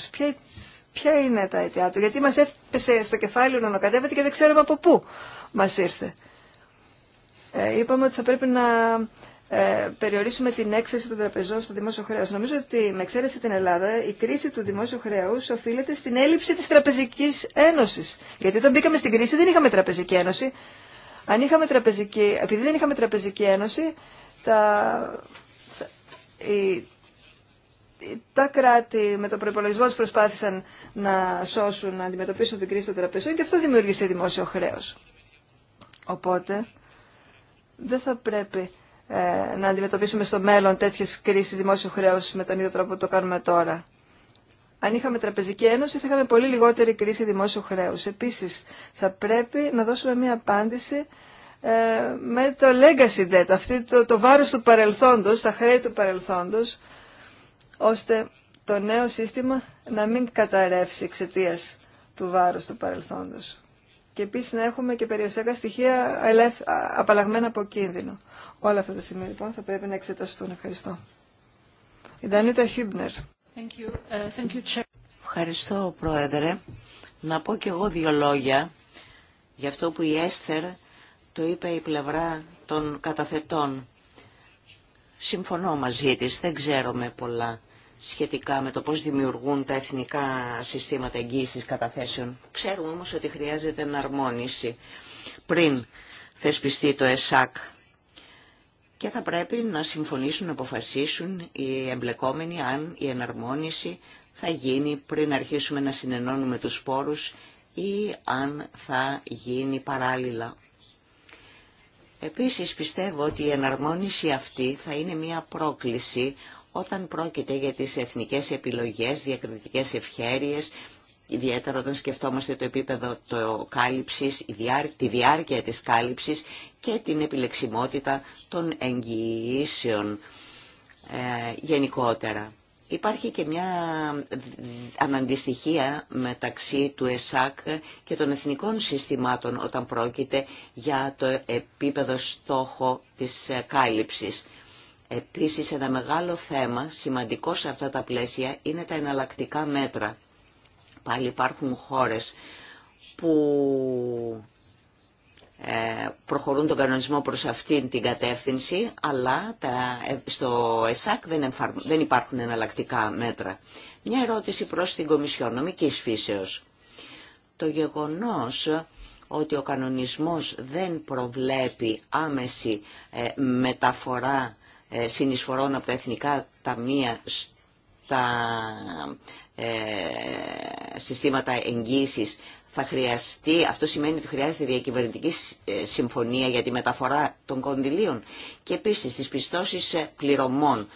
ποια είναι τα αιτιά του. Γιατί μας έπεσε στο κεφάλι να ανακατεύεται και δεν ξέρουμε από πού μας ήρθε. Ε, είπαμε ότι θα πρέπει να ε, περιορίσουμε την έκθεση των τραπεζών στο δημόσιο χρέος. Νομίζω ότι με εξαίρεση την Ελλάδα η κρίση του δημόσιου χρέους οφείλεται στην έλλειψη της Τραπεζικής Ένωσης. Γιατί όταν μπήκαμε στην κρίση δεν είχαμε Τραπεζική Ένωση. Αν είχαμε τραπεζική, επειδή δεν είχαμε Τραπεζική Ένωση, τα, τα κράτη με το προπολογισμό του προσπάθησαν να σώσουν, να αντιμετωπίσουν την κρίση των τραπεζών και αυτό δημιούργησε δημόσιο χρέο. Οπότε δεν θα πρέπει ε, να αντιμετωπίσουμε στο μέλλον τέτοιε κρίσει δημόσιου χρέου με τον ίδιο τρόπο που το κάνουμε τώρα. Αν είχαμε τραπεζική ένωση θα είχαμε πολύ λιγότερη κρίση δημόσιου χρέου. Επίση θα πρέπει να δώσουμε μία απάντηση ε, με το legacy debt, αυτή το, το βάρος του παρελθόντος, τα χρέη του παρελθόντος, ώστε το νέο σύστημα να μην καταρρεύσει εξαιτία του βάρους του παρελθόντος. Και επίσης να έχουμε και περιοσιακά στοιχεία απαλλαγμένα από κίνδυνο. Όλα αυτά τα σημεία λοιπόν θα πρέπει να εξεταστούν. Ευχαριστώ. Η Ντανίτα Χίμπνερ. Uh, Ευχαριστώ Πρόεδρε. Να πω κι εγώ δύο λόγια για αυτό που η Έστερ το είπε η πλευρά των καταθετών. Συμφωνώ μαζί της, δεν ξέρουμε πολλά σχετικά με το πώς δημιουργούν τα εθνικά συστήματα εγγύησης καταθέσεων. Ξέρουμε όμως ότι χρειάζεται εναρμόνιση πριν θεσπιστεί το ΕΣΑΚ και θα πρέπει να συμφωνήσουν, να αποφασίσουν οι εμπλεκόμενοι αν η εναρμόνιση θα γίνει πριν αρχίσουμε να συνενώνουμε τους σπόρους ή αν θα γίνει παράλληλα. Επίσης πιστεύω ότι η εναρμόνιση αυτή θα είναι μια πρόκληση όταν πρόκειται για τις εθνικές επιλογές, διακριτικές ευχέρειες, ιδιαίτερα όταν σκεφτόμαστε το επίπεδο το κάλυψης, τη διάρκεια της κάλυψης και την επιλεξιμότητα των εγγυήσεων ε, γενικότερα. Υπάρχει και μια αναντιστοιχία μεταξύ του ΕΣΑΚ και των εθνικών συστημάτων όταν πρόκειται για το επίπεδο στόχο της ε, κάλυψης. Επίσης ένα μεγάλο θέμα σημαντικό σε αυτά τα πλαίσια είναι τα εναλλακτικά μέτρα. Πάλι υπάρχουν χώρες που ε, προχωρούν τον κανονισμό προς αυτήν την κατεύθυνση, αλλά τα, ε, στο ΕΣΑΚ δεν, δεν υπάρχουν εναλλακτικά μέτρα. Μια ερώτηση προς την Κομισιόν Νομικής Φύσεως. Το γεγονός ότι ο κανονισμός δεν προβλέπει άμεση ε, μεταφορά ε, συνεισφορών από τα εθνικά ταμεία στα ε, συστήματα εγγύησης θα χρειαστεί, αυτό σημαίνει ότι χρειάζεται διακυβερνητική ε, συμφωνία για τη μεταφορά των κονδυλίων και επίσης τις πιστώσεις ε, πληρωμών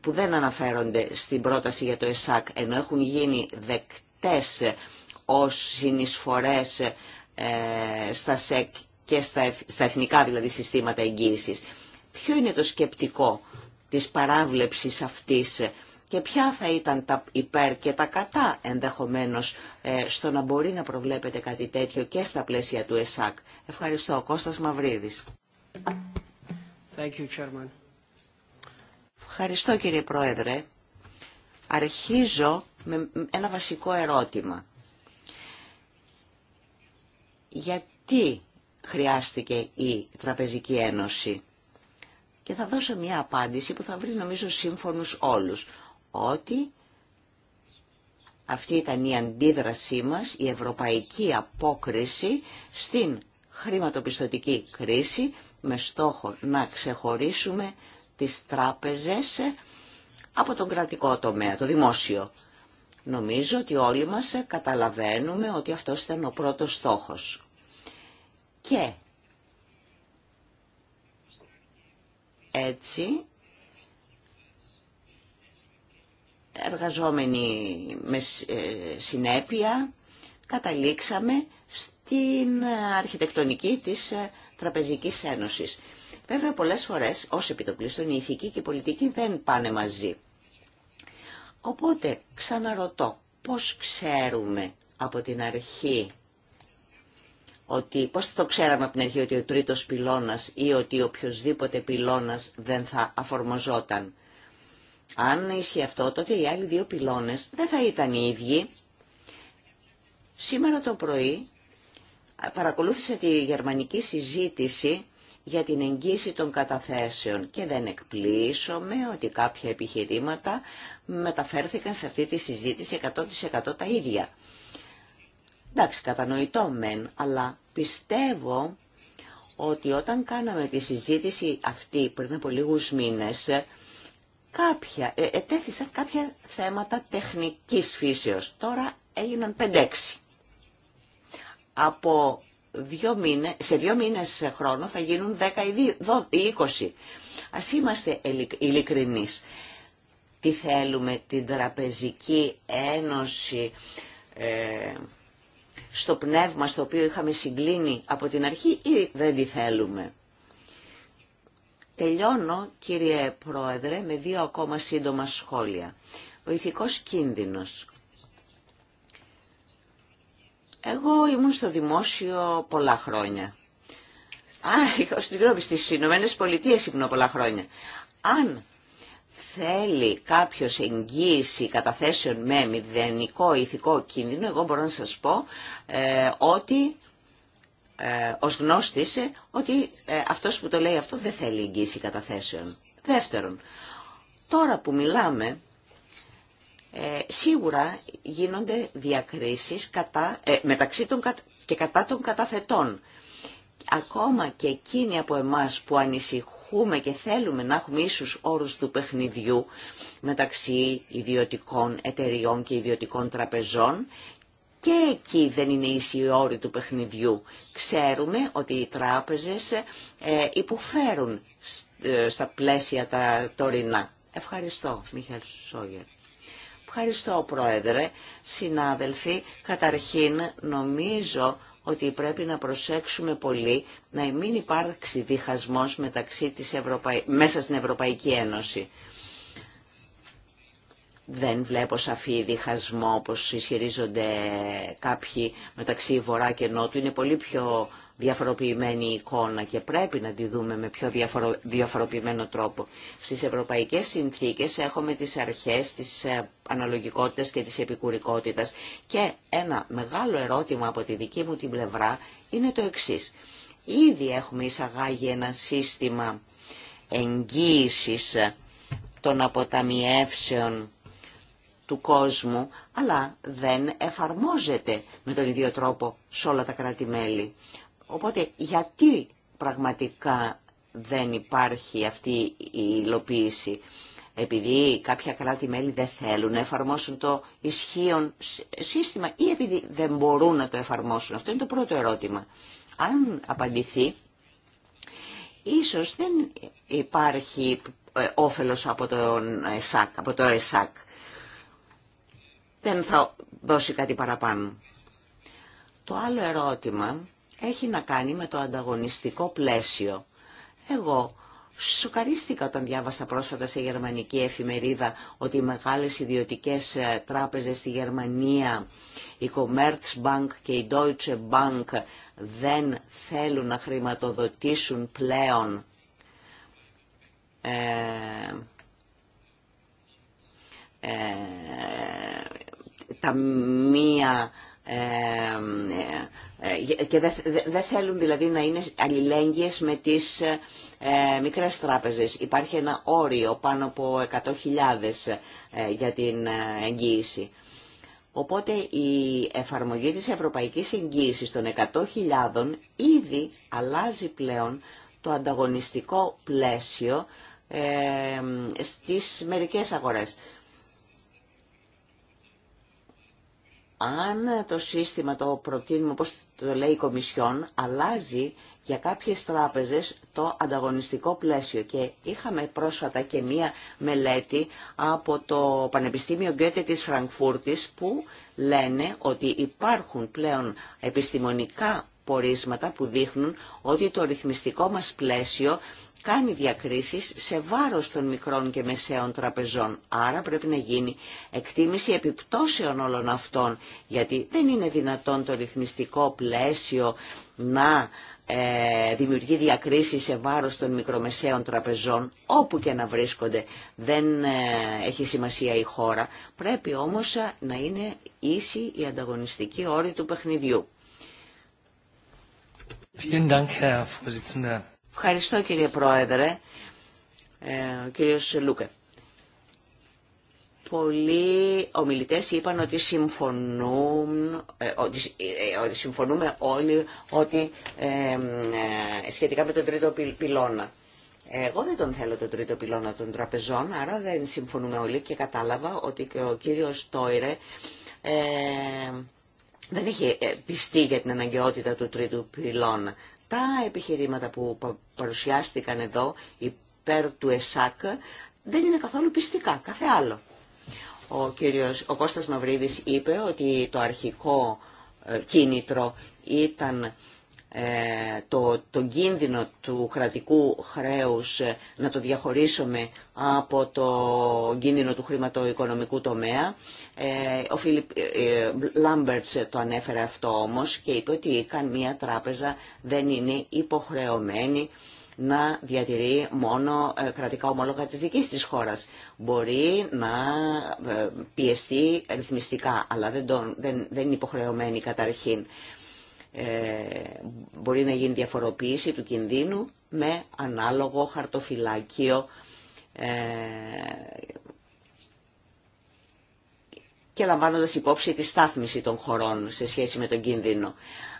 που δεν αναφέρονται στην πρόταση για το ΕΣΑΚ ενώ έχουν γίνει δεκτές ως συνεισφορές στα ΣΕΚ και στα, εθνικά δηλαδή συστήματα εγγύησης. Ποιο είναι το σκεπτικό της παράβλεψης αυτής και ποια θα ήταν τα υπέρ και τα κατά ενδεχομένως ε, στο να μπορεί να προβλέπετε κάτι τέτοιο και στα πλαίσια του ΕΣΑΚ. Ευχαριστώ. Κώστας Μαυρίδης. Thank you, Ευχαριστώ κύριε Πρόεδρε. Αρχίζω με ένα βασικό ερώτημα. Γιατί χρειάστηκε η Τραπεζική Ένωση και θα δώσω μια απάντηση που θα βρει νομίζω σύμφωνους όλους. Ότι αυτή ήταν η αντίδρασή μας, η ευρωπαϊκή απόκριση στην χρηματοπιστωτική κρίση με στόχο να ξεχωρίσουμε τις τράπεζες από τον κρατικό τομέα, το δημόσιο. Νομίζω ότι όλοι μας καταλαβαίνουμε ότι αυτό ήταν ο πρώτος στόχος. Και Έτσι, εργαζόμενοι με ε, συνέπεια, καταλήξαμε στην ε, αρχιτεκτονική της ε, Τραπεζικής Ένωσης. Βέβαια, πολλές φορές, ως επιτοπλίστων, η ηθική και η πολιτική δεν πάνε μαζί. Οπότε, ξαναρωτώ, πώς ξέρουμε από την αρχή ότι πώς το ξέραμε από την αρχή ότι ο τρίτος πυλώνας ή ότι οποιοδήποτε πυλώνας δεν θα αφορμοζόταν. Αν ισχύει αυτό, τότε οι άλλοι δύο πυλώνες δεν θα ήταν οι ίδιοι. Σήμερα το πρωί παρακολούθησα τη γερμανική συζήτηση για την εγγύηση των καταθέσεων και δεν εκπλήσωμε ότι κάποια επιχειρήματα μεταφέρθηκαν σε αυτή τη συζήτηση 100% τα ίδια. Εντάξει, κατανοητό μεν, αλλά πιστεύω ότι όταν κάναμε τη συζήτηση αυτή πριν από λίγους μήνες, κάποια, ε, ετέθησαν κάποια θέματα τεχνικής φύσεως. Τώρα έγιναν 5-6. Από δύο μήνες, σε δύο μήνες χρόνο θα γίνουν 10 ή 20. Ας είμαστε ειλικρινείς. Τι θέλουμε την Τραπεζική Ένωση... Ε, στο πνεύμα στο οποίο είχαμε συγκλίνει από την αρχή ή δεν τη θέλουμε. Τελειώνω, κύριε Πρόεδρε, με δύο ακόμα σύντομα σχόλια. Ο ηθικός κίνδυνος. Εγώ ήμουν στο δημόσιο πολλά χρόνια. Α, στην Ευρώπη, στις Ηνωμένες Πολιτείες ήμουν πολλά χρόνια. Αν θέλει κάποιος εγγύηση καταθέσεων με μηδενικό ηθικό κίνδυνο, εγώ μπορώ να σας πω ε, ότι ε, ως ε, ότι ε, αυτός που το λέει αυτό δεν θέλει εγγύηση καταθέσεων. Δεύτερον, τώρα που μιλάμε, ε, σίγουρα γίνονται διακρίσεις κατά, ε, μεταξύ των και κατά των καταθετών ακόμα και εκείνοι από εμάς που ανησυχούμε και θέλουμε να έχουμε ίσους όρους του παιχνιδιού μεταξύ ιδιωτικών εταιριών και ιδιωτικών τραπεζών και εκεί δεν είναι ίσοι οι όροι του παιχνιδιού. Ξέρουμε ότι οι τράπεζες ε, υποφέρουν ε, στα πλαίσια τα τωρινά. Ευχαριστώ, Μίχαλ Σόγερ. Ευχαριστώ, Πρόεδρε, συνάδελφοι. Καταρχήν, νομίζω ότι πρέπει να προσέξουμε πολύ να μην υπάρξει διχασμός μεταξύ της μέσα στην Ευρωπαϊκή Ένωση. Δεν βλέπω σαφή διχασμό όπως ισχυρίζονται κάποιοι μεταξύ Βορρά και Νότου. Είναι πολύ πιο διαφοροποιημένη εικόνα και πρέπει να τη δούμε με πιο διαφοροποιημένο τρόπο. Στις ευρωπαϊκές συνθήκες έχουμε τις αρχές της ε, αναλογικότητας και της επικουρικότητας και ένα μεγάλο ερώτημα από τη δική μου την πλευρά είναι το εξής. Ήδη έχουμε εισαγάγει ένα σύστημα εγγύησης των αποταμιεύσεων του κόσμου, αλλά δεν εφαρμόζεται με τον ίδιο τρόπο σε όλα τα κράτη-μέλη. Οπότε γιατί πραγματικά δεν υπάρχει αυτή η υλοποίηση. Επειδή κάποια κράτη-μέλη δεν θέλουν να εφαρμόσουν το ισχύον σύστημα ή επειδή δεν μπορούν να το εφαρμόσουν. Αυτό είναι το πρώτο ερώτημα. Αν απαντηθεί, ίσως δεν υπάρχει ε, όφελος από, τον από το ΕΣΑΚ δεν θα δώσει κάτι παραπάνω. Το άλλο ερώτημα έχει να κάνει με το ανταγωνιστικό πλαίσιο. Εγώ σοκαρίστηκα όταν διάβασα πρόσφατα σε γερμανική εφημερίδα ότι οι μεγάλες ιδιωτικές ε, τράπεζες στη Γερμανία, η Commerzbank και η Deutsche Bank δεν θέλουν να χρηματοδοτήσουν πλέον ε, ε, ε, ε, και δεν θέλουν δηλαδή να είναι αλληλέγγυες με τις ε, μικρές τράπεζες. Υπάρχει ένα όριο πάνω από 100.000 για την εγγύηση. Οπότε η εφαρμογή της ευρωπαϊκής εγγύησης των 100.000 ήδη αλλάζει πλέον το ανταγωνιστικό πλαίσιο στις μερικές αγορές. αν το σύστημα το προτείνουμε, όπως το λέει η Κομισιόν, αλλάζει για κάποιες τράπεζες το ανταγωνιστικό πλαίσιο. Και είχαμε πρόσφατα και μία μελέτη από το Πανεπιστήμιο Γκέτε της Φραγκφούρτης που λένε ότι υπάρχουν πλέον επιστημονικά πορίσματα που δείχνουν ότι το ρυθμιστικό μας πλαίσιο κάνει διακρίσεις σε βάρος των μικρών και μεσαίων τραπεζών. Άρα πρέπει να γίνει εκτίμηση επιπτώσεων όλων αυτών, γιατί δεν είναι δυνατόν το ρυθμιστικό πλαίσιο να ε, δημιουργεί διακρίσεις σε βάρος των μικρομεσαίων τραπεζών, όπου και να βρίσκονται. Δεν ε, έχει σημασία η χώρα. Πρέπει όμως ε, να είναι ίση η ανταγωνιστική όρη του παιχνιδιού. Vielen Dank, Herr Vorsitzender. Ευχαριστώ κύριε Πρόεδρε, ε, ο κύριος Λούκε. Πολλοί ομιλητές είπαν ότι, συμφωνούν, ε, ε, συμφωνούμε όλοι ότι, ε, σχετικά με τον τρίτο πυλώνα. Εγώ δεν τον θέλω τον τρίτο πυλώνα των τραπεζών, άρα δεν συμφωνούμε όλοι και κατάλαβα ότι και ο κύριος Τόιρε ε, δεν έχει πιστεί για την αναγκαιότητα του τρίτου πυλώνα τα επιχειρήματα που παρουσιάστηκαν εδώ υπέρ του ΕΣΑΚ δεν είναι καθόλου πιστικά, κάθε άλλο. Ο, κύριος, ο Κώστας Μαυρίδης είπε ότι το αρχικό ε, κίνητρο ήταν ε, το, τον κίνδυνο του κρατικού χρέους ε, να το διαχωρίσουμε από το κίνδυνο του χρηματοοικονομικού τομέα. Ε, ο Φίλιπ Λάμπερτς το ανέφερε αυτό όμως και είπε ότι καμία τράπεζα δεν είναι υποχρεωμένη να διατηρεί μόνο κρατικά ομόλογα της δικής χώρας. Μπορεί να πιεστεί ρυθμιστικά, αλλά δεν, δεν, δεν είναι υποχρεωμένη καταρχήν. Ε, μπορεί να γίνει διαφοροποίηση του κινδύνου με ανάλογο χαρτοφυλάκιο ε, και λαμβάνοντας υπόψη τη στάθμιση των χωρών σε σχέση με τον κίνδυνο.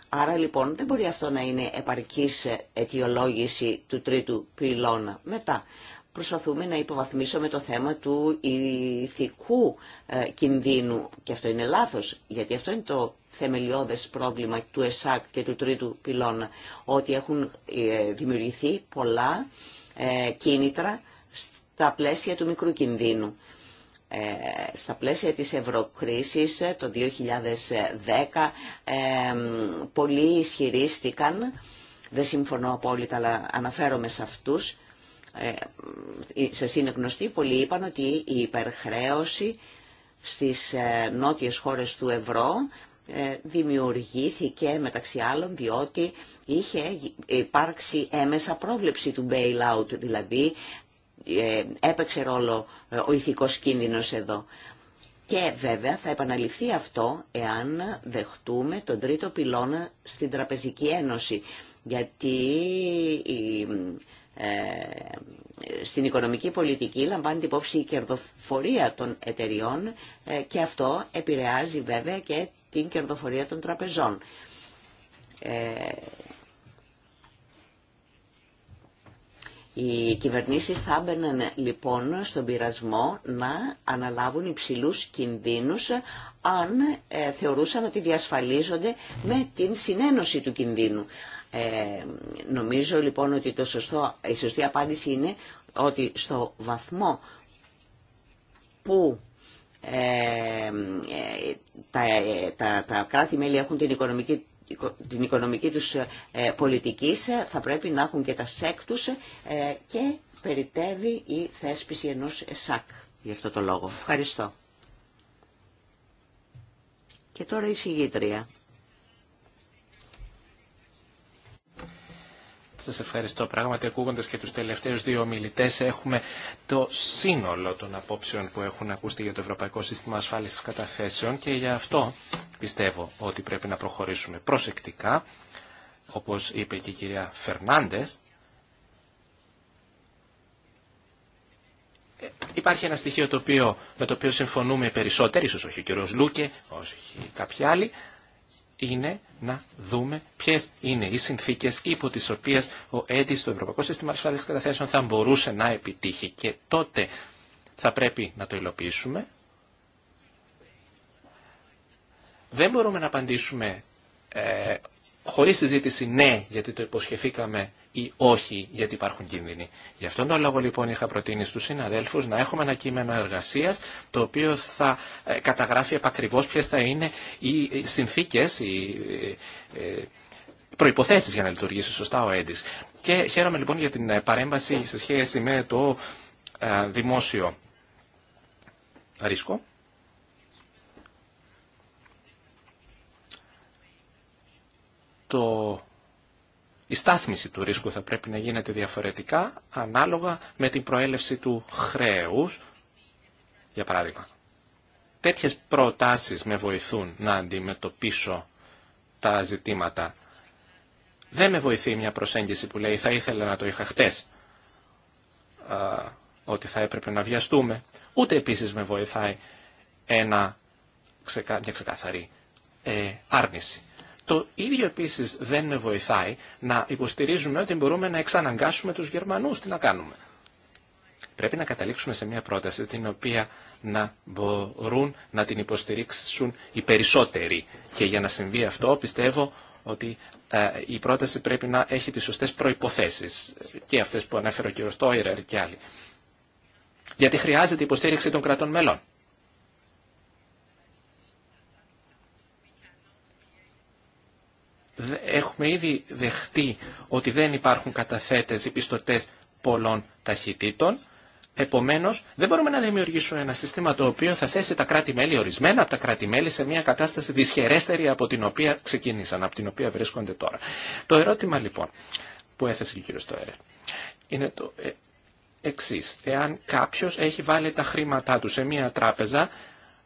Άρα λοιπόν δεν μπορεί αυτό να είναι επαρκής αιτιολόγηση του τρίτου πυλώνα. Μετά, προσπαθούμε να υποβαθμίσουμε το θέμα του ηθικού ε, κινδύνου. Και αυτό είναι λάθος, γιατί αυτό είναι το θεμελιώδες πρόβλημα του ΕΣΑΚ και του τρίτου πυλώνα, ότι έχουν ε, δημιουργηθεί πολλά ε, κίνητρα στα πλαίσια του μικρού κινδύνου. Στα πλαίσια της ευρωκρίσης το 2010 πολλοί ισχυρίστηκαν, δεν συμφωνώ απόλυτα αλλά αναφέρομαι σε αυτούς, ε, σε είναι γνωστή, πολλοί είπαν ότι η υπερχρέωση στις ε, νότιες χώρες του ευρώ ε, δημιουργήθηκε μεταξύ άλλων διότι είχε υπάρξει έμεσα πρόβλεψη του bailout, δηλαδή έπαιξε ρόλο ο ηθικός κίνδυνος εδώ. Και βέβαια θα επαναληφθεί αυτό εάν δεχτούμε τον τρίτο πυλώνα στην Τραπεζική Ένωση, γιατί ε, στην οικονομική πολιτική λαμβάνει την υπόψη η κερδοφορία των εταιριών ε, και αυτό επηρεάζει βέβαια και την κερδοφορία των τραπεζών. Ε, οι κυβερνήσεις θα έμπαιναν λοιπόν στον πειρασμό να αναλάβουν υψηλούς κινδύνους αν θεωρούσαν ότι διασφαλίζονται με την συνένωση του κινδύνου. Ε, νομίζω λοιπόν ότι το σωστό, η σωστή απάντηση είναι ότι στο βαθμό που ε, τα, τα, τα κράτη-μέλη έχουν την οικονομική την οικονομική τους ε, πολιτικής θα πρέπει να έχουν και τα ΣΕΚ τους ε, και περιτεύει η θέσπιση ενός ΣΑΚ γι' αυτό το λόγο. Ευχαριστώ. Και τώρα η συγγήτρια. Σα ευχαριστώ. Πράγματι, ακούγοντα και τους τελευταίους δύο ομιλητέ έχουμε το σύνολο των απόψεων που έχουν ακούσει για το Ευρωπαϊκό Σύστημα Ασφάλισης Καταθέσεων και για αυτό πιστεύω ότι πρέπει να προχωρήσουμε προσεκτικά, όπως είπε και η κυρία Φερνάντε. Ε, υπάρχει ένα στοιχείο το οποίο, με το οποίο συμφωνούμε περισσότεροι, ίσως όχι ο κύριο Λούκε, όχι κάποιοι άλλοι, είναι να δούμε ποιε είναι οι συνθήκε υπό τι οποίε ο Έντι στο Ευρωπαϊκό Σύστημα Ασφάλεια Καταθέσεων, θα μπορούσε να επιτύχει. Και τότε θα πρέπει να το υλοποιήσουμε. Δεν μπορούμε να απαντήσουμε ε, χωρίς συζήτηση ναι γιατί το υποσχεθήκαμε ή όχι γιατί υπάρχουν κίνδυνοι. Γι' αυτόν τον λόγο λοιπόν είχα προτείνει στους συναδέλφους να έχουμε ένα κείμενο εργασίας το οποίο θα ε, καταγράφει επακριβώς ποιες θα είναι οι συνθήκες, οι ε, προϋποθέσεις για να λειτουργήσει σωστά ο έντις. Και χαίρομαι λοιπόν για την ε, παρέμβαση σε σχέση με το δημόσιο ρίσκο το, η στάθμιση του ρίσκου θα πρέπει να γίνεται διαφορετικά ανάλογα με την προέλευση του χρέους, για παράδειγμα. Τέτοιες προτάσεις με βοηθούν να αντιμετωπίσω τα ζητήματα. Δεν με βοηθεί μια προσέγγιση που λέει θα ήθελα να το είχα χτες, ότι θα έπρεπε να βιαστούμε. Ούτε επίσης με βοηθάει ένα, μια ξεκαθαρή ε, άρνηση το ίδιο επίση δεν με βοηθάει να υποστηρίζουμε ότι μπορούμε να εξαναγκάσουμε τους Γερμανούς. Τι να κάνουμε. Πρέπει να καταλήξουμε σε μια πρόταση την οποία να μπορούν να την υποστηρίξουν οι περισσότεροι. Και για να συμβεί αυτό πιστεύω ότι ε, η πρόταση πρέπει να έχει τις σωστές προϋποθέσεις και αυτές που ανέφερε ο κ. Στόιρερ και άλλοι. Γιατί χρειάζεται υποστήριξη των κρατών μελών. έχουμε ήδη δεχτεί ότι δεν υπάρχουν καταθέτες ή πιστωτές πολλών ταχυτήτων. Επομένως, δεν μπορούμε να δημιουργήσουμε ένα σύστημα το οποίο θα θέσει τα κράτη-μέλη, ορισμένα από τα κράτη-μέλη, σε μια κατάσταση δυσχερέστερη από την οποία ξεκίνησαν, από την οποία βρίσκονται τώρα. Το ερώτημα λοιπόν που έθεσε και ο κ. Στοέρε είναι το ε, εξή. Εάν κάποιος έχει βάλει τα χρήματά του σε μια τράπεζα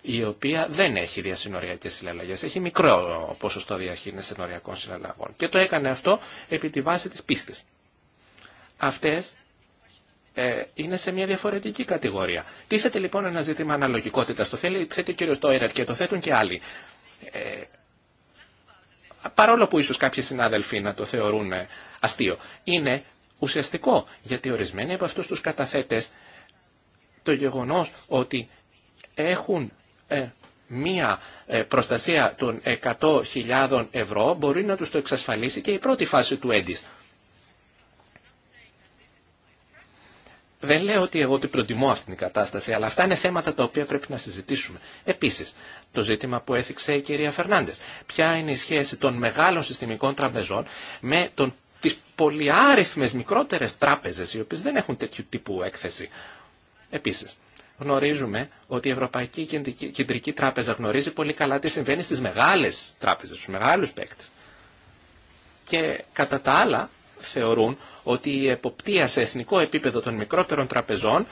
η οποία δεν έχει διασυνοριακέ συναλλαγέ. Έχει μικρό ποσοστό διαχείριση συνοριακών συναλλαγών. Και το έκανε αυτό επί τη βάση τη πίστη. Αυτέ ε, είναι σε μια διαφορετική κατηγορία. Τίθεται λοιπόν ένα ζήτημα αναλογικότητα. Το θέλει, θέτει ο κύριο Τόιρερ και το θέτουν και άλλοι. Ε, παρόλο που ίσω κάποιοι συνάδελφοι να το θεωρούν ε, αστείο, είναι ουσιαστικό γιατί ορισμένοι από αυτού του καταθέτε το γεγονό ότι έχουν ε, μία ε, προστασία των 100.000 ευρώ μπορεί να τους το εξασφαλίσει και η πρώτη φάση του έντις. Δεν λέω ότι εγώ την προτιμώ αυτήν την κατάσταση, αλλά αυτά είναι θέματα τα οποία πρέπει να συζητήσουμε. Επίσης, το ζήτημα που έθιξε η κυρία Φερνάντες. Ποια είναι η σχέση των μεγάλων συστημικών τραπεζών με τον, τις πολυάριθμες μικρότερες τράπεζες, οι οποίες δεν έχουν τέτοιου τύπου έκθεση. Επίσης, γνωρίζουμε ότι η Ευρωπαϊκή Κεντρική Τράπεζα γνωρίζει πολύ καλά τι συμβαίνει στις μεγάλες τράπεζες, στους μεγάλους παίκτες. Και κατά τα άλλα θεωρούν ότι η εποπτεία σε εθνικό επίπεδο των μικρότερων τραπεζών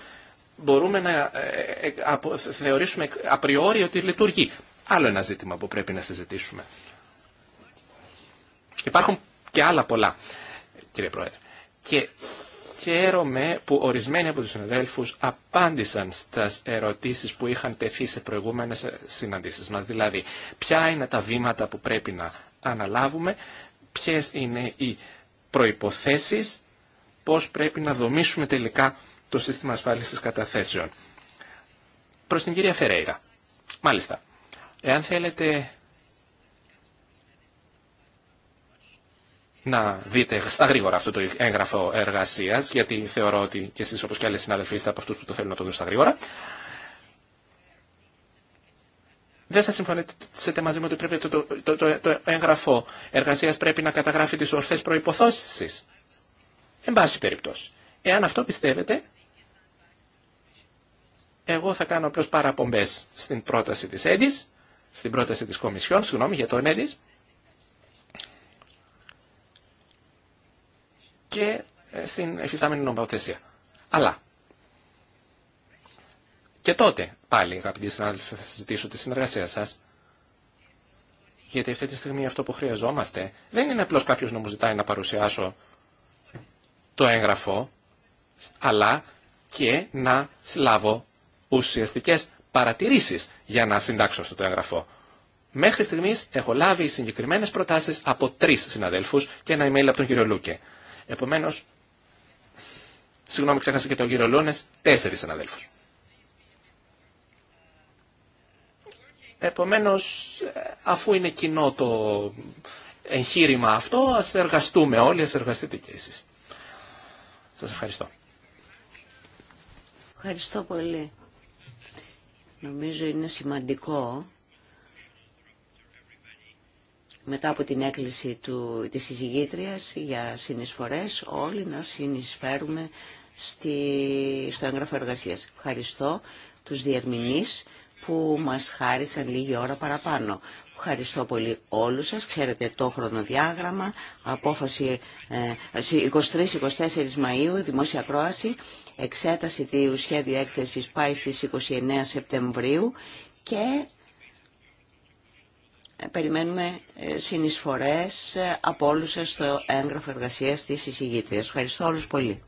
μπορούμε να ε, ε, ε, θεωρήσουμε απριόριο ότι λειτουργεί. Άλλο ένα ζήτημα που πρέπει να συζητήσουμε. Υπάρχουν και άλλα πολλά, κύριε Πρόεδρε. Και Χαίρομαι που ορισμένοι από τους συναδέλφους απάντησαν στις ερωτήσεις που είχαν τεθεί σε προηγούμενες συναντήσεις μας. Δηλαδή, ποια είναι τα βήματα που πρέπει να αναλάβουμε, ποιες είναι οι προϋποθέσεις, πώς πρέπει να δομήσουμε τελικά το σύστημα ασφάλισης καταθέσεων. Προς την κυρία Φερέιρα. Μάλιστα. Εάν θέλετε να δείτε στα γρήγορα αυτό το έγγραφο εργασία, γιατί θεωρώ ότι και εσεί όπω και άλλοι συναδελφοί είστε από αυτού που το θέλουν να το δουν στα γρήγορα. Δεν θα συμφωνήσετε μαζί μου ότι πρέπει το, το, το, έγγραφο εργασία πρέπει να καταγράφει τι ορθέ προποθέσει. Εν πάση περιπτώσει. Εάν αυτό πιστεύετε, εγώ θα κάνω απλώ παραπομπέ στην πρόταση τη ΕΔΙΣ, στην πρόταση τη Κομισιόν, συγγνώμη για τον ΕΔΙΣ, και ε, στην εφιστάμενη νομοθεσία. Αλλά και τότε πάλι, αγαπητοί συνάδελφοι, θα συζητήσω τη συνεργασία σα. Γιατί αυτή τη στιγμή αυτό που χρειαζόμαστε δεν είναι απλώ κάποιο να μου ζητάει να παρουσιάσω το έγγραφο, αλλά και να συλλάβω ουσιαστικέ παρατηρήσει για να συντάξω αυτό το έγγραφο. Μέχρι στιγμή έχω λάβει συγκεκριμένε προτάσει από τρει συναδέλφου και ένα email από τον κύριο Λούκε. Επομένω, συγγνώμη ξέχασα και τον κύριο Λόνε, τέσσερι συναδέλφου. Επομένω, αφού είναι κοινό το εγχείρημα αυτό, α εργαστούμε όλοι, α εργαστείτε και εσεί. Σα ευχαριστώ. Ευχαριστώ πολύ. Νομίζω είναι σημαντικό μετά από την έκκληση του, της συζυγήτριας για συνεισφορές όλοι να συνεισφέρουμε στη, στο έγγραφο εργασία. Ευχαριστώ τους διερμηνείς που μας χάρισαν λίγη ώρα παραπάνω. Ευχαριστώ πολύ όλους σας. Ξέρετε το χρονοδιάγραμμα, απόφαση 23-24 ε, Μαΐου, δημόσια κρόαση, εξέταση του σχέδιου έκθεσης πάει στις 29 Σεπτεμβρίου και περιμένουμε ε, συνεισφορές ε, από όλους στο έγγραφο εργασίας της εισηγήτριας. Ευχαριστώ όλους πολύ.